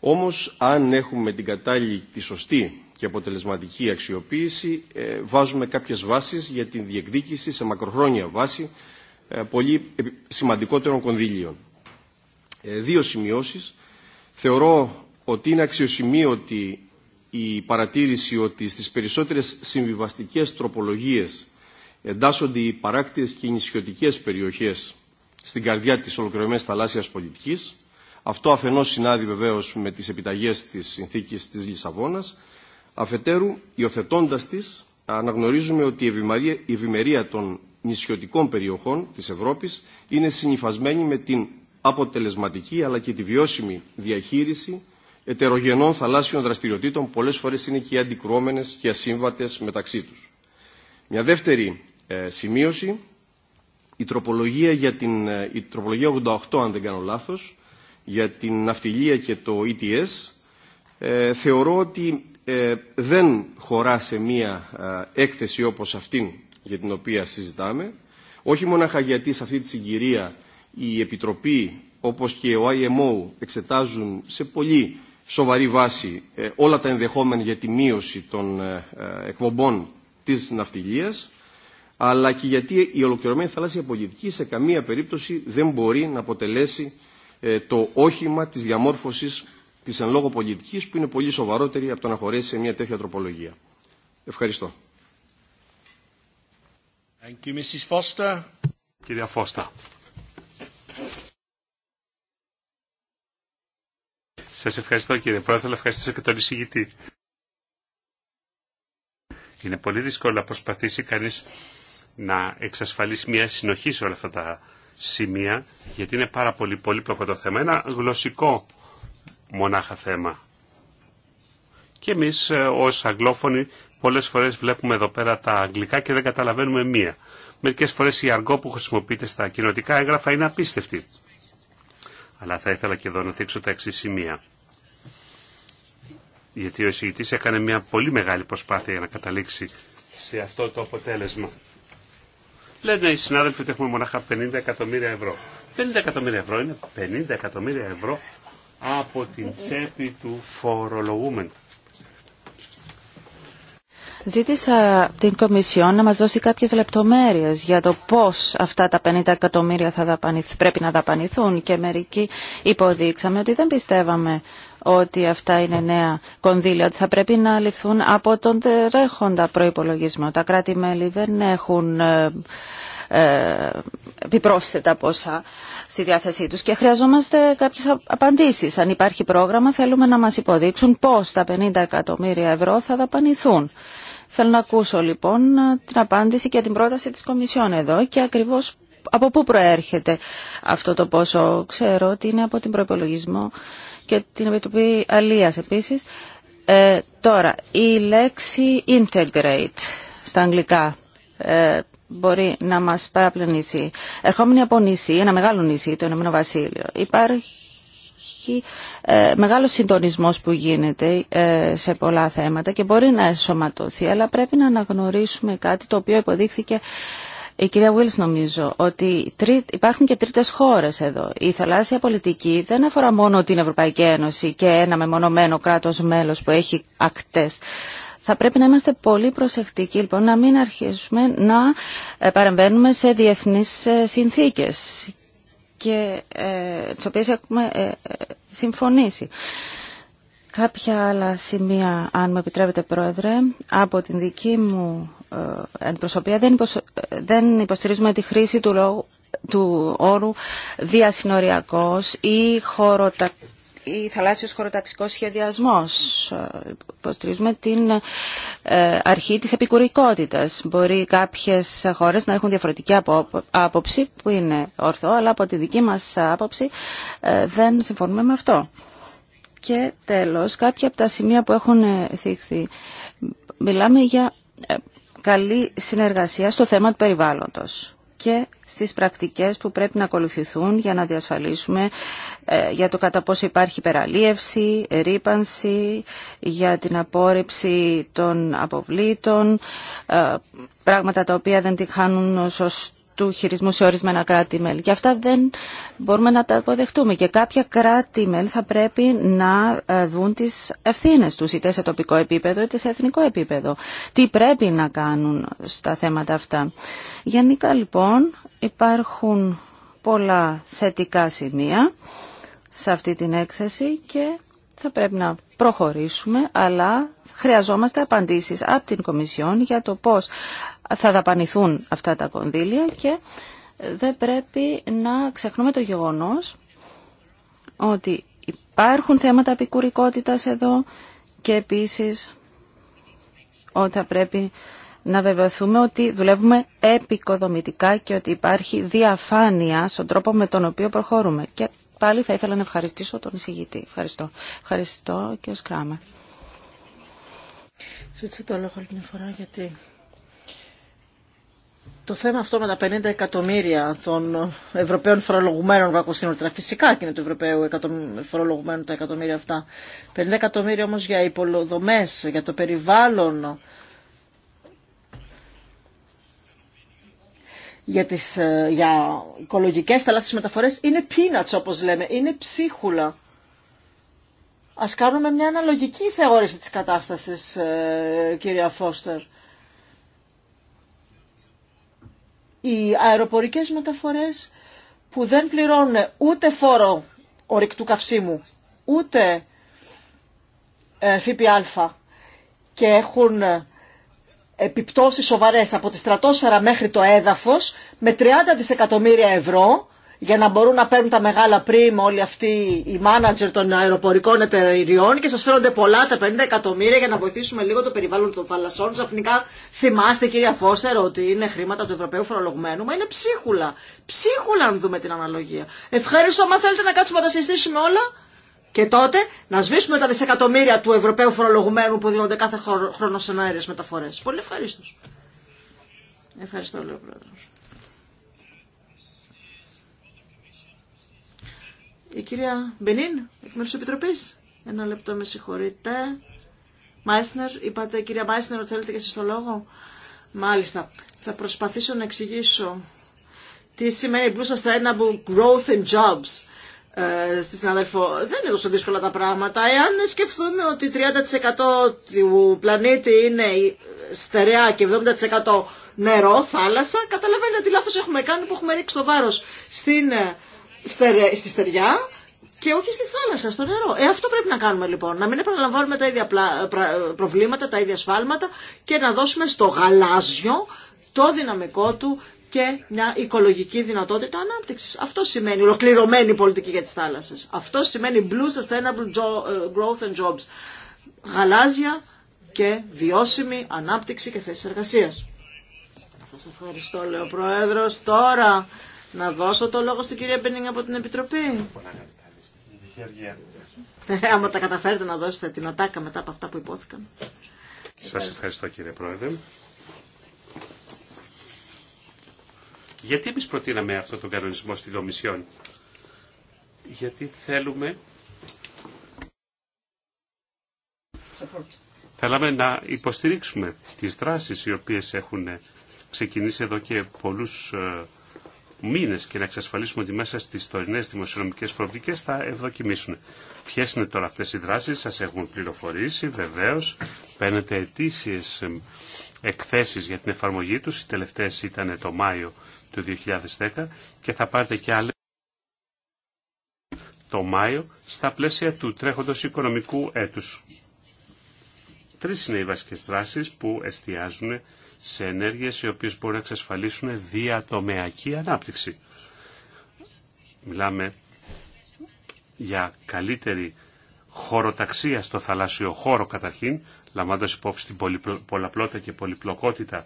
Όμως, αν έχουμε την κατάλληλη, τη σωστή και αποτελεσματική αξιοποίηση ε, βάζουμε κάποιες βάσεις για την διεκδίκηση σε μακροχρόνια βάση ε, πολύ σημαντικότερων κονδύλιων. Ε, δύο σημειώσεις. Θεωρώ ότι είναι αξιοσημείωτη η παρατήρηση ότι στις περισσότερες συμβιβαστικές τροπολογίες εντάσσονται οι παράκτιες και οι νησιωτικές περιοχές στην καρδιά της ολοκληρωμένης θαλάσσιας πολιτικής. Αυτό αφενός συνάδει βεβαίως με τις επιταγές της συνθήκης της Λισαβόνας Αφετέρου, υιοθετώντα τη αναγνωρίζουμε ότι η ευημερία των νησιωτικών περιοχών της Ευρώπης είναι συνυφασμένη με την αποτελεσματική αλλά και τη βιώσιμη διαχείριση ετερογενών θαλάσσιων δραστηριοτήτων πολλές φορές είναι και αντικρουόμενες και ασύμβατες μεταξύ τους. Μια δεύτερη ε, σημείωση, η τροπολογία, για την, ε, η 88 αν δεν κάνω λάθος, για την ναυτιλία και το ETS, ε, θεωρώ ότι ε, δεν χωρά σε μία έκθεση όπως αυτή για την οποία συζητάμε, όχι μόνο γιατί σε αυτή τη συγκυρία η Επιτροπή όπως και ο IMO εξετάζουν σε πολύ σοβαρή βάση ε, όλα τα ενδεχόμενα για τη μείωση των ε, εκπομπών της ναυτιλίας, αλλά και γιατί η ολοκληρωμένη θαλάσσια πολιτική σε καμία περίπτωση δεν μπορεί να αποτελέσει το όχημα της διαμόρφωσης της εν λόγω πολιτικής που είναι πολύ σοβαρότερη από το να χωρέσει σε μια τέτοια τροπολογία. Ευχαριστώ. Thank you, Σας ευχαριστώ κύριε Πρόεδρε, να ευχαριστήσω και τον εισηγητή. Είναι πολύ δύσκολο να προσπαθήσει κανείς να εξασφαλίσει μια συνοχή σε όλα αυτά τα σημεία, γιατί είναι πάρα πολύ πολύπλοκο το θέμα. Ένα γλωσσικό μονάχα θέμα. Και εμείς ε, ως αγγλόφωνοι πολλές φορές βλέπουμε εδώ πέρα τα αγγλικά και δεν καταλαβαίνουμε μία. Μερικές φορές η αργό που χρησιμοποιείται στα κοινοτικά έγγραφα είναι απίστευτη. Αλλά θα ήθελα και εδώ να θίξω τα εξή σημεία. Γιατί ο εισηγητής έκανε μια πολύ απιστευτη αλλα θα ηθελα και εδω να δειξω τα εξη προσπάθεια για να καταλήξει σε αυτό το αποτέλεσμα. Λένε οι συνάδελφοι ότι έχουμε μονάχα 50 εκατομμύρια ευρώ. 50 εκατομμύρια ευρώ είναι 50 εκατομμύρια ευρώ από την τσέπη του φορολογούμενου. Ζήτησα την Κομισιό να μας δώσει κάποιες λεπτομέρειες για το πώς αυτά τα 50 εκατομμύρια θα πρέπει να δαπανηθούν και μερικοί υποδείξαμε ότι δεν πιστεύαμε ότι αυτά είναι νέα κονδύλια, ότι θα πρέπει να ληφθούν από τον τρέχοντα προϋπολογισμό. Τα κράτη-μέλη δεν έχουν ε, ε, επιπρόσθετα ποσά στη διάθεσή τους και χρειαζόμαστε κάποιες απαντήσεις. Αν υπάρχει πρόγραμμα θέλουμε να μας υποδείξουν πώς τα 50 εκατομμύρια ευρώ θα δαπανηθούν. Θέλω να ακούσω λοιπόν την απάντηση και την πρόταση της Κομισιόν εδώ και ακριβώς από πού προέρχεται αυτό το πόσο. Ξέρω ότι είναι από την προπολογισμό και την Επιτροπή Αλίας επίσης. Ε, τώρα, η λέξη integrate στα αγγλικά. Ε, μπορεί να μας παραπλανήσει. Ερχόμενοι από νησί, ένα μεγάλο νησί, το Ηνωμένο Βασίλειο, υπάρχει ε, μεγάλος συντονισμός που γίνεται ε, σε πολλά θέματα και μπορεί να εσωματωθεί, αλλά πρέπει να αναγνωρίσουμε κάτι το οποίο υποδείχθηκε η κυρία Βίλς νομίζω ότι υπάρχουν και τρίτε χώρε εδώ. Η θαλάσσια πολιτική δεν αφορά μόνο την Ευρωπαϊκή Ένωση και ένα μεμονωμένο κράτο μέλο που έχει ακτές. Θα πρέπει να είμαστε πολύ προσεκτικοί, λοιπόν, να μην αρχίσουμε να ε, παρεμβαίνουμε σε διεθνείς ε, συνθήκες και ε, τις οποίες έχουμε ε, συμφωνήσει. Κάποια άλλα σημεία, αν μου επιτρέπετε Πρόεδρε, από την δική μου αντιπροσωπεία δεν υποστηρίζουμε τη χρήση του, του όρου διασυνοριακός ή χωροτακτικός η θαλάσσιος χωροταξικός σχεδιασμός. Ε, υποστηρίζουμε την ε, αρχή της επικουρικότητας. Μπορεί κάποιες χώρες να έχουν διαφορετική άποψη που είναι ορθό, αλλά από τη δική μας άποψη ε, δεν συμφωνούμε με αυτό. Και τέλος, κάποια από τα σημεία που έχουν θίχθει. Μιλάμε για καλή συνεργασία στο θέμα του περιβάλλοντος και στις πρακτικές που πρέπει να ακολουθηθούν για να διασφαλίσουμε ε, για το κατά πόσο υπάρχει υπεραλίευση, ρήπανση, για την απόρριψη των αποβλήτων, ε, πράγματα τα οποία δεν τη χάνουν σωστά του χειρισμού σε ορισμένα κράτη-μέλη. Και αυτά δεν μπορούμε να τα αποδεχτούμε. Και κάποια κράτη-μέλη θα πρέπει να ε, δουν τις ευθύνε τους, είτε σε τοπικό επίπεδο είτε σε εθνικό επίπεδο. Τι πρέπει να κάνουν στα θέματα αυτά. Γενικά λοιπόν υπάρχουν πολλά θετικά σημεία σε αυτή την έκθεση και θα πρέπει να προχωρήσουμε, αλλά χρειαζόμαστε απαντήσεις από την Κομισιόν για το πώς θα δαπανηθούν αυτά τα κονδύλια και δεν πρέπει να ξεχνούμε το γεγονός ότι υπάρχουν θέματα επικουρικότητας εδώ και επίσης ότι θα πρέπει να βεβαιωθούμε ότι δουλεύουμε επικοδομητικά και ότι υπάρχει διαφάνεια στον τρόπο με τον οποίο προχωρούμε. Και πάλι θα ήθελα να ευχαριστήσω τον εισηγητή. Ευχαριστώ. Ευχαριστώ και ο κράμα. Ζήτησα το λόγο άλλη φορά γιατί το θέμα αυτό με τα 50 εκατομμύρια των Ευρωπαίων φορολογουμένων βακοσύνολτρα, φυσικά και είναι του Ευρωπαίου φορολογουμένου τα εκατομμύρια αυτά. 50 εκατομμύρια όμως για υποδομές, για το περιβάλλον, για, τις, για οικολογικές θαλάσσιες μεταφορές είναι peanuts όπως λέμε, είναι ψίχουλα. Ας κάνουμε μια αναλογική θεώρηση της κατάστασης, ε, κυρία Φώστερ. οι αεροπορικές μεταφορές που δεν πληρώνουν ούτε φόρο ορυκτού καυσίμου, ούτε ε, ΦΠΑ και έχουν ε, επιπτώσεις σοβαρές από τη στρατόσφαιρα μέχρι το έδαφος με 30 δισεκατομμύρια ευρώ για να μπορούν να παίρνουν τα μεγάλα πριμ όλοι αυτοί οι μάνατζερ των αεροπορικών εταιρεών και σας φέρονται πολλά τα 50 εκατομμύρια για να βοηθήσουμε λίγο το περιβάλλον των θαλασσών. Ξαφνικά θυμάστε κυρία Φώστερ ότι είναι χρήματα του Ευρωπαίου φορολογμένου, μα είναι ψίχουλα. Ψίχουλα αν δούμε την αναλογία. Ευχαριστώ, μα θέλετε να κάτσουμε να τα συζητήσουμε όλα. Και τότε να σβήσουμε τα δισεκατομμύρια του Ευρωπαίου φορολογουμένου που δίνονται κάθε χρόνο σε μεταφορές. Πολύ ευχαρίστω. Ευχαριστώ, λέω Η κυρία Μπενίν, εκ μέρους Επιτροπής. Ένα λεπτό, με συγχωρείτε. Μάισνερ, είπατε κυρία Μάισνερ ότι θέλετε και εσείς το λόγο. Μάλιστα. Θα προσπαθήσω να εξηγήσω τι σημαίνει sustainable growth and jobs ε, στη συναδελφό. Δεν είναι τόσο δύσκολα τα πράγματα. Εάν σκεφτούμε ότι 30% του πλανήτη είναι στερεά και 70% νερό, θάλασσα, καταλαβαίνετε τι λάθος έχουμε κάνει που έχουμε ρίξει το βάρος στην ε, στη στεριά και όχι στη θάλασσα, στο νερό. Ε, αυτό πρέπει να κάνουμε λοιπόν. Να μην επαναλαμβάνουμε τα ίδια προβλήματα, τα ίδια σφάλματα και να δώσουμε στο γαλάζιο το δυναμικό του και μια οικολογική δυνατότητα ανάπτυξη. Αυτό σημαίνει ολοκληρωμένη πολιτική για τι θάλασσε. Αυτό σημαίνει blue sustainable ε, growth and jobs. Γαλάζια και βιώσιμη ανάπτυξη και θέση εργασία. Σα ευχαριστώ, λέει ο Πρόεδρο. Τώρα να δώσω το λόγο στην κυρία Μπενίνγκ από την Επιτροπή. Ναι, άμα τα καταφέρετε να δώσετε την ατάκα μετά από αυτά που υπόθηκαν. Σας ευχαριστώ κύριε Πρόεδρε. Γιατί εμείς προτείναμε αυτό τον κανονισμό στην Κομισιόν. Γιατί θέλουμε... Θέλαμε να υποστηρίξουμε τις δράσεις οι οποίες έχουν ξεκινήσει εδώ και πολλούς ε, Μήνε και να εξασφαλίσουμε ότι μέσα στι τωρινέ δημοσιονομικέ προοπτικέ θα ευδοκιμήσουν. Ποιε είναι τώρα αυτέ οι δράσει. σας έχουν πληροφορήσει βεβαίω. παίρνετε ετήσιες εκθέσει για την εφαρμογή του. οι τελευταίε ήταν το Μάιο του 2010 και θα πάρετε και άλλε το Μάιο στα πλαίσια του τρέχοντος οικονομικού έτους. Τρεις είναι οι βασικές δράσεις που εστιάζουν σε ενέργειες οι οποίες μπορούν να εξασφαλίσουν διατομεακή ανάπτυξη. Μιλάμε για καλύτερη χωροταξία στο θαλάσσιο χώρο καταρχήν, λαμβάνοντας υπόψη την πολλαπλότητα και πολυπλοκότητα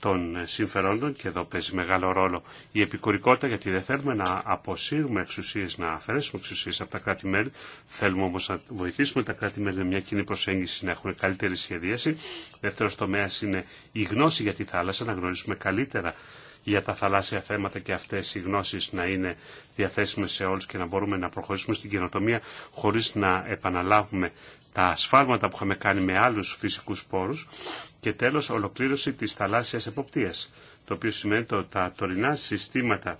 των συμφερόντων και εδώ παίζει μεγάλο ρόλο η επικουρικότητα γιατί δεν θέλουμε να αποσύρουμε εξουσίες, να αφαιρέσουμε εξουσίες από τα κράτη-μέλη. Θέλουμε όμως να βοηθήσουμε τα κράτη-μέλη με μια κοινή προσέγγιση να έχουν καλύτερη σχεδίαση. Δεύτερος τομέας είναι η γνώση για τη θάλασσα, να γνωρίσουμε καλύτερα για τα θαλάσσια θέματα και αυτές οι γνώσεις να είναι διαθέσιμες σε όλους και να μπορούμε να προχωρήσουμε στην καινοτομία χωρίς να επαναλάβουμε τα ασφάλματα που είχαμε κάνει με άλλους φυσικούς πόρους και τέλος ολοκλήρωση της θαλάσσιας εποπτείας, το οποίο σημαίνει ότι τα τωρινά συστήματα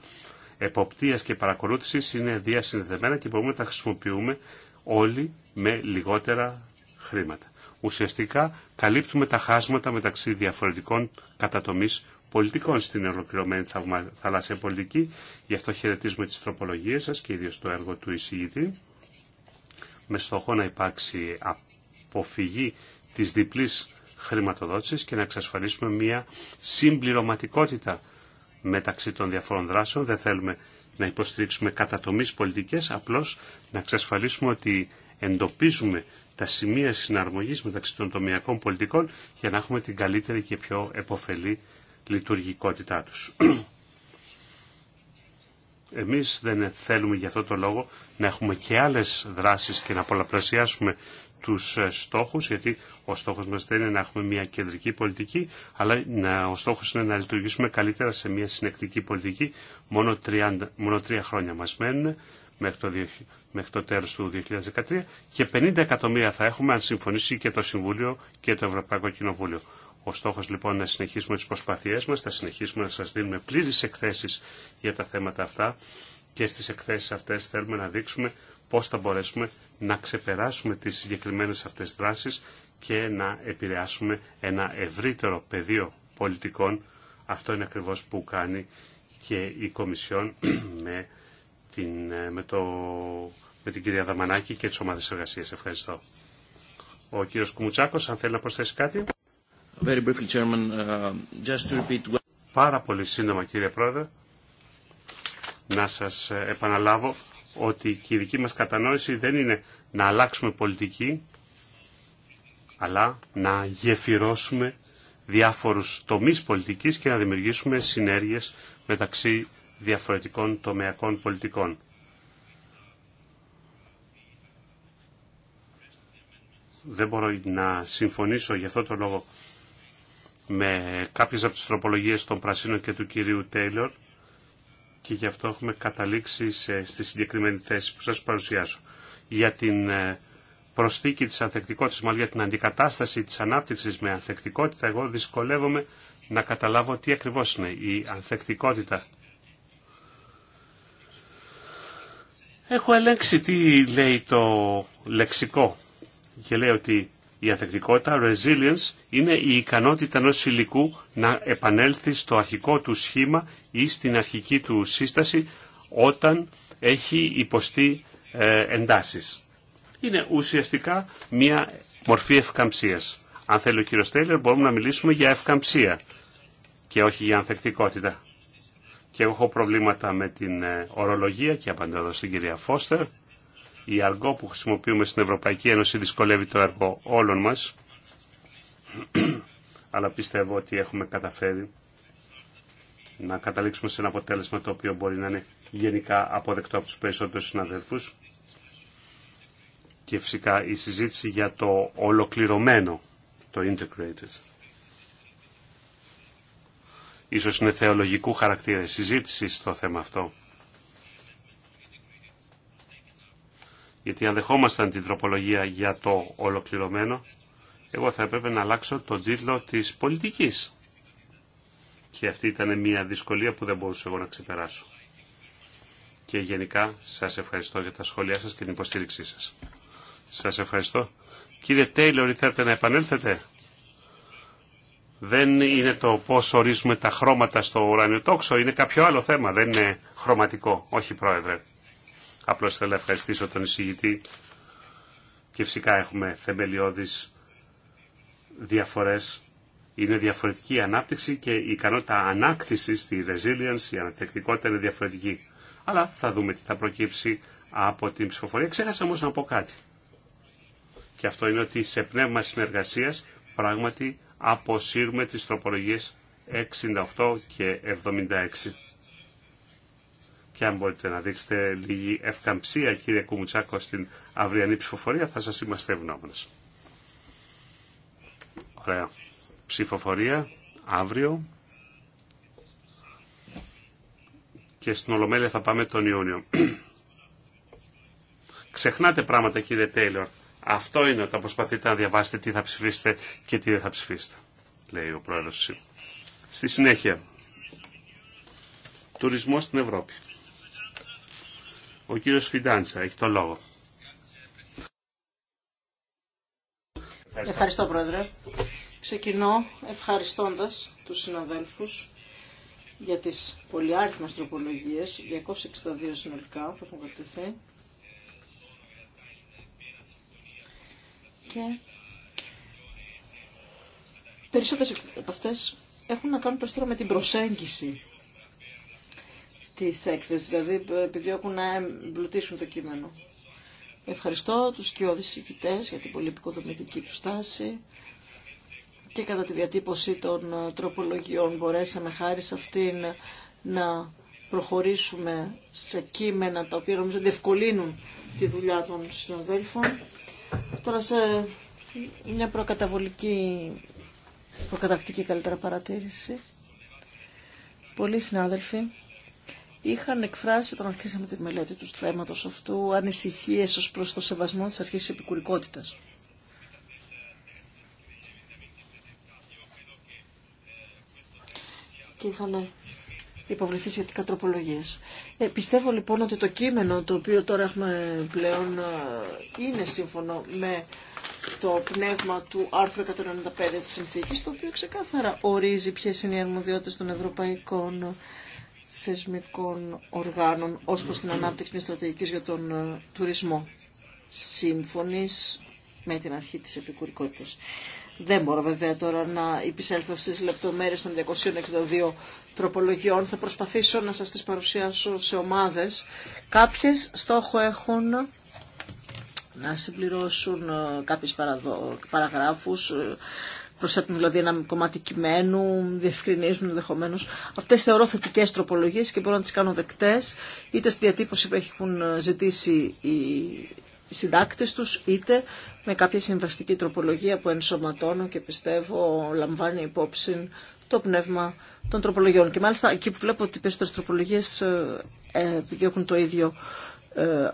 εποπτείας και παρακολούθησης είναι διασυνδεδεμένα και μπορούμε να τα χρησιμοποιούμε όλοι με λιγότερα χρήματα. Ουσιαστικά καλύπτουμε τα χάσματα μεταξύ διαφορετικών κατατομής πολιτικών στην ολοκληρωμένη θαλάσσια πολιτική. Γι' αυτό χαιρετίζουμε τις τροπολογίες σας και ιδίως το έργο του εισηγητή με στόχο να υπάρξει αποφυγή της διπλής χρηματοδότησης και να εξασφαλίσουμε μια συμπληρωματικότητα μεταξύ των διαφορών δράσεων. Δεν θέλουμε να υποστηρίξουμε κατατομής πολιτικές, απλώς να εξασφαλίσουμε ότι εντοπίζουμε τα σημεία συναρμογής μεταξύ των τομιακών πολιτικών για να έχουμε την καλύτερη και πιο εποφελή λειτουργικότητά τους. Εμείς δεν θέλουμε για αυτό το λόγο να έχουμε και άλλες δράσεις και να πολλαπλασιάσουμε τους ε, στόχους, γιατί ο στόχος μας δεν είναι να έχουμε μια κεντρική πολιτική, αλλά να, ο στόχος είναι να λειτουργήσουμε καλύτερα σε μια συνεκτική πολιτική. Μόνο, 30, μόνο τρία χρόνια μας μένουν μέχρι το, μέχρι το τέλος του 2013 και 50 εκατομμύρια θα έχουμε αν συμφωνήσει και το Συμβούλιο και το Ευρωπαϊκό Κοινοβούλιο. Ο στόχος λοιπόν να συνεχίσουμε τις προσπαθίες μας, θα συνεχίσουμε να σας δίνουμε πλήρες εκθέσεις για τα θέματα αυτά και στις εκθέσεις αυτές θέλουμε να δείξουμε πώς θα μπορέσουμε να ξεπεράσουμε τις συγκεκριμένες αυτές δράσεις και να επηρεάσουμε ένα ευρύτερο πεδίο πολιτικών. Αυτό είναι ακριβώς που κάνει και η Κομισιόν με την, ε, με, το, με κυρία Δαμανάκη και τις ομάδες εργασίας. Ευχαριστώ. Ο κύριος Κουμουτσάκος, αν θέλει να προσθέσει κάτι. Uh, Πάρα πολύ σύντομα, κύριε Πρόεδρε, να σας ε, επαναλάβω ότι η δική μας κατανόηση δεν είναι να αλλάξουμε πολιτική, αλλά να γεφυρώσουμε διάφορους τομείς πολιτικής και να δημιουργήσουμε συνέργειες μεταξύ διαφορετικών τομεακών πολιτικών. Δεν μπορώ να συμφωνήσω για αυτό το λόγο με κάποιες από τις τροπολογίες των Πρασίνων και του κυρίου Τέιλορ και γι' αυτό έχουμε καταλήξει σε, στη συγκεκριμένη θέση που σας παρουσιάσω. Για την ε, προσθήκη της ανθεκτικότητας, μάλλον για την αντικατάσταση της ανάπτυξης με ανθεκτικότητα, εγώ δυσκολεύομαι να καταλάβω τι ακριβώς είναι η ανθεκτικότητα. Έχω ελέγξει τι λέει το λεξικό και λέει ότι η ανθεκτικότητα, resilience, είναι η ικανότητα ενό υλικού να επανέλθει στο αρχικό του σχήμα ή στην αρχική του σύσταση όταν έχει υποστεί ε, εντάσεις. Είναι ουσιαστικά μια μορφή ευκαμψίας. Αν θέλει ο κύριο Τέιλερ μπορούμε να μιλήσουμε για ευκαμψία και όχι για ανθεκτικότητα. Και εγώ έχω προβλήματα με την ε, ορολογία και απαντώ εδώ στην κυρία Φώστερ η αργό που χρησιμοποιούμε στην Ευρωπαϊκή Ένωση δυσκολεύει το ΑΡΓΟ όλων μας, αλλά πιστεύω ότι έχουμε καταφέρει να καταλήξουμε σε ένα αποτέλεσμα το οποίο μπορεί να είναι γενικά αποδεκτό από τους περισσότερους συναδέλφους και φυσικά η συζήτηση για το ολοκληρωμένο, το integrated. Ίσως είναι θεολογικού χαρακτήρα η συζήτηση στο θέμα αυτό. γιατί αν δεχόμασταν την τροπολογία για το ολοκληρωμένο, εγώ θα έπρεπε να αλλάξω τον τίτλο της πολιτικής. Και αυτή ήταν μια δυσκολία που δεν μπορούσα εγώ να ξεπεράσω. Και γενικά σας ευχαριστώ για τα σχόλιά σας και την υποστήριξή σας. Σας ευχαριστώ. Κύριε Τέιλορ, θέλετε να επανέλθετε. Δεν είναι το πώς ορίζουμε τα χρώματα στο ουρανιοτόξο, είναι κάποιο άλλο θέμα, δεν είναι χρωματικό. Όχι, Πρόεδρε. Απλώς θέλω να ευχαριστήσω τον εισηγητή και φυσικά έχουμε θεμελιώδεις διαφορές. Είναι διαφορετική η ανάπτυξη και η ικανότητα ανάκτησης, στη resilience, η ανατεκτικότητα είναι διαφορετική. Αλλά θα δούμε τι θα προκύψει από την ψηφοφορία. Ξέχασα όμως να πω κάτι. Και αυτό είναι ότι σε πνεύμα συνεργασίας πράγματι αποσύρουμε τις τροπολογίες 68 και 76 και αν μπορείτε να δείξετε λίγη ευκαμψία κύριε Κουμουτσάκο στην αυριανή ψηφοφορία θα σας είμαστε ευγνώμονες. Ωραία. Ψηφοφορία αύριο και στην Ολομέλεια θα πάμε τον Ιούνιο. Ξεχνάτε πράγματα κύριε Τέιλορ. Αυτό είναι όταν προσπαθείτε να διαβάσετε τι θα ψηφίσετε και τι δεν θα ψηφίσετε, λέει ο πρόεδρος. Στη συνέχεια, τουρισμός στην Ευρώπη. Ο κύριος Φιντάντσα έχει τον λόγο. Ευχαριστώ, Πρόεδρε. Ξεκινώ ευχαριστώντας τους συναδέλφους για τις πολυάριθμες τροπολογίες, 262 συνολικά που έχουν κρατηθεί. Και περισσότερες από αυτές έχουν να κάνουν περισσότερο με την προσέγγιση της έκθεσης, δηλαδή επιδιώκουν να εμπλουτίσουν το κείμενο. Ευχαριστώ τους και συγκητές για την πολύ επικοδομητική του στάση και κατά τη διατύπωση των ε, τροπολογιών μπορέσαμε χάρη σε αυτήν να προχωρήσουμε σε κείμενα τα οποία νομίζω διευκολύνουν τη δουλειά των συναδέλφων. Τώρα σε μια προκαταβολική, προκατακτική καλύτερα παρατήρηση. Πολλοί συνάδελφοι είχαν εκφράσει όταν αρχίσαμε τη μελέτη του θέματο αυτού ανησυχίε ως προς το σεβασμό τη αρχής επικουρικότητα. επικουρικότητας. Και είχαν υποβληθεί σχετικά τροπολογίε. Ε, πιστεύω λοιπόν ότι το κείμενο το οποίο τώρα έχουμε πλέον ε, είναι σύμφωνο με το πνεύμα του άρθρου 195 της συνθήκης, το οποίο ξεκάθαρα ορίζει ποιες είναι οι αρμοδιότητες των ευρωπαϊκών θεσμικών οργάνων ως προς την ανάπτυξη της στρατηγικής για τον ε, τουρισμό. σύμφωνη με την αρχή της επικουρικότητας. Δεν μπορώ βέβαια τώρα να υπησέλθω στις λεπτομέρειες των 262 τροπολογιών. Θα προσπαθήσω να σας τις παρουσιάσω σε ομάδες. Κάποιες στόχο έχουν να συμπληρώσουν ε, παραδο... παραγράφους ε, προσθέτουν δηλαδή ένα κομμάτι κειμένου, διευκρινίζουν ενδεχομένω. Αυτέ θεωρώ θετικέ τροπολογίε και μπορώ να τι κάνω δεκτέ, είτε στη διατύπωση που έχουν ζητήσει οι συντάκτε του, είτε με κάποια συμβαστική τροπολογία που ενσωματώνω και πιστεύω λαμβάνει υπόψη το πνεύμα των τροπολογιών. Και μάλιστα εκεί που βλέπω ότι οι περισσότερε τροπολογίε έχουν ε, ε, το ίδιο, ε,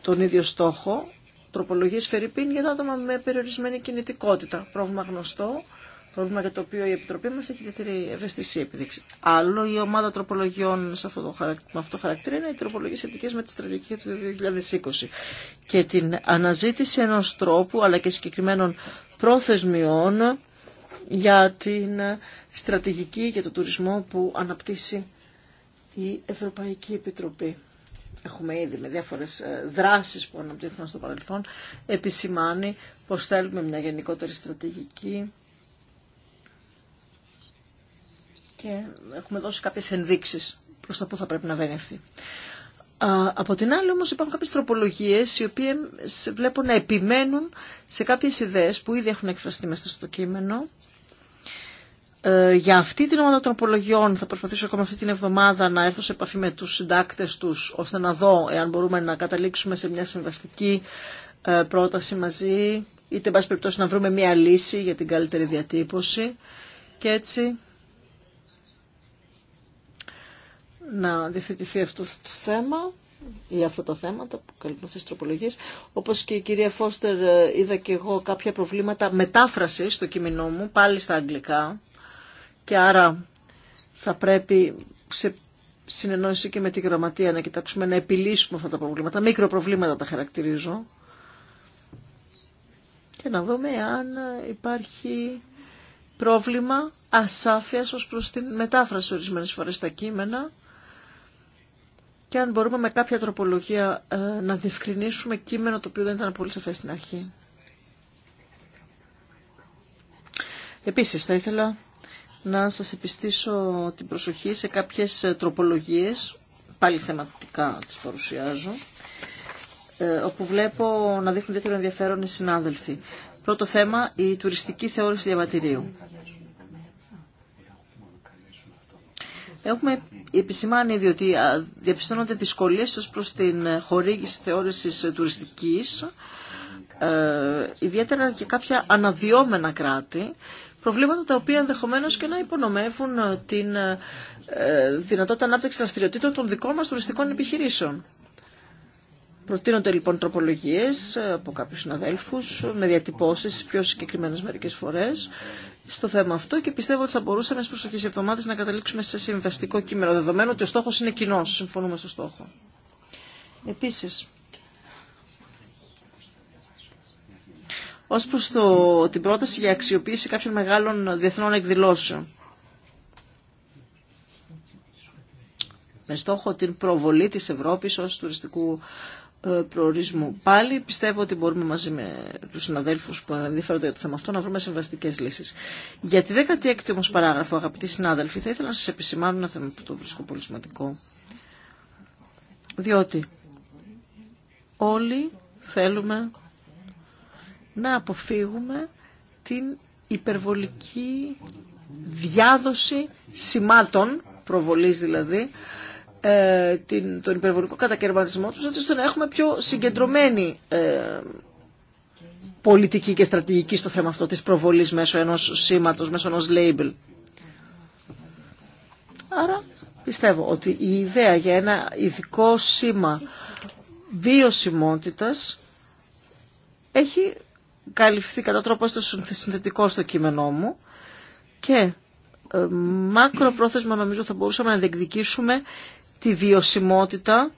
τον ίδιο στόχο, τροπολογίες Φερρυπίν για τα άτομα με περιορισμένη κινητικότητα. Πρόβλημα γνωστό, πρόβλημα για το οποίο η Επιτροπή μας έχει ιδιαίτερη ευαισθησία επιδείξει. Άλλο η ομάδα τροπολογιών σε αυτό το, με αυτό το χαρακτήρα είναι οι τροπολογίες σχετικές με τη στρατηγική του 2020 και την αναζήτηση ενός τρόπου αλλά και συγκεκριμένων προθεσμιών για την στρατηγική για το τουρισμό που αναπτύσσει η Ευρωπαϊκή Επιτροπή έχουμε ήδη με διάφορες ε, δράσεις που αναπτύχθηκαν στο παρελθόν επισημάνει πως θέλουμε μια γενικότερη στρατηγική και έχουμε δώσει κάποιες ενδείξεις προς τα που θα πρέπει να βαίνει αυτή. Από την άλλη όμως υπάρχουν κάποιες τροπολογίες οι οποίες βλέπω να επιμένουν σε κάποιες ιδέες που ήδη έχουν εκφραστεί μέσα στο κείμενο ε, για αυτή την ομάδα των απολογιών θα προσπαθήσω ακόμα αυτή την εβδομάδα να έρθω σε επαφή με τους συντάκτες τους ώστε να δω εάν μπορούμε να καταλήξουμε σε μια συμβαστική ε, πρόταση μαζί είτε εν πάση περιπτώσει να βρούμε μια λύση για την καλύτερη διατύπωση και έτσι να διευθετηθεί αυτό το θέμα ή αυτά τα θέματα που καλύπτουν αυτές τροπολογίες. Όπως και η κυρία Φώστερ ε, είδα και εγώ κάποια προβλήματα μετάφρασης στο κείμενό μου, πάλι στα αγγλικά και άρα θα πρέπει σε συνεννόηση και με τη γραμματεία να κοιτάξουμε να επιλύσουμε αυτά τα προβλήματα. μικροπροβλήματα τα χαρακτηρίζω. Και να δούμε αν υπάρχει πρόβλημα ασάφειας ως προς την μετάφραση ορισμένες φορές στα κείμενα και αν μπορούμε με κάποια τροπολογία ε, να διευκρινίσουμε κείμενο το οποίο δεν ήταν πολύ σαφές στην αρχή. Επίσης θα ήθελα να σας επιστήσω την προσοχή σε κάποιες ε, τροπολογίες, πάλι θεματικά τις παρουσιάζω, ε, όπου βλέπω να δείχνουν ιδιαίτερο ενδιαφέρον οι συνάδελφοι. Πρώτο θέμα, η τουριστική θεώρηση διαβατηρίου. Έχουμε επισημάνει διότι διαπιστώνονται δυσκολίες ως προς την χορήγηση θεώρησης τουριστικής, ε, ιδιαίτερα και κάποια αναδυόμενα κράτη προβλήματα τα οποία ενδεχομένω και να υπονομεύουν ε, την ε, ε, δυνατότητα ανάπτυξη δραστηριοτήτων των δικών μα τουριστικών επιχειρήσεων. Προτείνονται λοιπόν τροπολογίε από κάποιου συναδέλφου με διατυπώσει πιο συγκεκριμένε μερικέ φορέ στο θέμα αυτό και πιστεύω ότι θα μπορούσαμε στι προσοχέ εβδομάδε να καταλήξουμε σε συμβαστικό κείμενο, δεδομένου ότι ο στόχο είναι κοινό. Συμφωνούμε στο στόχο. Επίση, Ω προ την πρόταση για αξιοποίηση κάποιων μεγάλων διεθνών εκδηλώσεων. Με στόχο την προβολή της Ευρώπης ως τουριστικού ε, προορισμού. Πάλι πιστεύω ότι μπορούμε μαζί με τους συναδέλφους που ενδιαφέρονται για το θέμα αυτό να βρούμε συμβαστικές λύσεις. Για τη 16η όμως παράγραφο, αγαπητοί συνάδελφοι, θα ήθελα να σας επισημάνω ένα θέμα που το βρίσκω πολύ σημαντικό. Διότι όλοι θέλουμε να αποφύγουμε την υπερβολική διάδοση σημάτων, προβολής δηλαδή, ε, την, τον υπερβολικό κατακαιρματισμό τους, έτσι ώστε να έχουμε πιο συγκεντρωμένη ε, πολιτική και στρατηγική στο θέμα αυτό της προβολής μέσω ενός σήματος, μέσω ενός label. Άρα πιστεύω ότι η ιδέα για ένα ειδικό σήμα βιωσιμότητας έχει καλυφθεί κατά τρόπο στο συνθετικό στο κείμενό μου και ε, μακροπρόθεσμα νομίζω θα μπορούσαμε να διεκδικήσουμε τη βιωσιμότητα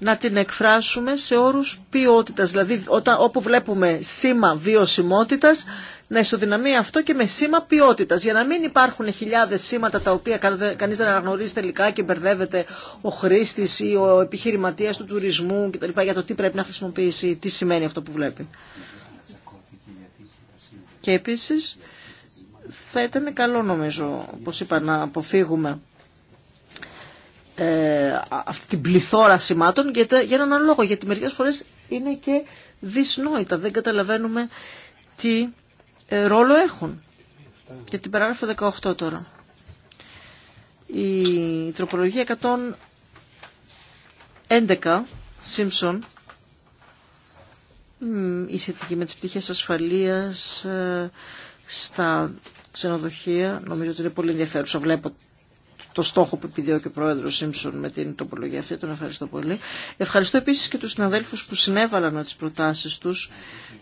να την εκφράσουμε σε όρους ποιότητας. Δηλαδή όταν, όπου βλέπουμε σήμα βιωσιμότητας να ισοδυναμεί αυτό και με σήμα ποιότητας. Για να μην υπάρχουν χιλιάδες σήματα τα οποία κανείς δεν αναγνωρίζει τελικά και μπερδεύεται ο χρήστης ή ο επιχειρηματίας του τουρισμού κτλ. για το τι πρέπει να χρησιμοποιήσει, τι σημαίνει αυτό που βλέπει. Και επίσης θα ήταν καλό νομίζω, όπως είπα, να αποφύγουμε ε, αυτή την πληθώρα σημάτων για, για έναν λόγο, γιατί μερικές φορές είναι και δυσνόητα, δεν καταλαβαίνουμε τι ε, ρόλο έχουν. Για την παράγραφο 18 τώρα. Η τροπολογία 111, Σίμψον η σχετική με τις πτυχές ασφαλείας ε, στα ξενοδοχεία. Νομίζω ότι είναι πολύ ενδιαφέρουσα. Βλέπω το στόχο που επιδιώκει ο Πρόεδρος Σίμψον με την τοπολογία αυτή. Τον ευχαριστώ πολύ. Ευχαριστώ επίσης και τους συναδέλφους που συνέβαλαν με τις προτάσεις τους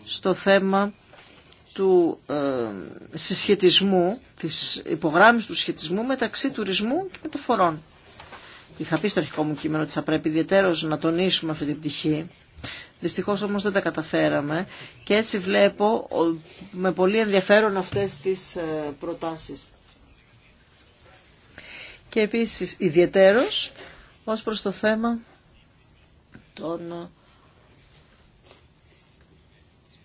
στο θέμα του ε, συσχετισμού, της υπογράμμισης του σχετισμού μεταξύ τουρισμού και μεταφορών. Είχα πει στο αρχικό μου κείμενο ότι θα πρέπει ιδιαίτερως να τονίσουμε αυτή την πτυχή Δυστυχώς όμως δεν τα καταφέραμε και έτσι βλέπω με πολύ ενδιαφέρον αυτές τις ε, προτάσεις. Και επίσης ιδιαιτέρως ως προς το θέμα των ε,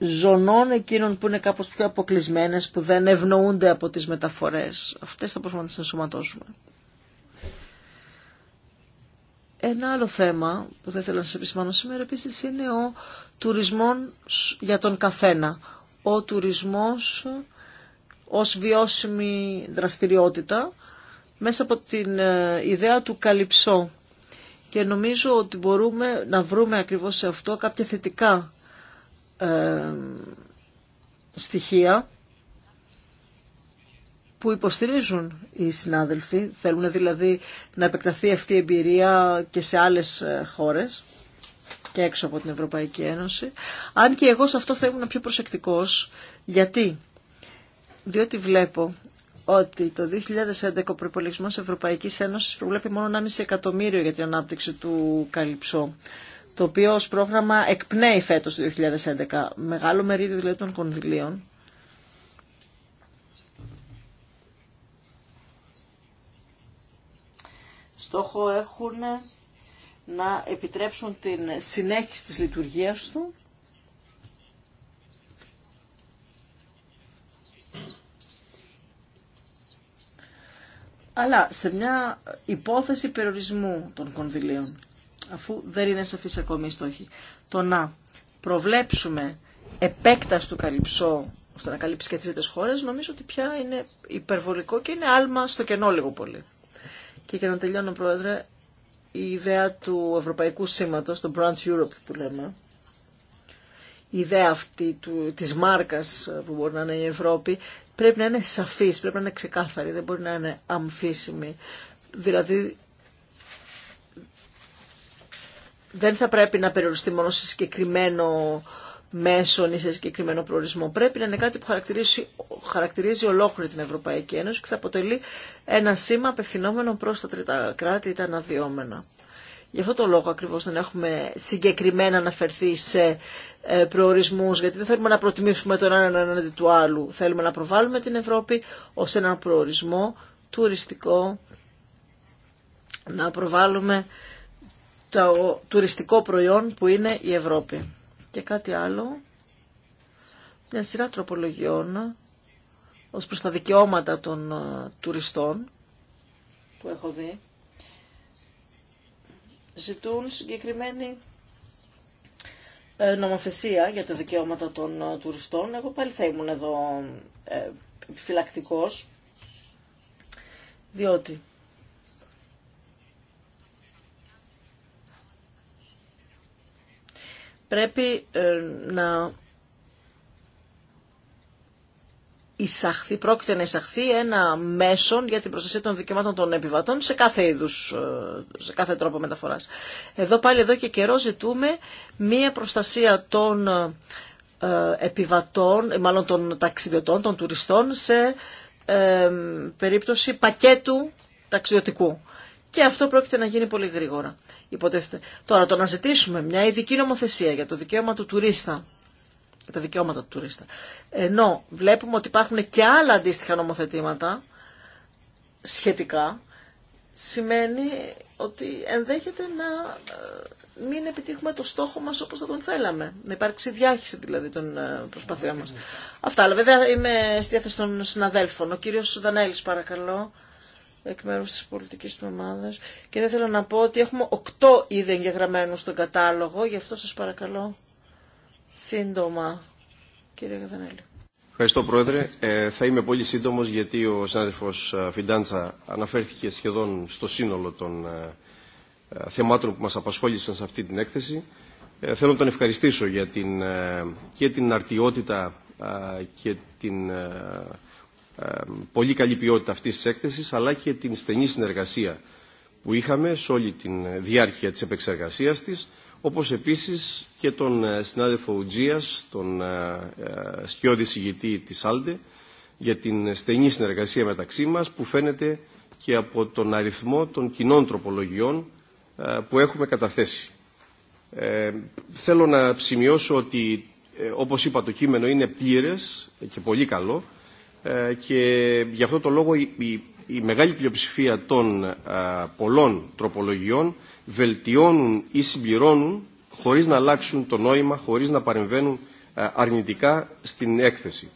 ζωνών εκείνων που είναι κάπως πιο αποκλεισμένες, που δεν ευνοούνται από τις μεταφορές. Αυτές θα προσπαθήσουμε να τις ενσωματώσουμε. Ένα άλλο θέμα που δεν ήθελα να σα επισημάνω σήμερα επίση είναι ο τουρισμός για τον καθένα. Ο τουρισμός ως βιώσιμη δραστηριότητα μέσα από την ε, ιδέα του καλυψώ. Και νομίζω ότι μπορούμε να βρούμε ακριβώς σε αυτό κάποια θετικά ε, στοιχεία που υποστηρίζουν οι συνάδελφοι. Θέλουν δηλαδή να επεκταθεί αυτή η εμπειρία και σε άλλες ε, χώρες και έξω από την Ευρωπαϊκή Ένωση. Αν και εγώ σε αυτό θα ήμουν πιο προσεκτικός. Γιατί? Διότι βλέπω ότι το 2011 ο προπολογισμό Ευρωπαϊκής Ένωσης προβλέπει μόνο 1,5 εκατομμύριο για την ανάπτυξη του Καλυψό το οποίο ως πρόγραμμα εκπνέει φέτος το 2011. Μεγάλο μερίδιο δηλαδή των κονδυλίων στόχο έχουν να επιτρέψουν την συνέχιση της λειτουργίας του αλλά σε μια υπόθεση περιορισμού των κονδυλίων, αφού δεν είναι σαφής ακόμη η στόχη, το να προβλέψουμε επέκταση του καλυψό ώστε να καλύψει και τρίτες χώρες, νομίζω ότι πια είναι υπερβολικό και είναι άλμα στο κενό λίγο πολύ. Και για να τελειώνω, Πρόεδρε, η ιδέα του Ευρωπαϊκού Σήματος, το Brand Europe που λέμε, η ιδέα αυτή του, της μάρκας που μπορεί να είναι η Ευρώπη, πρέπει να είναι σαφής, πρέπει να είναι ξεκάθαρη, δεν μπορεί να είναι αμφίσιμη. Δηλαδή, δεν θα πρέπει να περιοριστεί μόνο σε συγκεκριμένο μέσων ή σε συγκεκριμένο προορισμό. Πρέπει να είναι κάτι που χαρακτηρίζει, χαρακτηρίζει ολόκληρη την Ευρωπαϊκή Ένωση και θα αποτελεί ένα σήμα απευθυνόμενο προς τα τρίτα κράτη ή τα αναδυόμενα. Γι' αυτό το λόγο ακριβώς δεν έχουμε συγκεκριμένα αναφερθεί σε ε, προορισμούς, γιατί δεν θέλουμε να προτιμήσουμε τον έναν έναντι του άλλου. Θέλουμε να προβάλλουμε την Ευρώπη ως έναν προορισμό τουριστικό, να προβάλλουμε το τουριστικό προϊόν που είναι η Ευρώπη. Και κάτι άλλο, μια σειρά τροπολογιών ως προς τα δικαιώματα των ε, τουριστών που έχω δει, ζητούν συγκεκριμένη ε, νομοθεσία για τα δικαιώματα των ε, τουριστών. Εγώ πάλι θα ήμουν εδώ επιφυλακτικός, διότι πρέπει ε, να εισαχθεί, πρόκειται να εισαχθεί ένα μέσο για την προστασία των δικαιωμάτων των επιβατών σε κάθε είδους, ε, σε κάθε τρόπο μεταφοράς. Εδώ πάλι εδώ και καιρό ζητούμε μία προστασία των ε, επιβατών, μάλλον των ταξιδιωτών, των τουριστών σε περίπτωση πακέτου ταξιδιωτικού και αυτό πρόκειται να γίνει πολύ γρήγορα. Υποτίθεται. Τώρα το να ζητήσουμε μια ειδική νομοθεσία για το δικαίωμα του τουρίστα για τα δικαιώματα του τουρίστα. Ενώ βλέπουμε ότι υπάρχουν και άλλα αντίστοιχα νομοθετήματα σχετικά, σημαίνει ότι ενδέχεται να ε, μην επιτύχουμε το στόχο μας όπως θα τον θέλαμε. Να υπάρξει διάχυση δηλαδή των ε, προσπαθειών μας. Αυτά, αλλά βέβαια είμαι στη διάθεση των συναδέλφων. Ο κύριος Δανέλης παρακαλώ εκ μέρους της πολιτικής του ομάδας και δεν θέλω να πω ότι έχουμε οκτώ είδη εγγεγραμμένους στον κατάλογο, γι' αυτό σας παρακαλώ σύντομα, κύριε Καδανέλη. Ευχαριστώ Πρόεδρε. Ε, θα είμαι πολύ σύντομος γιατί ο συνάδελφος ε, Φιντάντσα αναφέρθηκε σχεδόν στο σύνολο των ε, ε, θεμάτων που μας απασχόλησαν σε αυτή την έκθεση. Θέλω να τον ευχαριστήσω για την, και την αρτιότητα και την πολύ καλή ποιότητα αυτής της έκθεσης, αλλά και την στενή συνεργασία που είχαμε σε όλη τη διάρκεια της επεξεργασίας της, όπως επίσης και τον ε, συνάδελφο Ουτζίας, τον ε, ε, σκιώδη συγητή της Άλντε, για την στενή συνεργασία μεταξύ μας που φαίνεται και από τον αριθμό των κοινών τροπολογιών που έχουμε καταθέσει. θέλω να σημειώσω ότι, όπως είπα, το κείμενο είναι πλήρες και πολύ καλό ε, και γι' αυτό το λόγο η, μεγάλη πλειοψηφία των ε, πολλών τροπολογιών βελτιώνουν ή συμπληρώνουν χωρίς να αλλάξουν το νόημα, χωρίς να παρεμβαίνουν ε, αρνητικά στην έκθεση.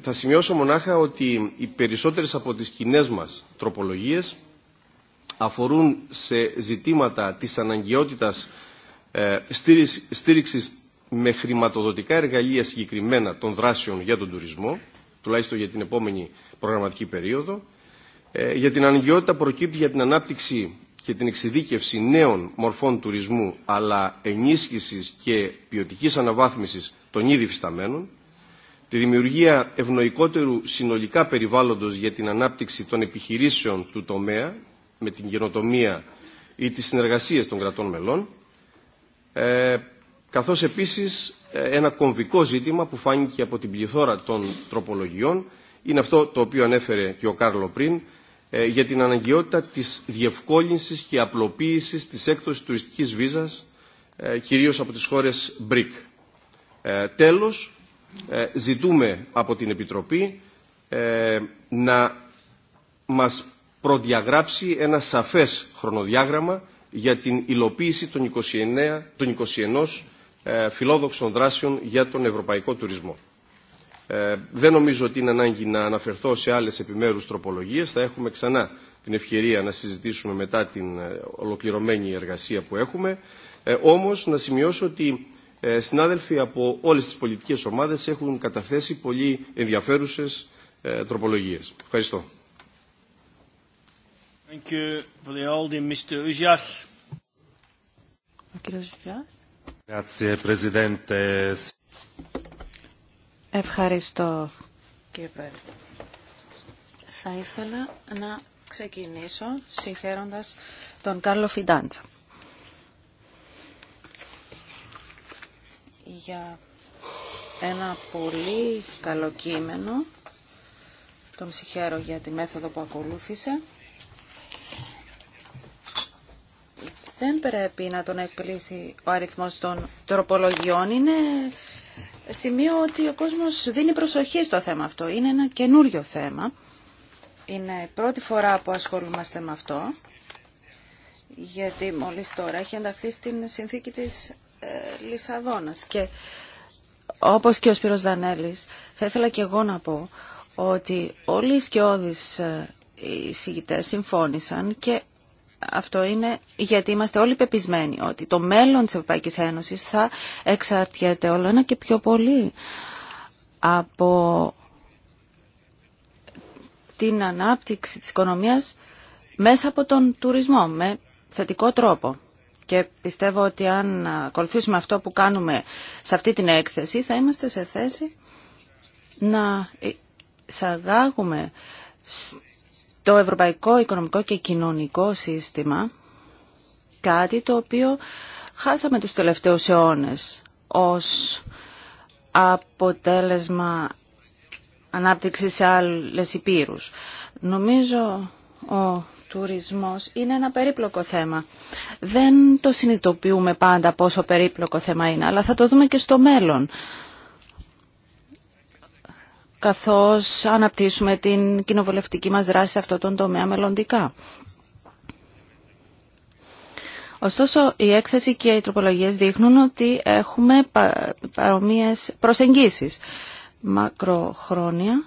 θα σημειώσω μονάχα ότι οι περισσότερες από τις κοινέ μας τροπολογίες αφορούν σε ζητήματα της αναγκαιότητας ε, στήριξης με χρηματοδοτικά εργαλεία συγκεκριμένα των δράσεων για τον τουρισμό, τουλάχιστον για την επόμενη προγραμματική περίοδο, ε, για την αναγκαιότητα προκύπτει για την ανάπτυξη και την εξειδίκευση νέων μορφών τουρισμού, αλλά ενίσχυσης και ποιοτικής αναβάθμισης των ήδη φυσταμένων, τη δημιουργία ευνοϊκότερου συνολικά περιβάλλοντος για την ανάπτυξη των επιχειρήσεων του τομέα, με την καινοτομία ή τις συνεργασίες των κρατών μελών, ε, καθώς επίσης ε, ένα κομβικό ζήτημα που φάνηκε από την πληθώρα των τροπολογιών είναι αυτό το οποίο ανέφερε και ο Κάρλο πριν ε, για την αναγκαιότητα της διευκόλυνσης και απλοποίησης της έκδοσης τουριστικής βίζας ε, κυρίως από τις χώρες BRIC. Τέλος, ζητούμε από την Επιτροπή να μας προδιαγράψει ένα σαφές χρονοδιάγραμμα για την υλοποίηση των 29, των 21 ε, φιλόδοξων δράσεων για τον ευρωπαϊκό τουρισμό. Ε, δεν νομίζω ότι είναι ανάγκη να αναφερθώ σε άλλες επιμέρους τροπολογίες. Θα έχουμε ξανά την ευκαιρία να συζητήσουμε μετά την ε, ολοκληρωμένη εργασία που έχουμε. Ε, όμως να σημειώσω ότι ε, συνάδελφοι από όλες τις πολιτικές ομάδες έχουν καταθέσει πολύ ενδιαφέρουσες ε, τροπολογίες. Ευχαριστώ. Thank you for the Mr. Ευχαριστώ, κύριε Πρόεδρε. Θα ήθελα να ξεκινήσω συγχαίροντας τον Κάρλο Φιντάντσα. για ένα πολύ καλό κείμενο. Τον συγχαίρω για τη μέθοδο που ακολούθησε. δεν πρέπει να τον εκπλήσει ο αριθμός των τροπολογιών. Είναι σημείο ότι ο κόσμος δίνει προσοχή στο θέμα αυτό. Είναι ένα καινούριο θέμα. Είναι πρώτη φορά που ασχολούμαστε με αυτό, γιατί μόλις τώρα έχει ενταχθεί στην συνθήκη της ε, Λισαβόνας. Και όπως και ο Σπύρος Δανέλης, θα ήθελα και εγώ να πω ότι όλοι οι σκιώδεις ε, οι συμφώνησαν και αυτό είναι γιατί είμαστε όλοι πεπισμένοι ότι το μέλλον της Ευρωπαϊκής Ένωσης θα εξαρτιέται όλο ένα και πιο πολύ από την ανάπτυξη της οικονομίας μέσα από τον τουρισμό με θετικό τρόπο. Και πιστεύω ότι αν ακολουθήσουμε αυτό που κάνουμε σε αυτή την έκθεση θα είμαστε σε θέση να σαγάγουμε το ευρωπαϊκό οικονομικό και κοινωνικό σύστημα, κάτι το οποίο χάσαμε τους τελευταίους αιώνες ως αποτέλεσμα ανάπτυξης σε άλλες υπήρους. Νομίζω ο τουρισμός είναι ένα περίπλοκο θέμα. Δεν το συνειδητοποιούμε πάντα πόσο περίπλοκο θέμα είναι, αλλά θα το δούμε και στο μέλλον καθώς αναπτύσσουμε την κοινοβουλευτική μας δράση σε αυτό τον τομέα μελλοντικά. Ωστόσο, η έκθεση και οι τροπολογίες δείχνουν ότι έχουμε παρομοίες προσεγγίσεις μακροχρόνια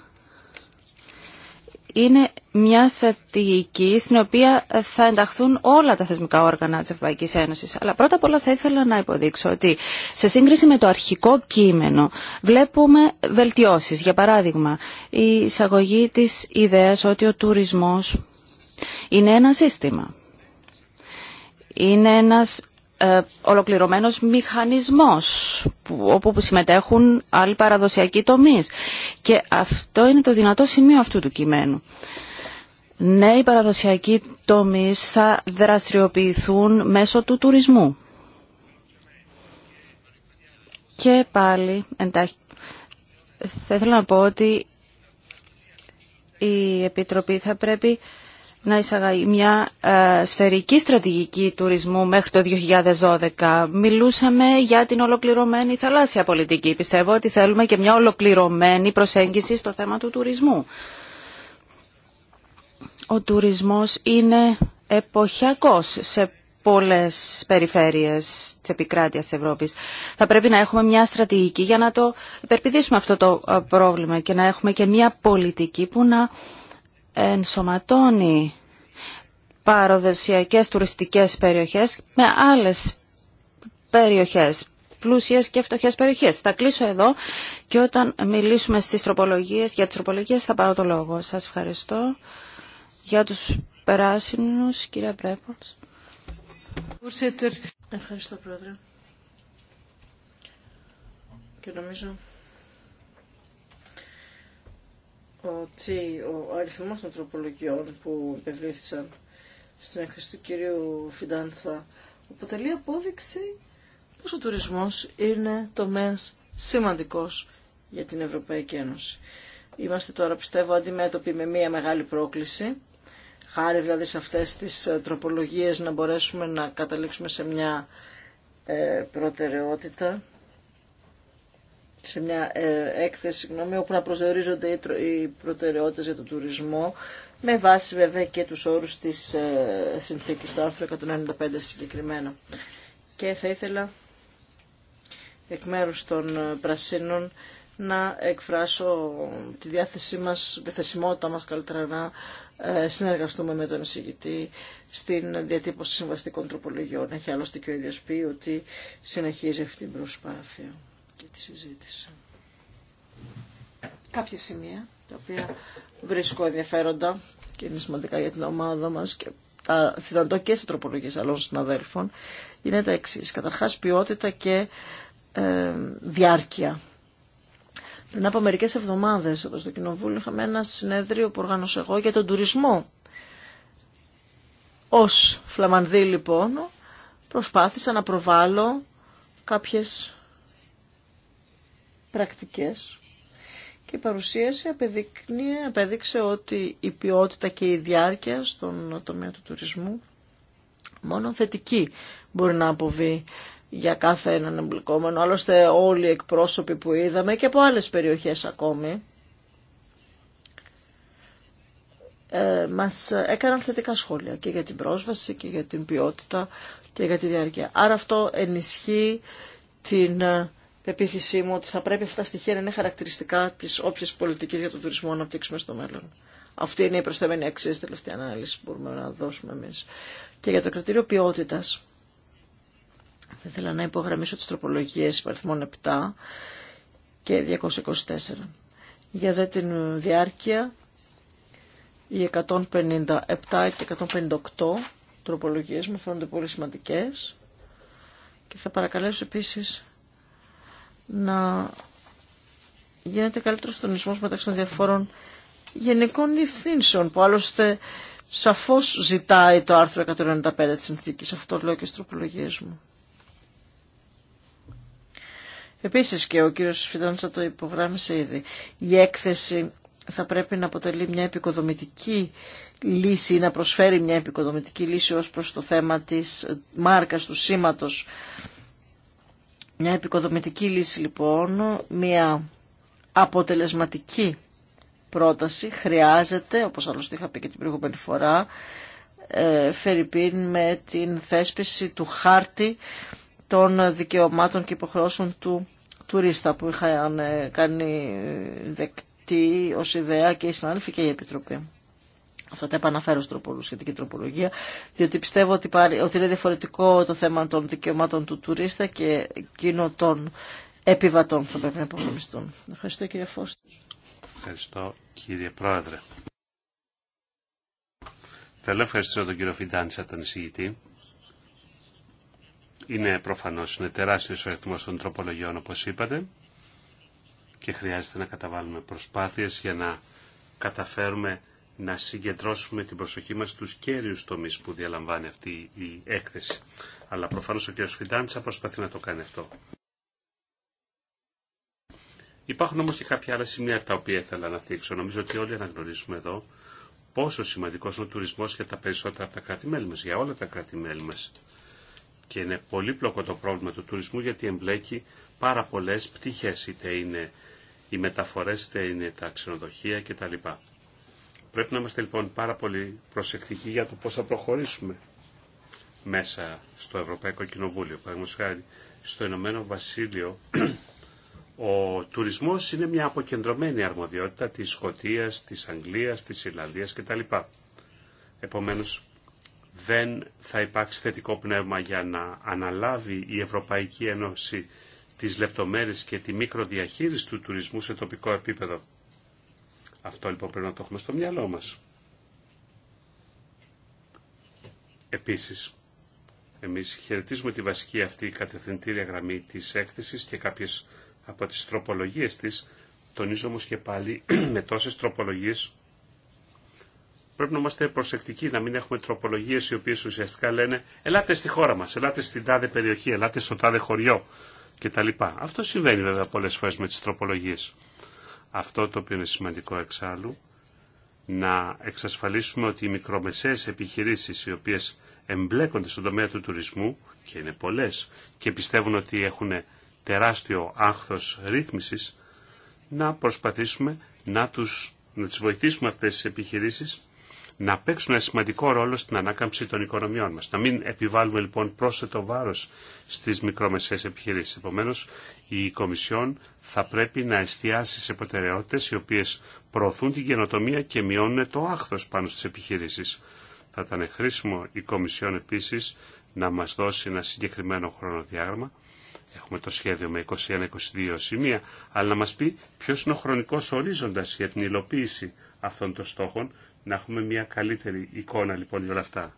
είναι μια στρατηγική στην οποία θα ενταχθούν όλα τα θεσμικά όργανα της Ευρωπαϊκής Ένωσης. Αλλά πρώτα απ' όλα θα ήθελα να υποδείξω ότι σε σύγκριση με το αρχικό κείμενο βλέπουμε βελτιώσεις. Για παράδειγμα, η εισαγωγή της ιδέας ότι ο τουρισμός είναι ένα σύστημα. Είναι ένας ε, ολοκληρωμένος μηχανισμός όπου συμμετέχουν άλλοι παραδοσιακοί τομείς. Και αυτό είναι το δυνατό σημείο αυτού του κειμένου. Ναι, οι παραδοσιακοί τομείς θα δραστηριοποιηθούν μέσω του τουρισμού. Και πάλι, εντάξει. θα ήθελα να πω ότι η Επιτροπή θα πρέπει να εισαγαγεί μια ε, σφαιρική στρατηγική τουρισμού μέχρι το 2012. Μιλούσαμε για την ολοκληρωμένη θαλάσσια πολιτική. Πιστεύω ότι θέλουμε και μια ολοκληρωμένη προσέγγιση στο θέμα του τουρισμού. Ο τουρισμός είναι εποχιακός σε πολλές περιφέρειες της επικράτειας της Ευρώπης. Θα πρέπει να έχουμε μια στρατηγική για να το υπερπηδήσουμε αυτό το ε, πρόβλημα και να έχουμε και μια πολιτική που να ενσωματώνει παροδοσιακές τουριστικές περιοχές με άλλες περιοχές, πλούσιες και φτωχές περιοχές. Θα κλείσω εδώ και όταν μιλήσουμε στις τροπολογίες, για τις τροπολογίες θα πάρω το λόγο. Σας ευχαριστώ για τους περάσινους, κυρία Πρέπολς. Ευχαριστώ, Πρόεδρε. Και νομίζω ότι ο αριθμός των τροπολογιών που επευλήθησαν στην έκθεση του κυρίου Φιντάντσα αποτελεί απόδειξη πως ο τουρισμός είναι τομέα σημαντικός για την Ευρωπαϊκή Ένωση. Είμαστε τώρα πιστεύω αντιμέτωποι με μια μεγάλη πρόκληση, χάρη δηλαδή σε αυτές τις ε, τροπολογίες να μπορέσουμε να καταλήξουμε σε μια ε, προτεραιότητα σε μια ε, έκθεση γνώμη, όπου να προσδιορίζονται οι προτεραιότητε για τον τουρισμό με βάση βέβαια και τους όρους της ε, συνθήκης του άρθρου 195 συγκεκριμένα. Και θα ήθελα εκ μέρους των ε, Πρασίνων να εκφράσω τη διάθεσή μας, τη θεσιμότητα μας καλύτερα να συνεργαστούμε με τον εισηγητή στην διατύπωση συμβαστικών τροπολογιών. Έχει άλλωστε και ο ίδιος πει ότι συνεχίζει αυτή την προσπάθεια και τη συζήτηση. Κάποια σημεία τα οποία βρίσκω ενδιαφέροντα και είναι σημαντικά για την ομάδα μας και τα συναντώ και σε τροπολογίες άλλων συναδέλφων είναι τα εξή. Καταρχάς ποιότητα και ε, διάρκεια. Πριν από μερικές εβδομάδες εδώ στο Κοινοβούλιο είχαμε ένα συνέδριο που οργάνωσα εγώ για τον τουρισμό. Ως φλαμανδί λοιπόν προσπάθησα να προβάλλω κάποιες πρακτικές και η παρουσίαση απέδειξε ότι η ποιότητα και η διάρκεια στον τομέα του τουρισμού μόνο θετική μπορεί να αποβεί για κάθε έναν εμπλεκόμενο. Άλλωστε όλοι οι εκπρόσωποι που είδαμε και από άλλες περιοχές ακόμη ε, μας έκαναν θετικά σχόλια και για την πρόσβαση και για την ποιότητα και για τη διάρκεια. Άρα αυτό ενισχύει την ε, πεποίθησή μου ότι θα πρέπει αυτά τα στοιχεία να είναι χαρακτηριστικά τη όποια πολιτική για τον τουρισμό να αναπτύξουμε στο μέλλον. Αυτή είναι η προσθέμενη αξία στη τελευταία ανάλυση που μπορούμε να δώσουμε εμεί. Και για το κριτήριο ποιότητα. θα ήθελα να υπογραμμίσω τι τροπολογίε υπαριθμών 7 και 224. Για δε την διάρκεια, οι 157 και 158 τροπολογίες μου φαίνονται πολύ σημαντικές και θα παρακαλέσω επίσης να γίνεται καλύτερο τονισμό μεταξύ των διαφόρων γενικών διευθύνσεων που άλλωστε σαφώς ζητάει το άρθρο 195 της συνθήκης. Αυτό λέω και στι μου. Επίσης και ο κύριος Φιντάντσα το υπογράμμισε ήδη. Η έκθεση θα πρέπει να αποτελεί μια επικοδομητική λύση να προσφέρει μια επικοδομητική λύση ως προς το θέμα της μάρκας του σήματος μια επικοδομητική λύση λοιπόν, μια αποτελεσματική πρόταση χρειάζεται, όπως άλλωστε είχα πει και την προηγούμενη φορά, ε, Φερρυπίν με την θέσπιση του χάρτη των δικαιωμάτων και υποχρεώσεων του τουρίστα που είχαν ε, κάνει δεκτή ως ιδέα και οι συνάδελφοι και η Επιτροπή. Αυτά τα επαναφέρω στην σχετική τροπολογία, διότι πιστεύω ότι, πάρει, είναι διαφορετικό το θέμα των δικαιωμάτων του τουρίστα και εκείνο των επιβατών που θα πρέπει να υπογραμμιστούν. Ευχαριστώ κύριε Φώστη. Ευχαριστώ κύριε Πρόεδρε. Θέλω να ευχαριστήσω τον κύριο Φιντάντσα, τον εισηγητή. Είναι προφανώς, είναι τεράστιος ο αριθμός των τροπολογιών όπως είπατε και χρειάζεται να καταβάλουμε προσπάθειες για να καταφέρουμε να συγκεντρώσουμε την προσοχή μας στους κέριους τομείς που διαλαμβάνει αυτή η έκθεση. Αλλά προφανώς ο κ. Φιντάντσα προσπαθεί να το κάνει αυτό. Υπάρχουν όμως και κάποια άλλα σημεία τα οποία ήθελα να θίξω. Νομίζω ότι όλοι αναγνωρίζουμε εδώ πόσο σημαντικός είναι ο τουρισμός για τα περισσότερα από τα κράτη-μέλη μας, για όλα τα κράτη-μέλη μας. Και είναι πολύπλοκο το πρόβλημα του τουρισμού γιατί εμπλέκει πάρα πολλές πτυχές, είτε είναι οι μεταφορές, είτε είναι τα ξενοδοχεία κτλ. Πρέπει να είμαστε λοιπόν πάρα πολύ προσεκτικοί για το πώς θα προχωρήσουμε μέσα στο Ευρωπαϊκό Κοινοβούλιο. Παραδείγματος χάρη, στο Ηνωμένο Βασίλειο ο τουρισμός είναι μια αποκεντρωμένη αρμοδιότητα της Σκοτίας, της Αγγλίας, της Ιρλανδίας κτλ. Επομένως, δεν θα υπάρξει θετικό πνεύμα για να αναλάβει η Ευρωπαϊκή Ένωση τις λεπτομέρειες και τη μικροδιαχείριση του τουρισμού σε τοπικό επίπεδο. Αυτό λοιπόν πρέπει να το έχουμε στο μυαλό μας. Επίσης, εμείς χαιρετίζουμε τη βασική αυτή κατευθυντήρια γραμμή της έκθεσης και κάποιες από τις τροπολογίες της. Τονίζω όμως και πάλι με τόσες τροπολογίες πρέπει να είμαστε προσεκτικοί να μην έχουμε τροπολογίες οι οποίες ουσιαστικά λένε ελάτε στη χώρα μας, ελάτε στην τάδε περιοχή, ελάτε στο τάδε χωριό κτλ. Αυτό συμβαίνει βέβαια πολλές φορές με τις τροπολογίες αυτό το οποίο είναι σημαντικό εξάλλου, να εξασφαλίσουμε ότι οι μικρομεσαίες επιχειρήσεις οι οποίες εμπλέκονται στον τομέα του τουρισμού και είναι πολλές και πιστεύουν ότι έχουν τεράστιο άχθος ρύθμισης, να προσπαθήσουμε να, τους, να τις βοηθήσουμε αυτές τις επιχειρήσεις να παίξουν ένα σημαντικό ρόλο στην ανάκαμψη των οικονομιών μας. Να μην επιβάλλουμε λοιπόν πρόσθετο βάρος στις μικρομεσαίες επιχειρήσεις. Επομένως, η Κομισιόν θα πρέπει να εστιάσει σε προτεραιότητες οι οποίες προωθούν την καινοτομία και μειώνουν το άχθος πάνω στις επιχειρήσεις. Θα ήταν χρήσιμο η Κομισιόν επίσης να μας δώσει ένα συγκεκριμένο χρονοδιάγραμμα έχουμε το σχέδιο με 21-22 σημεία, αλλά να μας πει ποιος είναι ο χρονικός ορίζοντας για την υλοποίηση αυτών των στόχων να έχουμε μια καλύτερη εικόνα λοιπόν για όλα αυτά.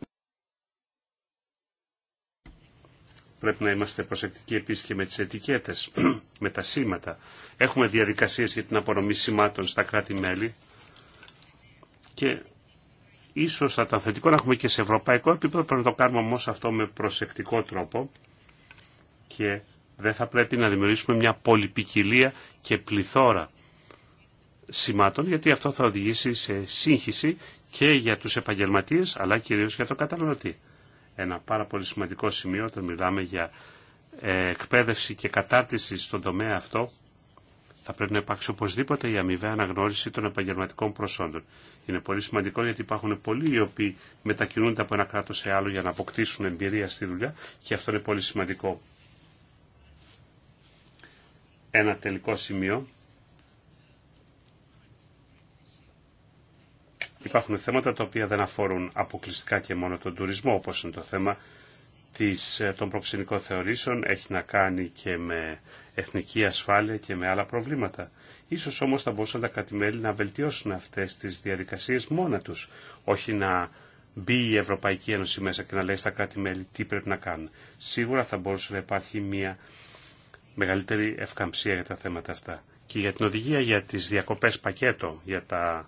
Πρέπει να είμαστε προσεκτικοί επίσης και με τις ετικέτες, με τα σήματα. Έχουμε διαδικασίες για την απονομή σημάτων στα κράτη-μέλη και ίσως θα ήταν θετικό να έχουμε και σε ευρωπαϊκό επίπεδο, πρέπει να το κάνουμε όμως αυτό με προσεκτικό τρόπο και δεν θα πρέπει να δημιουργήσουμε μια πολυπικιλία και πληθώρα σημάτων, γιατί αυτό θα οδηγήσει σε σύγχυση και για τους επαγγελματίες, αλλά κυρίως για τον καταναλωτή. Ένα πάρα πολύ σημαντικό σημείο όταν μιλάμε για ε, εκπαίδευση και κατάρτιση στον τομέα αυτό, θα πρέπει να υπάρξει οπωσδήποτε η αμοιβαία αναγνώριση των επαγγελματικών προσόντων. Είναι πολύ σημαντικό γιατί υπάρχουν πολλοί οι οποίοι μετακινούνται από ένα κράτο σε άλλο για να αποκτήσουν εμπειρία στη δουλειά και αυτό είναι πολύ σημαντικό. Ένα τελικό σημείο υπάρχουν θέματα τα οποία δεν αφορούν αποκλειστικά και μόνο τον τουρισμό, όπως είναι το θέμα της, ε, των προξενικών θεωρήσεων, έχει να κάνει και με εθνική ασφάλεια και με άλλα προβλήματα. Ίσως όμως θα μπορούσαν τα κατημέλη να βελτιώσουν αυτές τις διαδικασίες μόνα τους, όχι να μπει η Ευρωπαϊκή Ένωση μέσα και να λέει στα κράτη-μέλη τι πρέπει να κάνουν. Σίγουρα θα μπορούσε να υπάρχει μια μεγαλύτερη ευκαμψία για τα θέματα αυτά. Και για την οδηγία για τις διακοπές πακέτο, για τα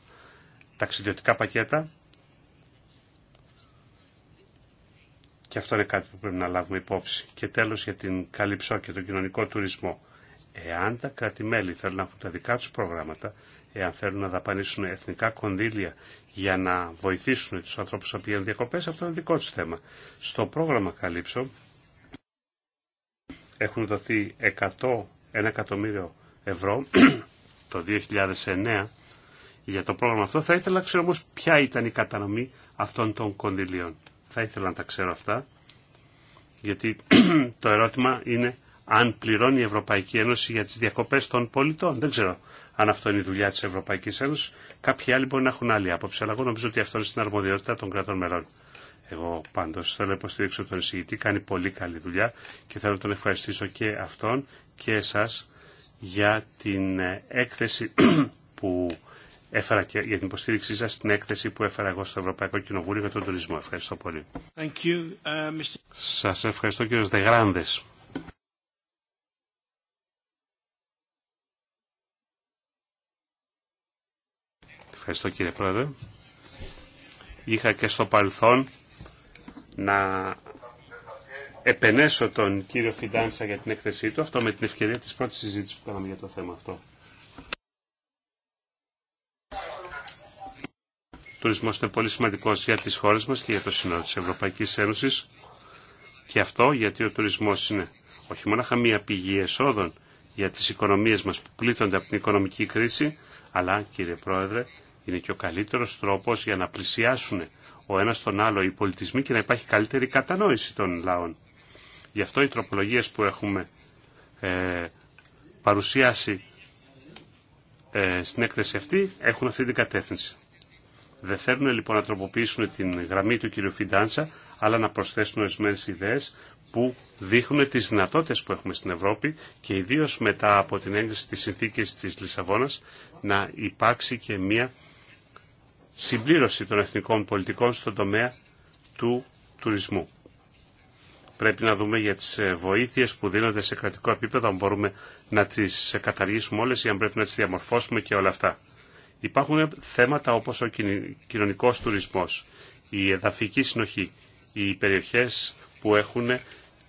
ταξιδιωτικά πακέτα. Και αυτό είναι κάτι που πρέπει να λάβουμε υπόψη. Και τέλος για την καλυψό και τον κοινωνικό τουρισμό. Εάν τα κράτη-μέλη θέλουν να έχουν τα δικά τους προγράμματα, εάν θέλουν να δαπανίσουν εθνικά κονδύλια για να βοηθήσουν τους ανθρώπους που πηγαίνουν διακοπές, αυτό είναι δικό τους θέμα. Στο πρόγραμμα Καλύψο έχουν δοθεί 100, 1 εκατομμύριο ευρώ το 2009 για το πρόγραμμα αυτό. Θα ήθελα να ξέρω όμως ποια ήταν η κατανομή αυτών των κονδυλίων. Θα ήθελα να τα ξέρω αυτά, γιατί το ερώτημα είναι αν πληρώνει η Ευρωπαϊκή Ένωση για τις διακοπές των πολιτών. Δεν ξέρω αν αυτό είναι η δουλειά της Ευρωπαϊκής Ένωσης. Κάποιοι άλλοι μπορεί να έχουν άλλη άποψη, αλλά εγώ νομίζω ότι αυτό είναι στην αρμοδιότητα των κρατών μελών. Εγώ πάντως θέλω να υποστηρίξω τον εισηγητή, κάνει πολύ καλή δουλειά και θέλω να τον ευχαριστήσω και αυτόν και εσάς για την ε, έκθεση που έφερα και για την υποστήριξή σας στην έκθεση που έφερα εγώ στο Ευρωπαϊκό Κοινοβούλιο για τον τουρισμό. Ευχαριστώ πολύ. Uh, σας ευχαριστώ κύριος Δεγράνδες. Ευχαριστώ κύριε Πρόεδρε. Είχα και στο παρελθόν να επενέσω τον κύριο Φιντάνσα για την έκθεσή του, αυτό με την ευκαιρία της πρώτης συζήτησης που κάναμε για το θέμα αυτό. τουρισμός είναι πολύ σημαντικός για τις χώρες μας και για το σύνολο της Ευρωπαϊκής Ένωσης. Και αυτό γιατί ο τουρισμός είναι όχι μόνο μία πηγή εσόδων για τις οικονομίες μας που πλήττονται από την οικονομική κρίση, αλλά κύριε Πρόεδρε είναι και ο καλύτερος τρόπος για να πλησιάσουν ο ένας τον άλλο οι πολιτισμοί και να υπάρχει καλύτερη κατανόηση των λαών. Γι' αυτό οι τροπολογίες που έχουμε ε, παρουσιάσει ε, στην έκθεση αυτή έχουν αυτή την κατεύθυνση. Δεν θέλουν λοιπόν να τροποποιήσουν την γραμμή του κ. Φιντάνσα, αλλά να προσθέσουν ορισμένε ιδέε που δείχνουν τι δυνατότητε που έχουμε στην Ευρώπη και ιδίω μετά από την έγκριση τη συνθήκη τη Λισαβόνα να υπάρξει και μια συμπλήρωση των εθνικών πολιτικών στον τομέα του τουρισμού. Πρέπει να δούμε για τις ε, βοήθειες που δίνονται σε κρατικό επίπεδο, αν μπορούμε να τις ε, καταργήσουμε όλες ή αν πρέπει να τις διαμορφώσουμε και όλα αυτά. Υπάρχουν θέματα όπως ο κοινωνικός τουρισμός, η εδαφική συνοχή, οι περιοχές που έχουν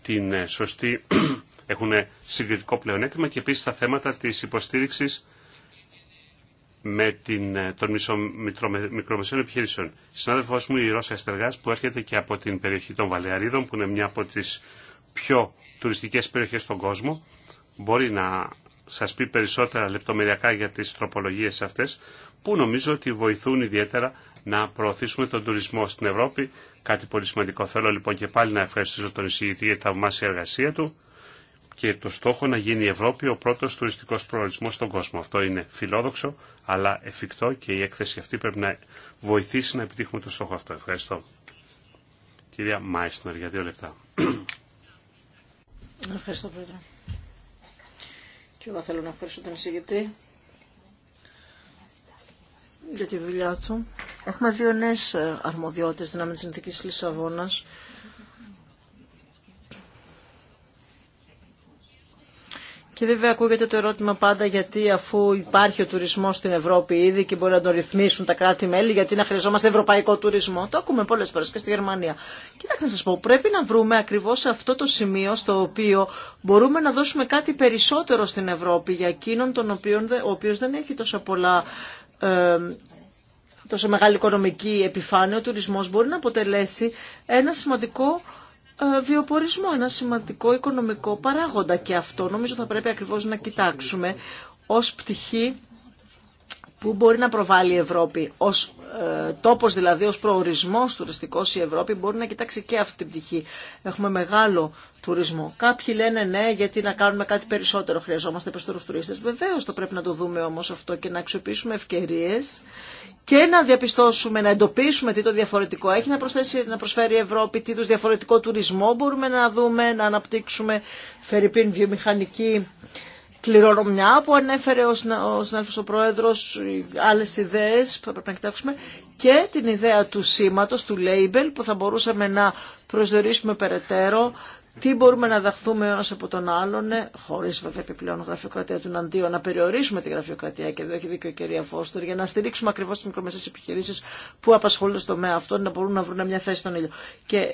την ε, σωστή, έχουν ε, συγκριτικό πλεονέκτημα και επίσης τα θέματα της υποστήριξης με την, ε, των μικρομεσαίων επιχειρήσεων. Συνάδελφό μου η Ρώσα Στεργά που έρχεται και από την περιοχή των Βαλεαρίδων που είναι μια από τις πιο τουριστικές περιοχές στον κόσμο μπορεί να σας πει περισσότερα λεπτομεριακά για τις τροπολογίες αυτές, που νομίζω ότι βοηθούν ιδιαίτερα να προωθήσουμε τον τουρισμό στην Ευρώπη. Κάτι πολύ σημαντικό. Θέλω λοιπόν και πάλι να ευχαριστήσω τον εισηγητή για τη θαυμάσια εργασία του και το στόχο να γίνει η Ευρώπη ο πρώτος τουριστικός προορισμός στον κόσμο. Αυτό είναι φιλόδοξο, αλλά εφικτό και η έκθεση αυτή πρέπει να βοηθήσει να επιτύχουμε το στόχο αυτό. Ευχαριστώ. Κυρία Μάισνερ για δύο λεπτά. Ευχαριστώ, Πρόεδρε. Και εγώ θέλω να ευχαριστώ τον εισηγητή για τη δουλειά του. Έχουμε δύο νέε αρμοδιότητε δυνάμει τη συνθήκη Λισαβόνα Και βέβαια ακούγεται το ερώτημα πάντα γιατί αφού υπάρχει ο τουρισμό στην Ευρώπη ήδη και μπορεί να τον ρυθμίσουν τα κράτη-μέλη, γιατί να χρειαζόμαστε ευρωπαϊκό τουρισμό. Το ακούμε πολλέ φορέ και στη Γερμανία. Κοιτάξτε να σα πω, πρέπει να βρούμε ακριβώς αυτό το σημείο στο οποίο μπορούμε να δώσουμε κάτι περισσότερο στην Ευρώπη για εκείνον τον οποίο, ο δεν έχει τόσο πολλά ε, τόσο μεγάλη οικονομική επιφάνεια, ο τουρισμός μπορεί να αποτελέσει ένα σημαντικό ε, βιοπορισμό, ένα σημαντικό οικονομικό παράγοντα και αυτό νομίζω θα πρέπει ακριβώς να κοιτάξουμε ως πτυχή που μπορεί να προβάλλει η Ευρώπη ως ε, τόπος δηλαδή ως προορισμός τουριστικός η Ευρώπη μπορεί να κοιτάξει και αυτή την πτυχή. Έχουμε μεγάλο τουρισμό. Κάποιοι λένε ναι γιατί να κάνουμε κάτι περισσότερο χρειαζόμαστε περισσότερους τουρίστες. Βεβαίως το πρέπει να το δούμε όμως αυτό και να αξιοποιήσουμε ευκαιρίες και να διαπιστώσουμε, να εντοπίσουμε τι το διαφορετικό έχει να, προσθέσει, να προσφέρει η Ευρώπη, τι τους διαφορετικό τουρισμό μπορούμε να δούμε, να αναπτύξουμε φερρυπίν βιομηχανική κληρονομιά που ανέφερε ο συνάδελφος ο πρόεδρος, άλλες ιδέες που θα πρέπει να κοιτάξουμε και την ιδέα του σήματος, του label που θα μπορούσαμε να προσδιορίσουμε περαιτέρω τι μπορούμε να δαχθούμε ένα από τον άλλον, ε, χωρί βέβαια επιπλέον γραφειοκρατία του αντίο, να περιορίσουμε τη γραφειοκρατία και εδώ έχει δίκιο η κυρία Φώστερ, για να στηρίξουμε ακριβώ τι μικρομεσαίε επιχειρήσει που απασχολούν στο τομέα αυτό, να μπορούν να βρουν μια θέση στον ήλιο. Και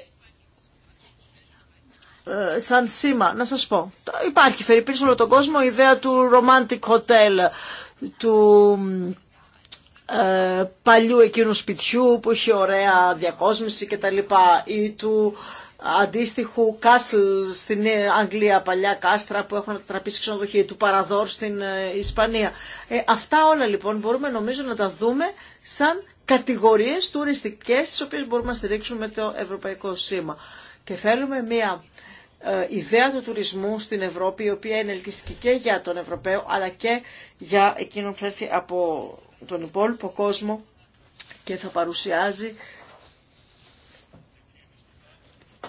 ε, σαν σήμα. Να σας πω, υπάρχει φερειπίν σε όλο τον κόσμο η ιδέα του romantic hotel, του ε, παλιού εκείνου σπιτιού που είχε ωραία διακόσμηση κτλ. ή του αντίστοιχου castle στην ε, Αγγλία, παλιά κάστρα που έχουν τραπήσει ξενοδοχεία, του παραδόρ στην Ισπανία. αυτά όλα λοιπόν μπορούμε νομίζω να τα δούμε σαν κατηγορίες τουριστικές τις οποίες μπορούμε να στηρίξουμε το ευρωπαϊκό σήμα. Και θέλουμε μία ε, ιδέα του τουρισμού στην Ευρώπη, η οποία είναι ελκυστική και για τον Ευρωπαίο, αλλά και για εκείνον που έρθει από τον υπόλοιπο κόσμο και θα παρουσιάζει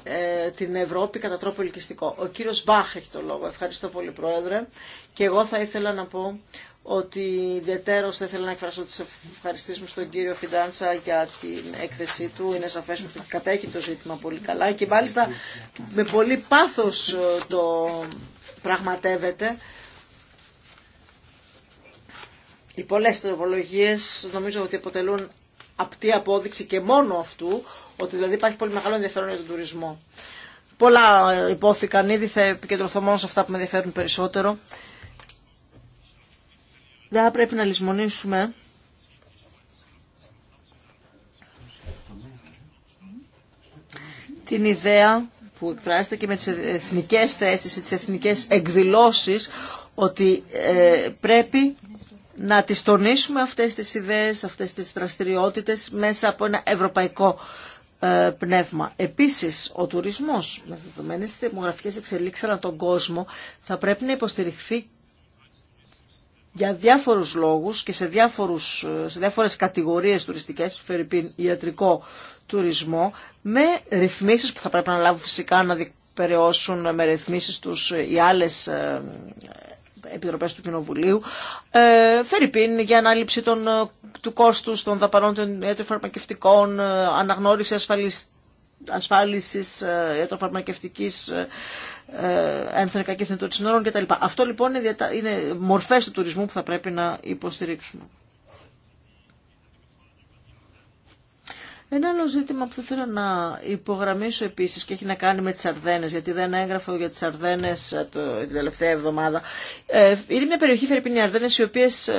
ε, την Ευρώπη κατά τρόπο ελκυστικό. Ο κύριος Μπάχ έχει το λόγο. Ευχαριστώ πολύ, Πρόεδρε. Και εγώ θα ήθελα να πω ότι ιδιαίτερος δεν θέλω να εκφράσω τις ευχαριστήσεις μου στον κύριο Φιντάντσα για την έκθεσή του. Είναι σαφές ότι κατέχει το ζήτημα πολύ καλά και μάλιστα με πολύ πάθος ε, το πραγματεύεται. Οι πολλές τροπολογίες νομίζω ότι αποτελούν απτή απόδειξη και μόνο αυτού, ότι δηλαδή υπάρχει πολύ μεγάλο ενδιαφέρον για τον τουρισμό. Πολλά ε, υπόθηκαν ήδη, θα επικεντρωθώ μόνο σε αυτά που με ενδιαφέρουν περισσότερο. Δεν πρέπει να λησμονήσουμε την ιδέα που εκφράζεται και με τις εθνικές θέσεις τις εθνικές εκδηλώσεις ότι ε, πρέπει να τις τονίσουμε αυτές τις ιδέες, αυτές τις δραστηριότητες μέσα από ένα ευρωπαϊκό ε, πνεύμα. Επίσης, ο τουρισμός με δεδομένες δημογραφικές εξελίξεις ανά τον κόσμο θα πρέπει να υποστηριχθεί για διάφορους λόγους και σε, διάφορους, σε διάφορες κατηγορίες τουριστικές, φερρυπίν ιατρικό τουρισμό, με ρυθμίσεις που θα πρέπει να λάβουν φυσικά να διπεραιώσουν με ρυθμίσεις τους οι άλλες ε, επιτροπές του Κοινοβουλίου, ε, φερρυπίν για ανάληψη των, ε, του κόστους των δαπανών των ιατροφαρμακευτικών, ε, αναγνώριση ασφάλισης ιατροφαρμακευτικής ε, ένθρακα και τα συνόρων κτλ. Αυτό λοιπόν είναι, είναι μορφές του τουρισμού που θα πρέπει να υποστηρίξουμε. Ένα άλλο ζήτημα που θα ήθελα να υπογραμμίσω επίσης και έχει να κάνει με τις Αρδένες, γιατί δεν έγραφα για τις Αρδένες ε, την τελευταία εβδομάδα. Ε, είναι μια περιοχή, Φερρυπίνη Αρδένες, οι οποίες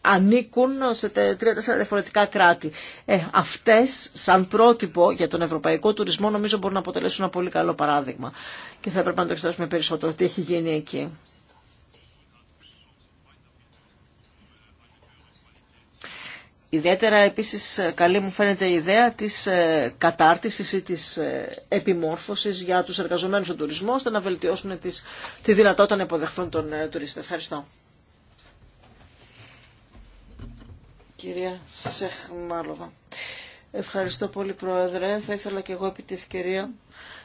ανήκουν σε τρία-τέσσερα διαφορετικά κράτη. Ε, αυτές, σαν πρότυπο για τον ευρωπαϊκό τουρισμό, νομίζω μπορούν να αποτελέσουν ένα πολύ καλό παράδειγμα. Και θα πρέπει να το εξετάσουμε περισσότερο τι έχει γίνει εκεί. Ιδιαίτερα επίσης καλή μου φαίνεται η ιδέα της ε, κατάρτισης ή της ε, επιμόρφωσης για τους εργαζομένους στον τουρισμό ώστε να βελτιώσουν τη δυνατότητα να υποδεχθούν τον ε, τουρίστη. Ευχαριστώ. κυρία Σεχμάλοβα. Ευχαριστώ πολύ Πρόεδρε. Θα ήθελα και εγώ επί τη ευκαιρία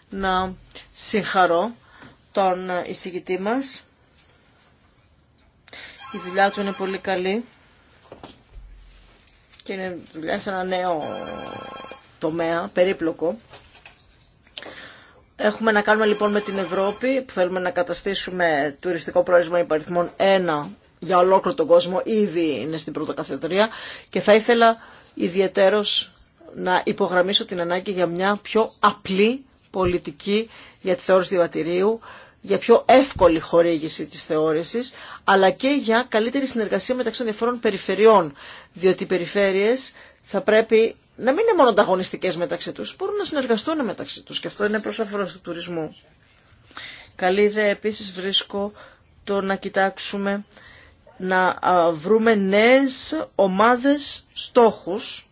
να συγχαρώ τον εισηγητή μας. Η δουλειά του είναι πολύ καλή και είναι δουλειά σε ένα νέο τομέα, περίπλοκο. Έχουμε να κάνουμε λοιπόν με την Ευρώπη που θέλουμε να καταστήσουμε τουριστικό πρόεδρο υπαριθμών ένα για ολόκληρο τον κόσμο, ήδη είναι στην πρωτοκαθεδρία και θα ήθελα ιδιαίτερος να υπογραμμίσω την ανάγκη για μια πιο απλή πολιτική για τη θεώρηση διαβατηρίου, για πιο εύκολη χορήγηση της θεώρησης, αλλά και για καλύτερη συνεργασία μεταξύ των διαφορών περιφερειών, διότι οι περιφέρειες θα πρέπει να μην είναι μόνο ανταγωνιστικέ μεταξύ τους, μπορούν να συνεργαστούν μεταξύ τους και αυτό είναι προς του τουρισμού. Καλή ιδέα επίσης βρίσκω το να κοιτάξουμε να βρούμε νέες ομάδες στόχους.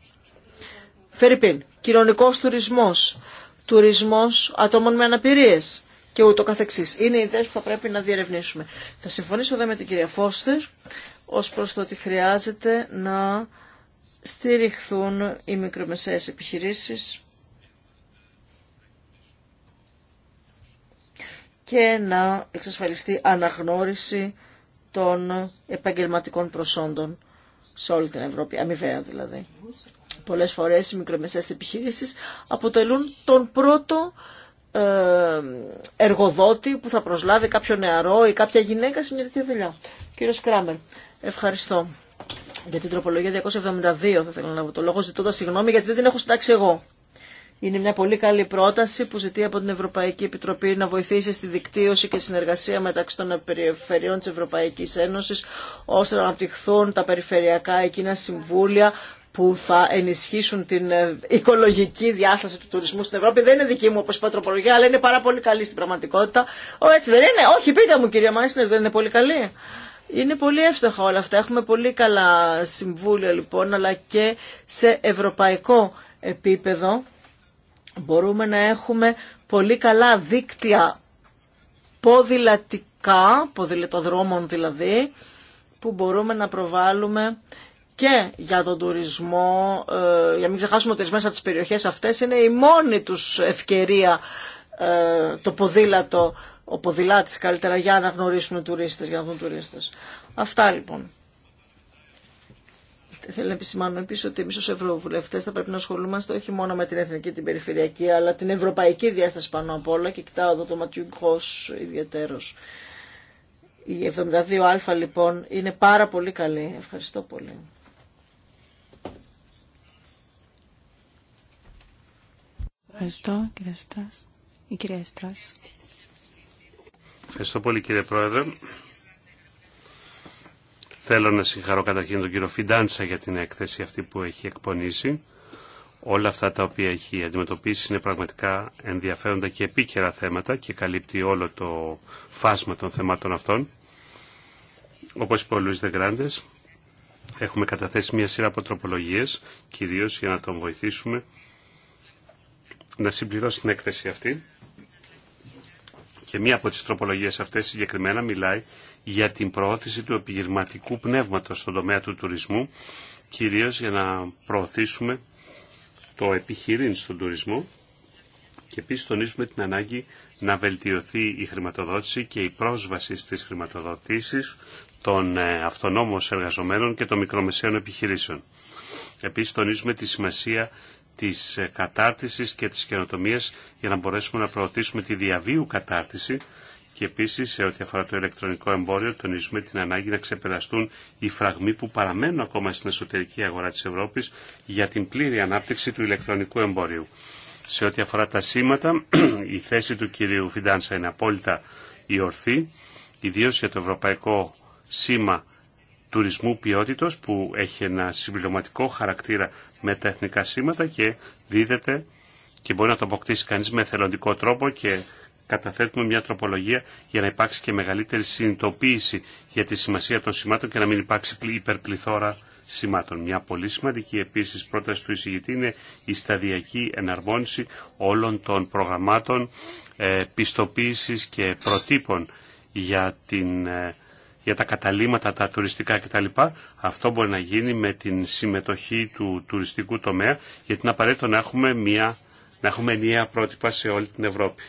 Φερρυπίν, κοινωνικός τουρισμός, τουρισμός ατόμων με αναπηρίες και ούτω καθεξής. Είναι ιδέες που θα πρέπει να διερευνήσουμε. Θα συμφωνήσω εδώ με την κυρία Φώστερ ως προς το ότι χρειάζεται να στηριχθούν οι μικρομεσαίες επιχειρήσεις και να εξασφαλιστεί αναγνώριση των επαγγελματικών προσόντων σε όλη την Ευρώπη, αμοιβαία δηλαδή. Πολλές φορές οι μικρομεσαίες επιχειρήσεις αποτελούν τον πρώτο ε, εργοδότη που θα προσλάβει κάποιο νεαρό ή κάποια γυναίκα σε μια τέτοια δουλειά. Κύριο Κράμερ, ευχαριστώ. Για την τροπολογία 272 θα ήθελα να λάβω το λόγο ζητώντα συγγνώμη γιατί δεν την έχω συντάξει εγώ. Είναι μια πολύ καλή πρόταση που ζητεί από την Ευρωπαϊκή Επιτροπή να βοηθήσει στη δικτύωση και συνεργασία μεταξύ των περιφερειών της Ευρωπαϊκής Ένωσης ώστε να αναπτυχθούν τα περιφερειακά εκείνα συμβούλια που θα ενισχύσουν την ε, οικολογική διάσταση του τουρισμού στην Ευρώπη. Δεν είναι δική μου όπως τροπολογία, αλλά είναι πάρα πολύ καλή στην πραγματικότητα. Ω, έτσι δεν είναι. Όχι, πείτε μου κυρία Μάισνερ, δεν είναι πολύ καλή. Είναι πολύ εύστοχα όλα αυτά. Έχουμε πολύ καλά συμβούλια λοιπόν, αλλά και σε ευρωπαϊκό επίπεδο μπορούμε να έχουμε πολύ καλά δίκτυα ποδηλατικά, ποδηλατοδρόμων δηλαδή, που μπορούμε να προβάλλουμε και για τον τουρισμό, για ε, για μην ξεχάσουμε ότι μέσα από τις περιοχές αυτές είναι η μόνη τους ευκαιρία ε, το ποδήλατο, ο ποδηλάτης καλύτερα για να γνωρίσουν τουρίστες, για να δουν τουρίστες. Αυτά λοιπόν. Θέλω να επισημάνω επίση ότι εμεί ω Ευρωβουλευτέ θα πρέπει να ασχολούμαστε όχι μόνο με την εθνική, την περιφερειακή, αλλά την ευρωπαϊκή διάσταση πάνω απ' όλα και κοιτάω εδώ το Ματιού ιδιαίτερος. ιδιαίτερο. Η 72α λοιπόν είναι πάρα πολύ καλή. Ευχαριστώ πολύ. Ευχαριστώ κύριε στας Η κυρία Ευχαριστώ πολύ κύριε Πρόεδρε. Θέλω να συγχαρώ καταρχήν τον κύριο Φιντάντσα για την έκθεση αυτή που έχει εκπονήσει. Όλα αυτά τα οποία έχει αντιμετωπίσει είναι πραγματικά ενδιαφέροντα και επίκαιρα θέματα και καλύπτει όλο το φάσμα των θεμάτων αυτών. Όπως είπε ο Λουίς Δεγκράντες, έχουμε καταθέσει μια σειρά από τροπολογίες, κυρίως για να τον βοηθήσουμε να συμπληρώσει την έκθεση αυτή. Και μία από τις τροπολογίες αυτές συγκεκριμένα μιλάει για την προώθηση του επιχειρηματικού πνεύματος στον τομέα του τουρισμού, κυρίως για να προωθήσουμε το επιχειρήν στον τουρισμό και επίσης τονίζουμε την ανάγκη να βελτιωθεί η χρηματοδότηση και η πρόσβαση στις χρηματοδοτήσεις των ε, αυτονόμων εργαζομένων και των μικρομεσαίων επιχειρήσεων. Επίσης τονίζουμε τη σημασία της ε, κατάρτισης και της καινοτομίας για να μπορέσουμε να προωθήσουμε τη διαβίου κατάρτιση και επίση, σε ό,τι αφορά το ηλεκτρονικό εμπόριο τονίζουμε την ανάγκη να ξεπεραστούν οι φραγμοί που παραμένουν ακόμα στην εσωτερική αγορά τη Ευρώπη για την πλήρη ανάπτυξη του ηλεκτρονικού εμπόριου. Σε ό,τι αφορά τα σήματα, η θέση του κυρίου Φιντάνσα είναι απόλυτα η ορθή, ιδίω για το ευρωπαϊκό σήμα τουρισμού ποιότητα, που έχει ένα συμπληρωματικό χαρακτήρα με τα εθνικά σήματα και δίδεται και μπορεί να το αποκτήσει κανείς με εθελοντικό τρόπο και καταθέτουμε μια τροπολογία για να υπάρξει και μεγαλύτερη συνειδητοποίηση για τη σημασία των σημάτων και να μην υπάρξει υπερπληθώρα σημάτων. Μια πολύ σημαντική επίσης πρόταση του εισηγητή είναι η σταδιακή εναρμόνιση όλων των προγραμμάτων ε, πιστοποίησης και προτύπων για, την, ε, για τα καταλήματα, τα τουριστικά κτλ. Αυτό μπορεί να γίνει με την συμμετοχή του τουριστικού τομέα γιατί είναι απαραίτητο να έχουμε, μια, να έχουμε ενιαία πρότυπα σε όλη την Ευρώπη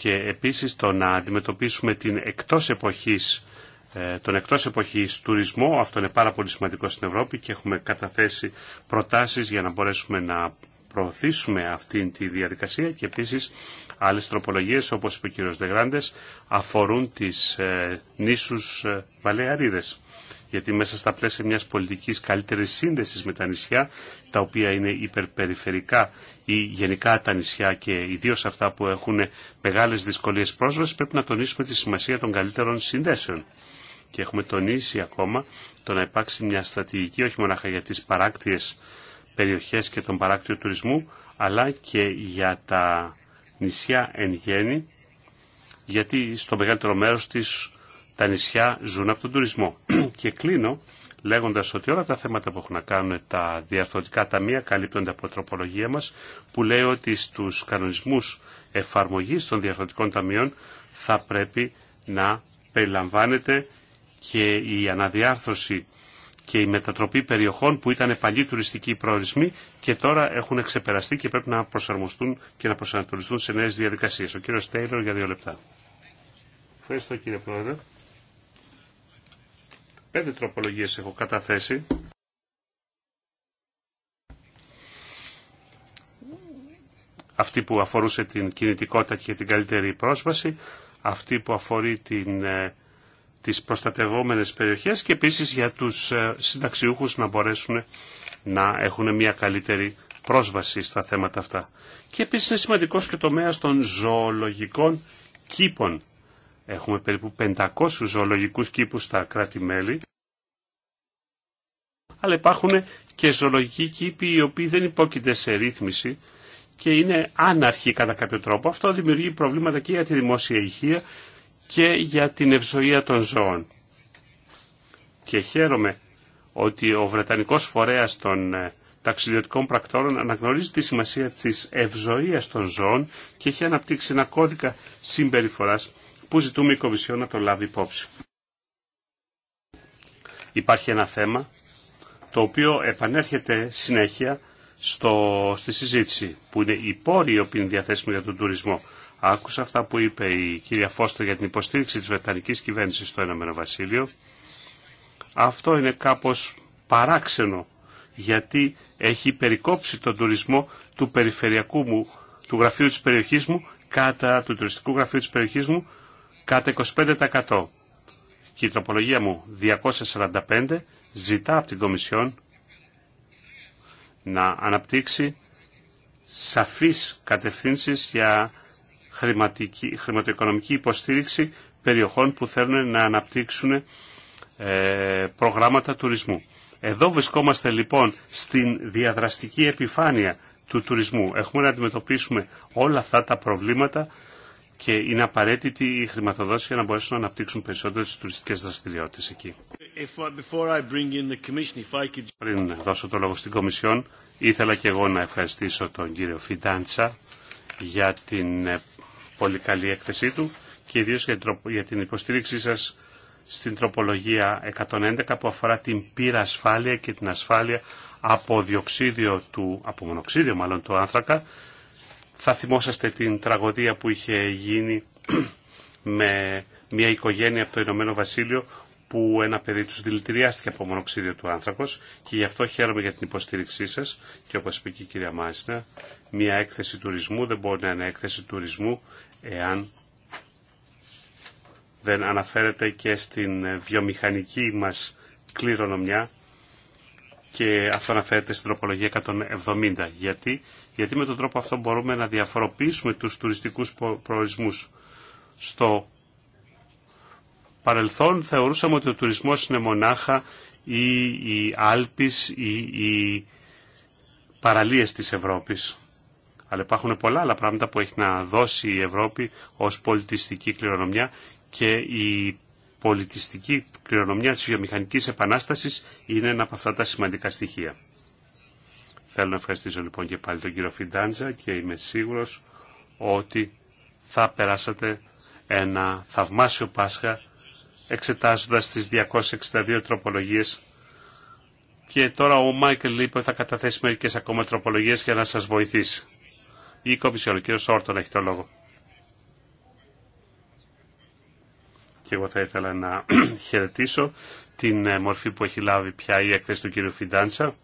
και επίσης το να αντιμετωπίσουμε την εκτός εποχής, ε, τον εκτός εποχής τουρισμό, αυτό είναι πάρα πολύ σημαντικό στην Ευρώπη και έχουμε καταθέσει προτάσεις για να μπορέσουμε να προωθήσουμε αυτή τη διαδικασία και επίσης άλλες τροπολογίες όπως είπε ο κ. Δεγράντες αφορούν τις ε, νήσους ε, Βαλεαρίδες γιατί μέσα στα πλαίσια μιας πολιτικής καλύτερης σύνδεσης με τα νησιά, τα οποία είναι υπερπεριφερικά ή γενικά τα νησιά και ιδίω αυτά που έχουν μεγάλες δυσκολίες πρόσβασης, πρέπει να τονίσουμε τη σημασία των καλύτερων συνδέσεων. Και έχουμε τονίσει ακόμα το να υπάρξει μια στρατηγική όχι μόνο για τις παράκτιες περιοχές και τον παράκτιο τουρισμού, αλλά και για τα νησιά εν γέννη, γιατί στο μεγαλύτερο μέρος της τα νησιά ζουν από τον τουρισμό. και κλείνω λέγοντα ότι όλα τα θέματα που έχουν να κάνουν τα διαρθρωτικά ταμεία καλύπτονται από τροπολογία μα, που λέει ότι στου κανονισμού εφαρμογή των διαρθρωτικών ταμείων θα πρέπει να περιλαμβάνεται και η αναδιάρθρωση και η μετατροπή περιοχών που ήταν παλιοί τουριστικοί προορισμοί και τώρα έχουν ξεπεραστεί και πρέπει να προσαρμοστούν και να προσανατολιστούν σε νέες διαδικασίες. Ο κύριος Τέιλορ για δύο λεπτά. Ευχαριστώ κύριε Πρόεδρε. Πέντε τροπολογίες έχω καταθέσει. Αυτή που αφορούσε την κινητικότητα και την καλύτερη πρόσβαση, αυτή που αφορεί την, ε, τις προστατευόμενες περιοχές και επίσης για τους ε, συνταξιούχους να μπορέσουν να έχουν μια καλύτερη πρόσβαση στα θέματα αυτά. Και επίσης είναι σημαντικός και τομέας των ζωολογικών κήπων Έχουμε περίπου 500 ζωολογικούς κήπους στα κράτη-μέλη, αλλά υπάρχουν και ζωολογικοί κήποι οι οποίοι δεν υπόκεινται σε ρύθμιση και είναι άναρχοι κατά κάποιο τρόπο. Αυτό δημιουργεί προβλήματα και για τη δημόσια υγεία και για την ευζοία των ζώων. Και χαίρομαι ότι ο Βρετανικός φορέας των ε, ταξιδιωτικών πρακτόρων αναγνωρίζει τη σημασία της ευζοίας των ζώων και έχει αναπτύξει ένα κώδικα συμπεριφοράς που ζητούμε η Κομισιό να το λάβει υπόψη. Υπάρχει ένα θέμα το οποίο επανέρχεται συνέχεια στο, στη συζήτηση που είναι οι πόροι οι οποίοι είναι διαθέσιμοι για τον τουρισμό. Άκουσα αυτά που είπε η κυρία Φώστα για την υποστήριξη της Βρετανικής κυβέρνησης στο Ηνωμένο Βασίλειο. Αυτό είναι κάπως παράξενο γιατί έχει περικόψει τον τουρισμό του περιφερειακού μου, του γραφείου της περιοχής μου, κατά του τουριστικού γραφείου της περιοχής μου, κατά 25%. Και η τροπολογία μου 245 ζητά από την Κομισιόν να αναπτύξει σαφείς κατευθύνσεις για χρηματοοικονομική υποστήριξη περιοχών που θέλουν να αναπτύξουν ε, προγράμματα τουρισμού. Εδώ βρισκόμαστε λοιπόν στην διαδραστική επιφάνεια του τουρισμού. Έχουμε να αντιμετωπίσουμε όλα αυτά τα προβλήματα και είναι απαραίτητη η χρηματοδότηση για να μπορέσουν να αναπτύξουν περισσότερο τις τουριστικές δραστηριότητες εκεί. Πριν δώσω το λόγο στην Κομισιόν, ήθελα και εγώ να ευχαριστήσω τον κύριο Φιντάντσα για την ε, πολύ καλή έκθεσή του και ιδίως για την υποστήριξή σας στην τροπολογία 111 που αφορά την πύρα και την ασφάλεια από διοξίδιο του, από μονοξίδιο μάλλον του άνθρακα θα θυμόσαστε την τραγωδία που είχε γίνει με μια οικογένεια από το Ηνωμένο Βασίλειο που ένα παιδί τους δηλητηριάστηκε από μονοξίδιο του άνθρακος και γι' αυτό χαίρομαι για την υποστήριξή σας και όπως είπε και η κυρία Μάσινα, μια έκθεση τουρισμού δεν μπορεί να είναι έκθεση τουρισμού εάν δεν αναφέρεται και στην βιομηχανική μας κληρονομιά και αυτό αναφέρεται στην τροπολογία 170. Γιατί, Γιατί με τον τρόπο αυτό μπορούμε να διαφοροποιήσουμε τους τουριστικούς προορισμούς. Στο παρελθόν θεωρούσαμε ότι ο τουρισμός είναι μονάχα ή οι Άλπεις ή οι παραλίες της Ευρώπης. Αλλά υπάρχουν πολλά άλλα πράγματα που έχει να δώσει η Ευρώπη ως πολιτιστική κληρονομιά και η πολιτιστική κληρονομιά της βιομηχανικής επανάστασης είναι ένα από αυτά τα σημαντικά στοιχεία. Θέλω να ευχαριστήσω λοιπόν και πάλι τον κύριο Φιντάντζα και είμαι σίγουρος ότι θα περάσατε ένα θαυμάσιο Πάσχα εξετάζοντας τις 262 τροπολογίες και τώρα ο Μάικλ Λίπο θα καταθέσει μερικές ακόμα τροπολογίες για να σας βοηθήσει. Η ο κύριος έχει το λόγο. και εγώ θα ήθελα να χαιρετήσω την ε, μορφή που έχει λάβει πια η έκθεση του κύριου Φιντάνσα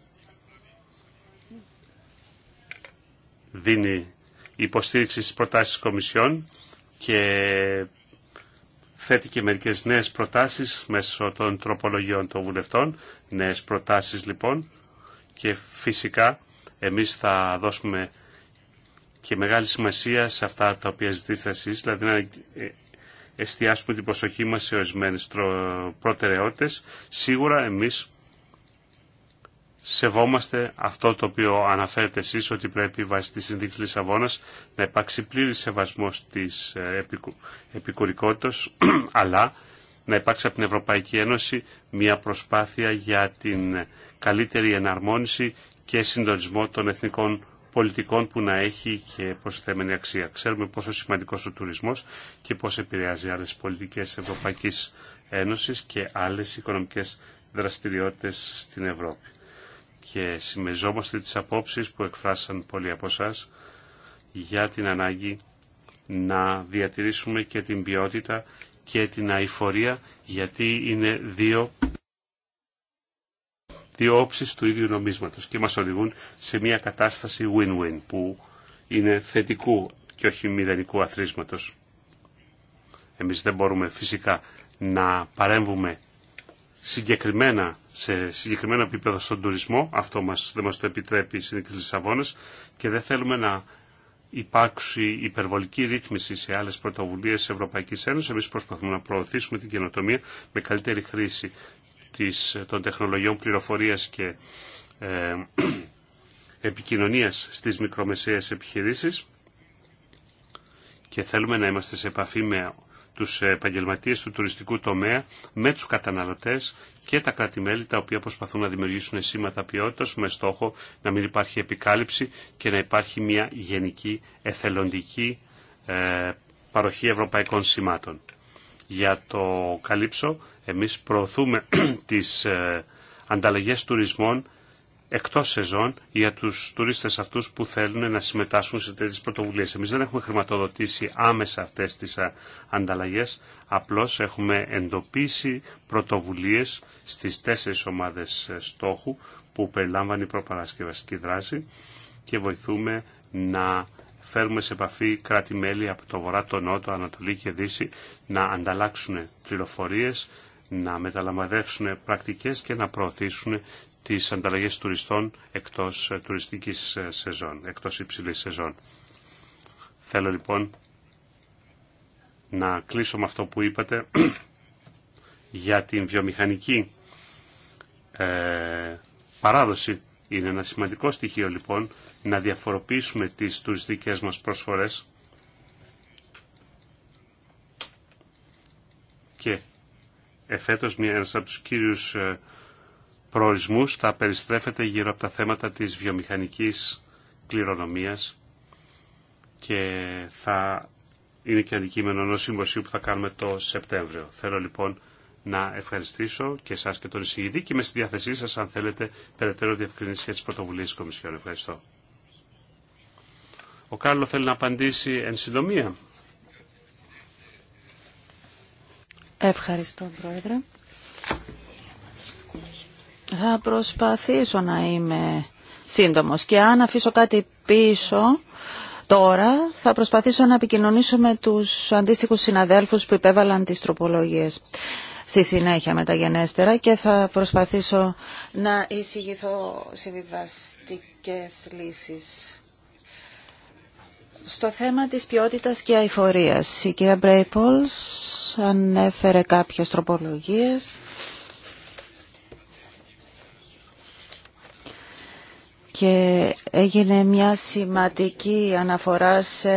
Δίνει υποστήριξη στις προτάσεις της Κομισιόν και θέτει και μερικές νέες προτάσεις μέσω των τροπολογιών των βουλευτών. Νέες προτάσεις λοιπόν και φυσικά εμείς θα δώσουμε και μεγάλη σημασία σε αυτά τα οποία ζητήσατε εσείς, δηλαδή να ε, εστιάσουμε την προσοχή μας σε ορισμένε προτεραιότητες. Σίγουρα εμείς σεβόμαστε αυτό το οποίο αναφέρετε εσείς ότι πρέπει βάσει τη συνδίκη Λισαβόνας να υπάρξει πλήρης σεβασμός της ε, επικου, αλλά να υπάρξει από την Ευρωπαϊκή Ένωση μια προσπάθεια για την ε, καλύτερη εναρμόνιση και συντονισμό των εθνικών πολιτικών που να έχει και προσθέμενη αξία. Ξέρουμε πόσο σημαντικός ο τουρισμός και πώς επηρεάζει άλλες πολιτικές Ευρωπαϊκής Ένωσης και άλλες οικονομικές δραστηριότητες στην Ευρώπη. Και συμμεζόμαστε τις απόψεις που εκφράσαν πολλοί από εσά για την ανάγκη να διατηρήσουμε και την ποιότητα και την αηφορία γιατί είναι δύο δύο όψεις του ίδιου νομίσματος και μας οδηγούν σε μια κατάσταση win-win που είναι θετικού και όχι μηδενικού αθροίσματος. Εμείς δεν μπορούμε φυσικά να παρέμβουμε συγκεκριμένα, σε συγκεκριμένο επίπεδο στον τουρισμό, αυτό μας, δεν μας το επιτρέπει η συνήθεια της και δεν θέλουμε να υπάρξει υπερβολική ρύθμιση σε άλλες πρωτοβουλίες της Ευρωπαϊκής Ένωσης. Εμείς προσπαθούμε να προωθήσουμε την καινοτομία με καλύτερη χρήση των τεχνολογιών πληροφορίας και ε, επικοινωνίας στις μικρομεσαίες επιχειρήσεις και θέλουμε να είμαστε σε επαφή με τους επαγγελματίες του τουριστικού τομέα, με τους καταναλωτές και τα κρατη τα οποία προσπαθούν να δημιουργήσουν σήματα ποιότητας με στόχο να μην υπάρχει επικάλυψη και να υπάρχει μια γενική εθελοντική ε, παροχή ευρωπαϊκών σημάτων για το καλύψω. Εμείς προωθούμε τις ε, ανταλλαγές τουρισμών εκτός σεζόν για τους τουρίστες αυτούς που θέλουν να συμμετάσχουν σε τέτοιες πρωτοβουλίες. Εμείς δεν έχουμε χρηματοδοτήσει άμεσα αυτές τις ε, ανταλλαγές, απλώς έχουμε εντοπίσει πρωτοβουλίες στις τέσσερις ομάδες ε, στόχου που περιλάμβανε η προπαρασκευαστική δράση και βοηθούμε να φέρουμε σε επαφή κράτη-μέλη από το Βορρά, το Νότο, Ανατολή και Δύση να ανταλλάξουν πληροφορίες, να μεταλαμβαδεύσουν πρακτικές και να προωθήσουν τις ανταλλαγές τουριστών εκτός τουριστικής σεζόν, εκτός υψηλής σεζόν. Θέλω λοιπόν να κλείσω με αυτό που είπατε για την βιομηχανική ε, παράδοση είναι ένα σημαντικό στοιχείο λοιπόν να διαφοροποιήσουμε τις τουριστικές μας προσφορές και εφέτος ένας από τους κύριους ε, προορισμούς θα περιστρέφεται γύρω από τα θέματα της βιομηχανικής κληρονομίας και θα είναι και αντικείμενο ενός συμποσίου που θα κάνουμε το Σεπτέμβριο. Θέλω λοιπόν να ευχαριστήσω και εσά και τον εισηγητή και είμαι στη διάθεσή σα αν θέλετε περαιτέρω διευκρινήσει για τι πρωτοβουλίε τη Κομισιόν. Ευχαριστώ. Ο Κάρλο θέλει να απαντήσει εν συντομία. Ευχαριστώ, Πρόεδρε. Θα προσπαθήσω να είμαι σύντομος και αν αφήσω κάτι πίσω τώρα θα προσπαθήσω να επικοινωνήσω με τους αντίστοιχους συναδέλφους που υπέβαλαν τις τροπολογίες στη συνέχεια μεταγενέστερα και θα προσπαθήσω να εισηγηθώ συμβιβαστικές λύσεις. Στο θέμα της ποιότητας και αηφορίας, η κυρία Μπρέιπολς ανέφερε κάποιες τροπολογίες και έγινε μια σημαντική αναφορά σε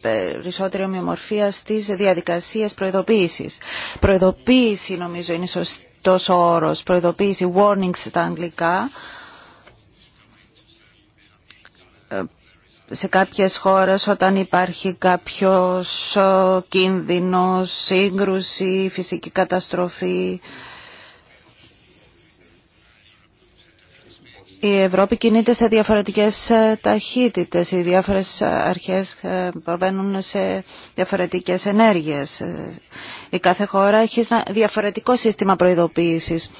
περισσότερη ομοιομορφία στις διαδικασίες προειδοποίησης. Προειδοποίηση νομίζω είναι σωστός ο όρος, προειδοποίηση, warnings στα αγγλικά. Σε κάποιες χώρες όταν υπάρχει κάποιος κίνδυνος, σύγκρουση, φυσική καταστροφή, η Ευρώπη κινείται σε διαφορετικές ε, ταχύτητες, οι διάφορες ε, αρχές ε, προβαίνουν σε διαφορετικές ενέργειες. Η κάθε χώρα έχει ένα διαφορετικό σύστημα προειδοποίησης.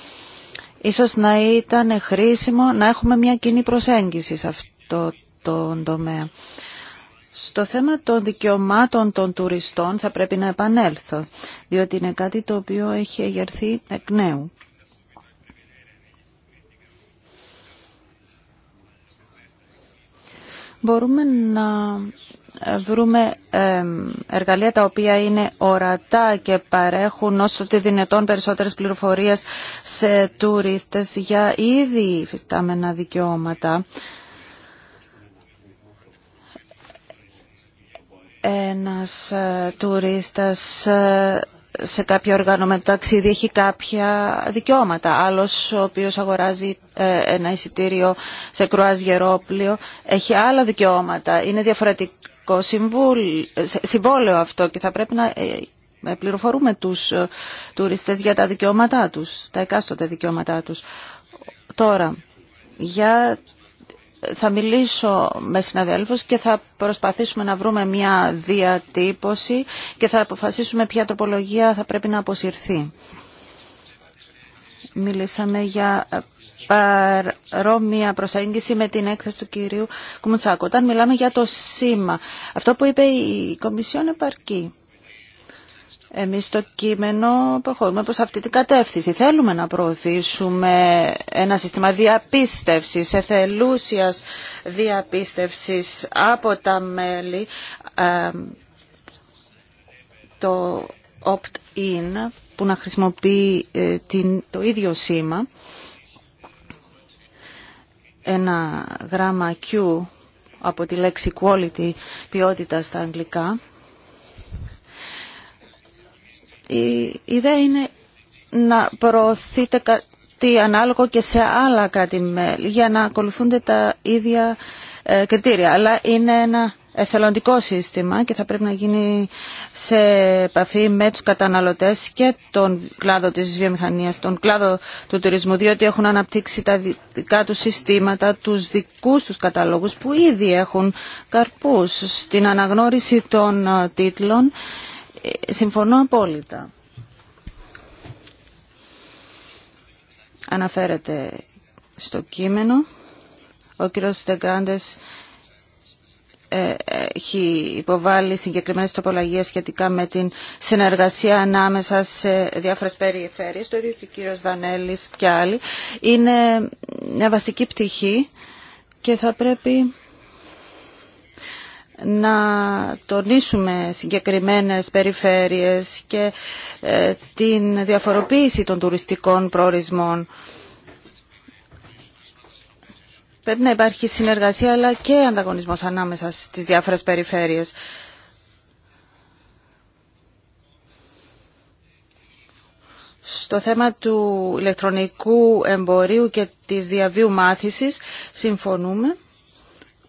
Ίσως να ήταν χρήσιμο να έχουμε μια κοινή προσέγγιση σε αυτό το τομέα. Στο θέμα των δικαιωμάτων των τουριστών θα πρέπει να επανέλθω, διότι είναι κάτι το οποίο έχει εγερθεί εκ νέου. μπορούμε να βρούμε εργαλεία τα οποία είναι ορατά και παρέχουν όσο τη δυνατόν περισσότερες πληροφορίες σε τουρίστες για ήδη υφιστάμενα δικαιώματα. Ένας τουρίστας σε κάποιο το ταξίδι έχει κάποια δικαιώματα. Άλλο ο οποίο αγοράζει ε, ένα εισιτήριο σε κρουαζιερόπλιο έχει άλλα δικαιώματα. Είναι διαφορετικό συμβόλαιο αυτό και θα πρέπει να ε, ε, πληροφορούμε τους τουριστέ για τα δικαιώματά τους, τα εκάστοτε δικαιώματά τους. Τώρα, για θα μιλήσω με συναδέλφους και θα προσπαθήσουμε να βρούμε μια διατύπωση και θα αποφασίσουμε ποια τροπολογία θα πρέπει να αποσυρθεί. Μιλήσαμε για παρόμοια προσέγγιση με την έκθεση του κυρίου Κουμουτσάκου. Όταν μιλάμε για το σήμα, αυτό που είπε η Κομισιόν επαρκεί. Εμείς στο κείμενο προχωρούμε προς αυτή την κατεύθυνση. Θέλουμε να προωθήσουμε ένα σύστημα διαπίστευσης, εθελούσιας διαπίστευσης από τα μέλη, το opt-in που να χρησιμοποιεί ε, το ίδιο σήμα, ένα γράμμα Q από τη λέξη quality, ποιότητα στα αγγλικά, η ιδέα είναι να προωθείτε κάτι ανάλογο και σε άλλα κράτη-μέλη για να ακολουθούνται τα ίδια ε, κριτήρια. Αλλά είναι ένα εθελοντικό σύστημα και θα πρέπει να γίνει σε επαφή με τους καταναλωτές και τον κλάδο της βιομηχανίας, τον κλάδο του τουρισμού, διότι έχουν αναπτύξει τα δικά τους συστήματα, τους δικούς τους καταλόγους που ήδη έχουν καρπούς στην αναγνώριση των ε, τίτλων ε, συμφωνώ απόλυτα. Αναφέρεται στο κείμενο. Ο κύριος Στεγκάντες ε, έχει υποβάλει συγκεκριμένες τοπολογίε σχετικά με την συνεργασία ανάμεσα σε διάφορες περιφέρειες, το ίδιο και ο κύριος Δανέλης και άλλοι. Είναι μια βασική πτυχή και θα πρέπει να τονίσουμε συγκεκριμένες περιφέρειες και ε, την διαφοροποίηση των τουριστικών προορισμών. Πρέπει να υπάρχει συνεργασία αλλά και ανταγωνισμός ανάμεσα στις διάφορες περιφέρειες. Στο θέμα του ηλεκτρονικού εμπορίου και της διαβίου μάθησης συμφωνούμε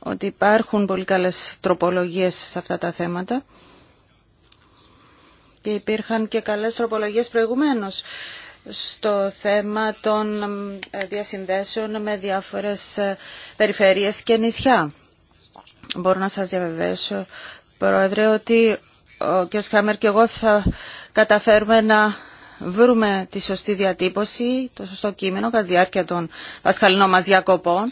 ότι υπάρχουν πολύ καλές τροπολογίες σε αυτά τα θέματα και υπήρχαν και καλές τροπολογίες προηγουμένως στο θέμα των ε, διασυνδέσεων με διάφορες ε, περιφέρειες και νησιά. Μπορώ να σας διαβεβαιώσω, Πρόεδρε, ότι ο κ. Χάμερ και εγώ θα καταφέρουμε να βρούμε τη σωστή διατύπωση, το σωστό κείμενο κατά τη διάρκεια των μας διακοπών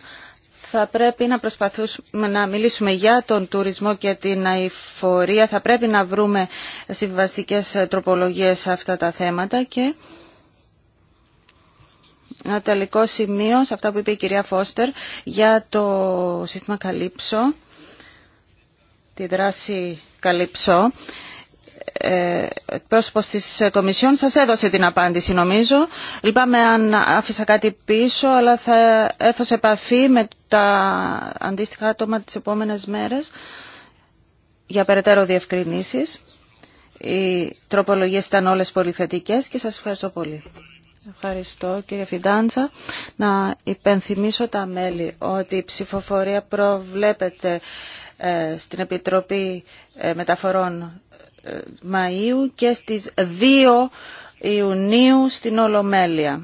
θα πρέπει να προσπαθούμε να μιλήσουμε για τον τουρισμό και την αηφορία. Θα πρέπει να βρούμε συμβαστικές τροπολογίες σε αυτά τα θέματα και ένα τελικό σημείο σε αυτά που είπε η κυρία Φώστερ για το σύστημα Καλύψο, τη δράση Καλύψο. Ε, πρόσωπος της Κομισιόν σας έδωσε την απάντηση νομίζω. Λυπάμαι αν άφησα κάτι πίσω, αλλά θα έρθω σε επαφή με τα αντίστοιχα άτομα τις επόμενες μέρες για περαιτέρω διευκρινήσεις. Οι τροπολογίες ήταν όλες πολύ θετικέ και σας ευχαριστώ πολύ. Ευχαριστώ κύριε Φιντάντσα. Να υπενθυμίσω τα μέλη ότι η ψηφοφορία προβλέπεται ε, στην Επιτροπή ε, Μεταφορών Μαΐου και στις 2 Ιουνίου στην Ολομέλεια.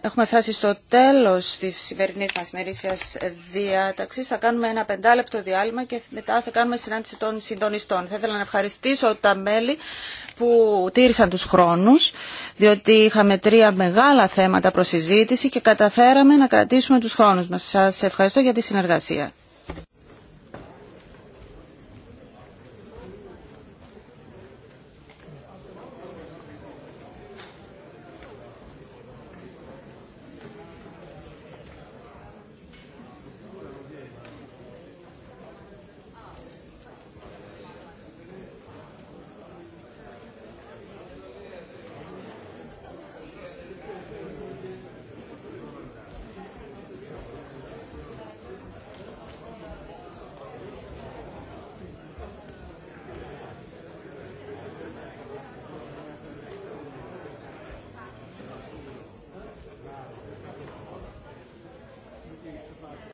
έχουμε φτάσει στο τέλος της σημερινή μας μερίσιας διάταξης. Θα κάνουμε ένα πεντάλεπτο διάλειμμα και μετά θα κάνουμε συνάντηση των συντονιστών. Θα ήθελα να ευχαριστήσω τα μέλη που τήρησαν τους χρόνους, διότι είχαμε τρία μεγάλα θέματα προς συζήτηση και καταφέραμε να κρατήσουμε τους χρόνους μας. Σας ευχαριστώ για τη συνεργασία.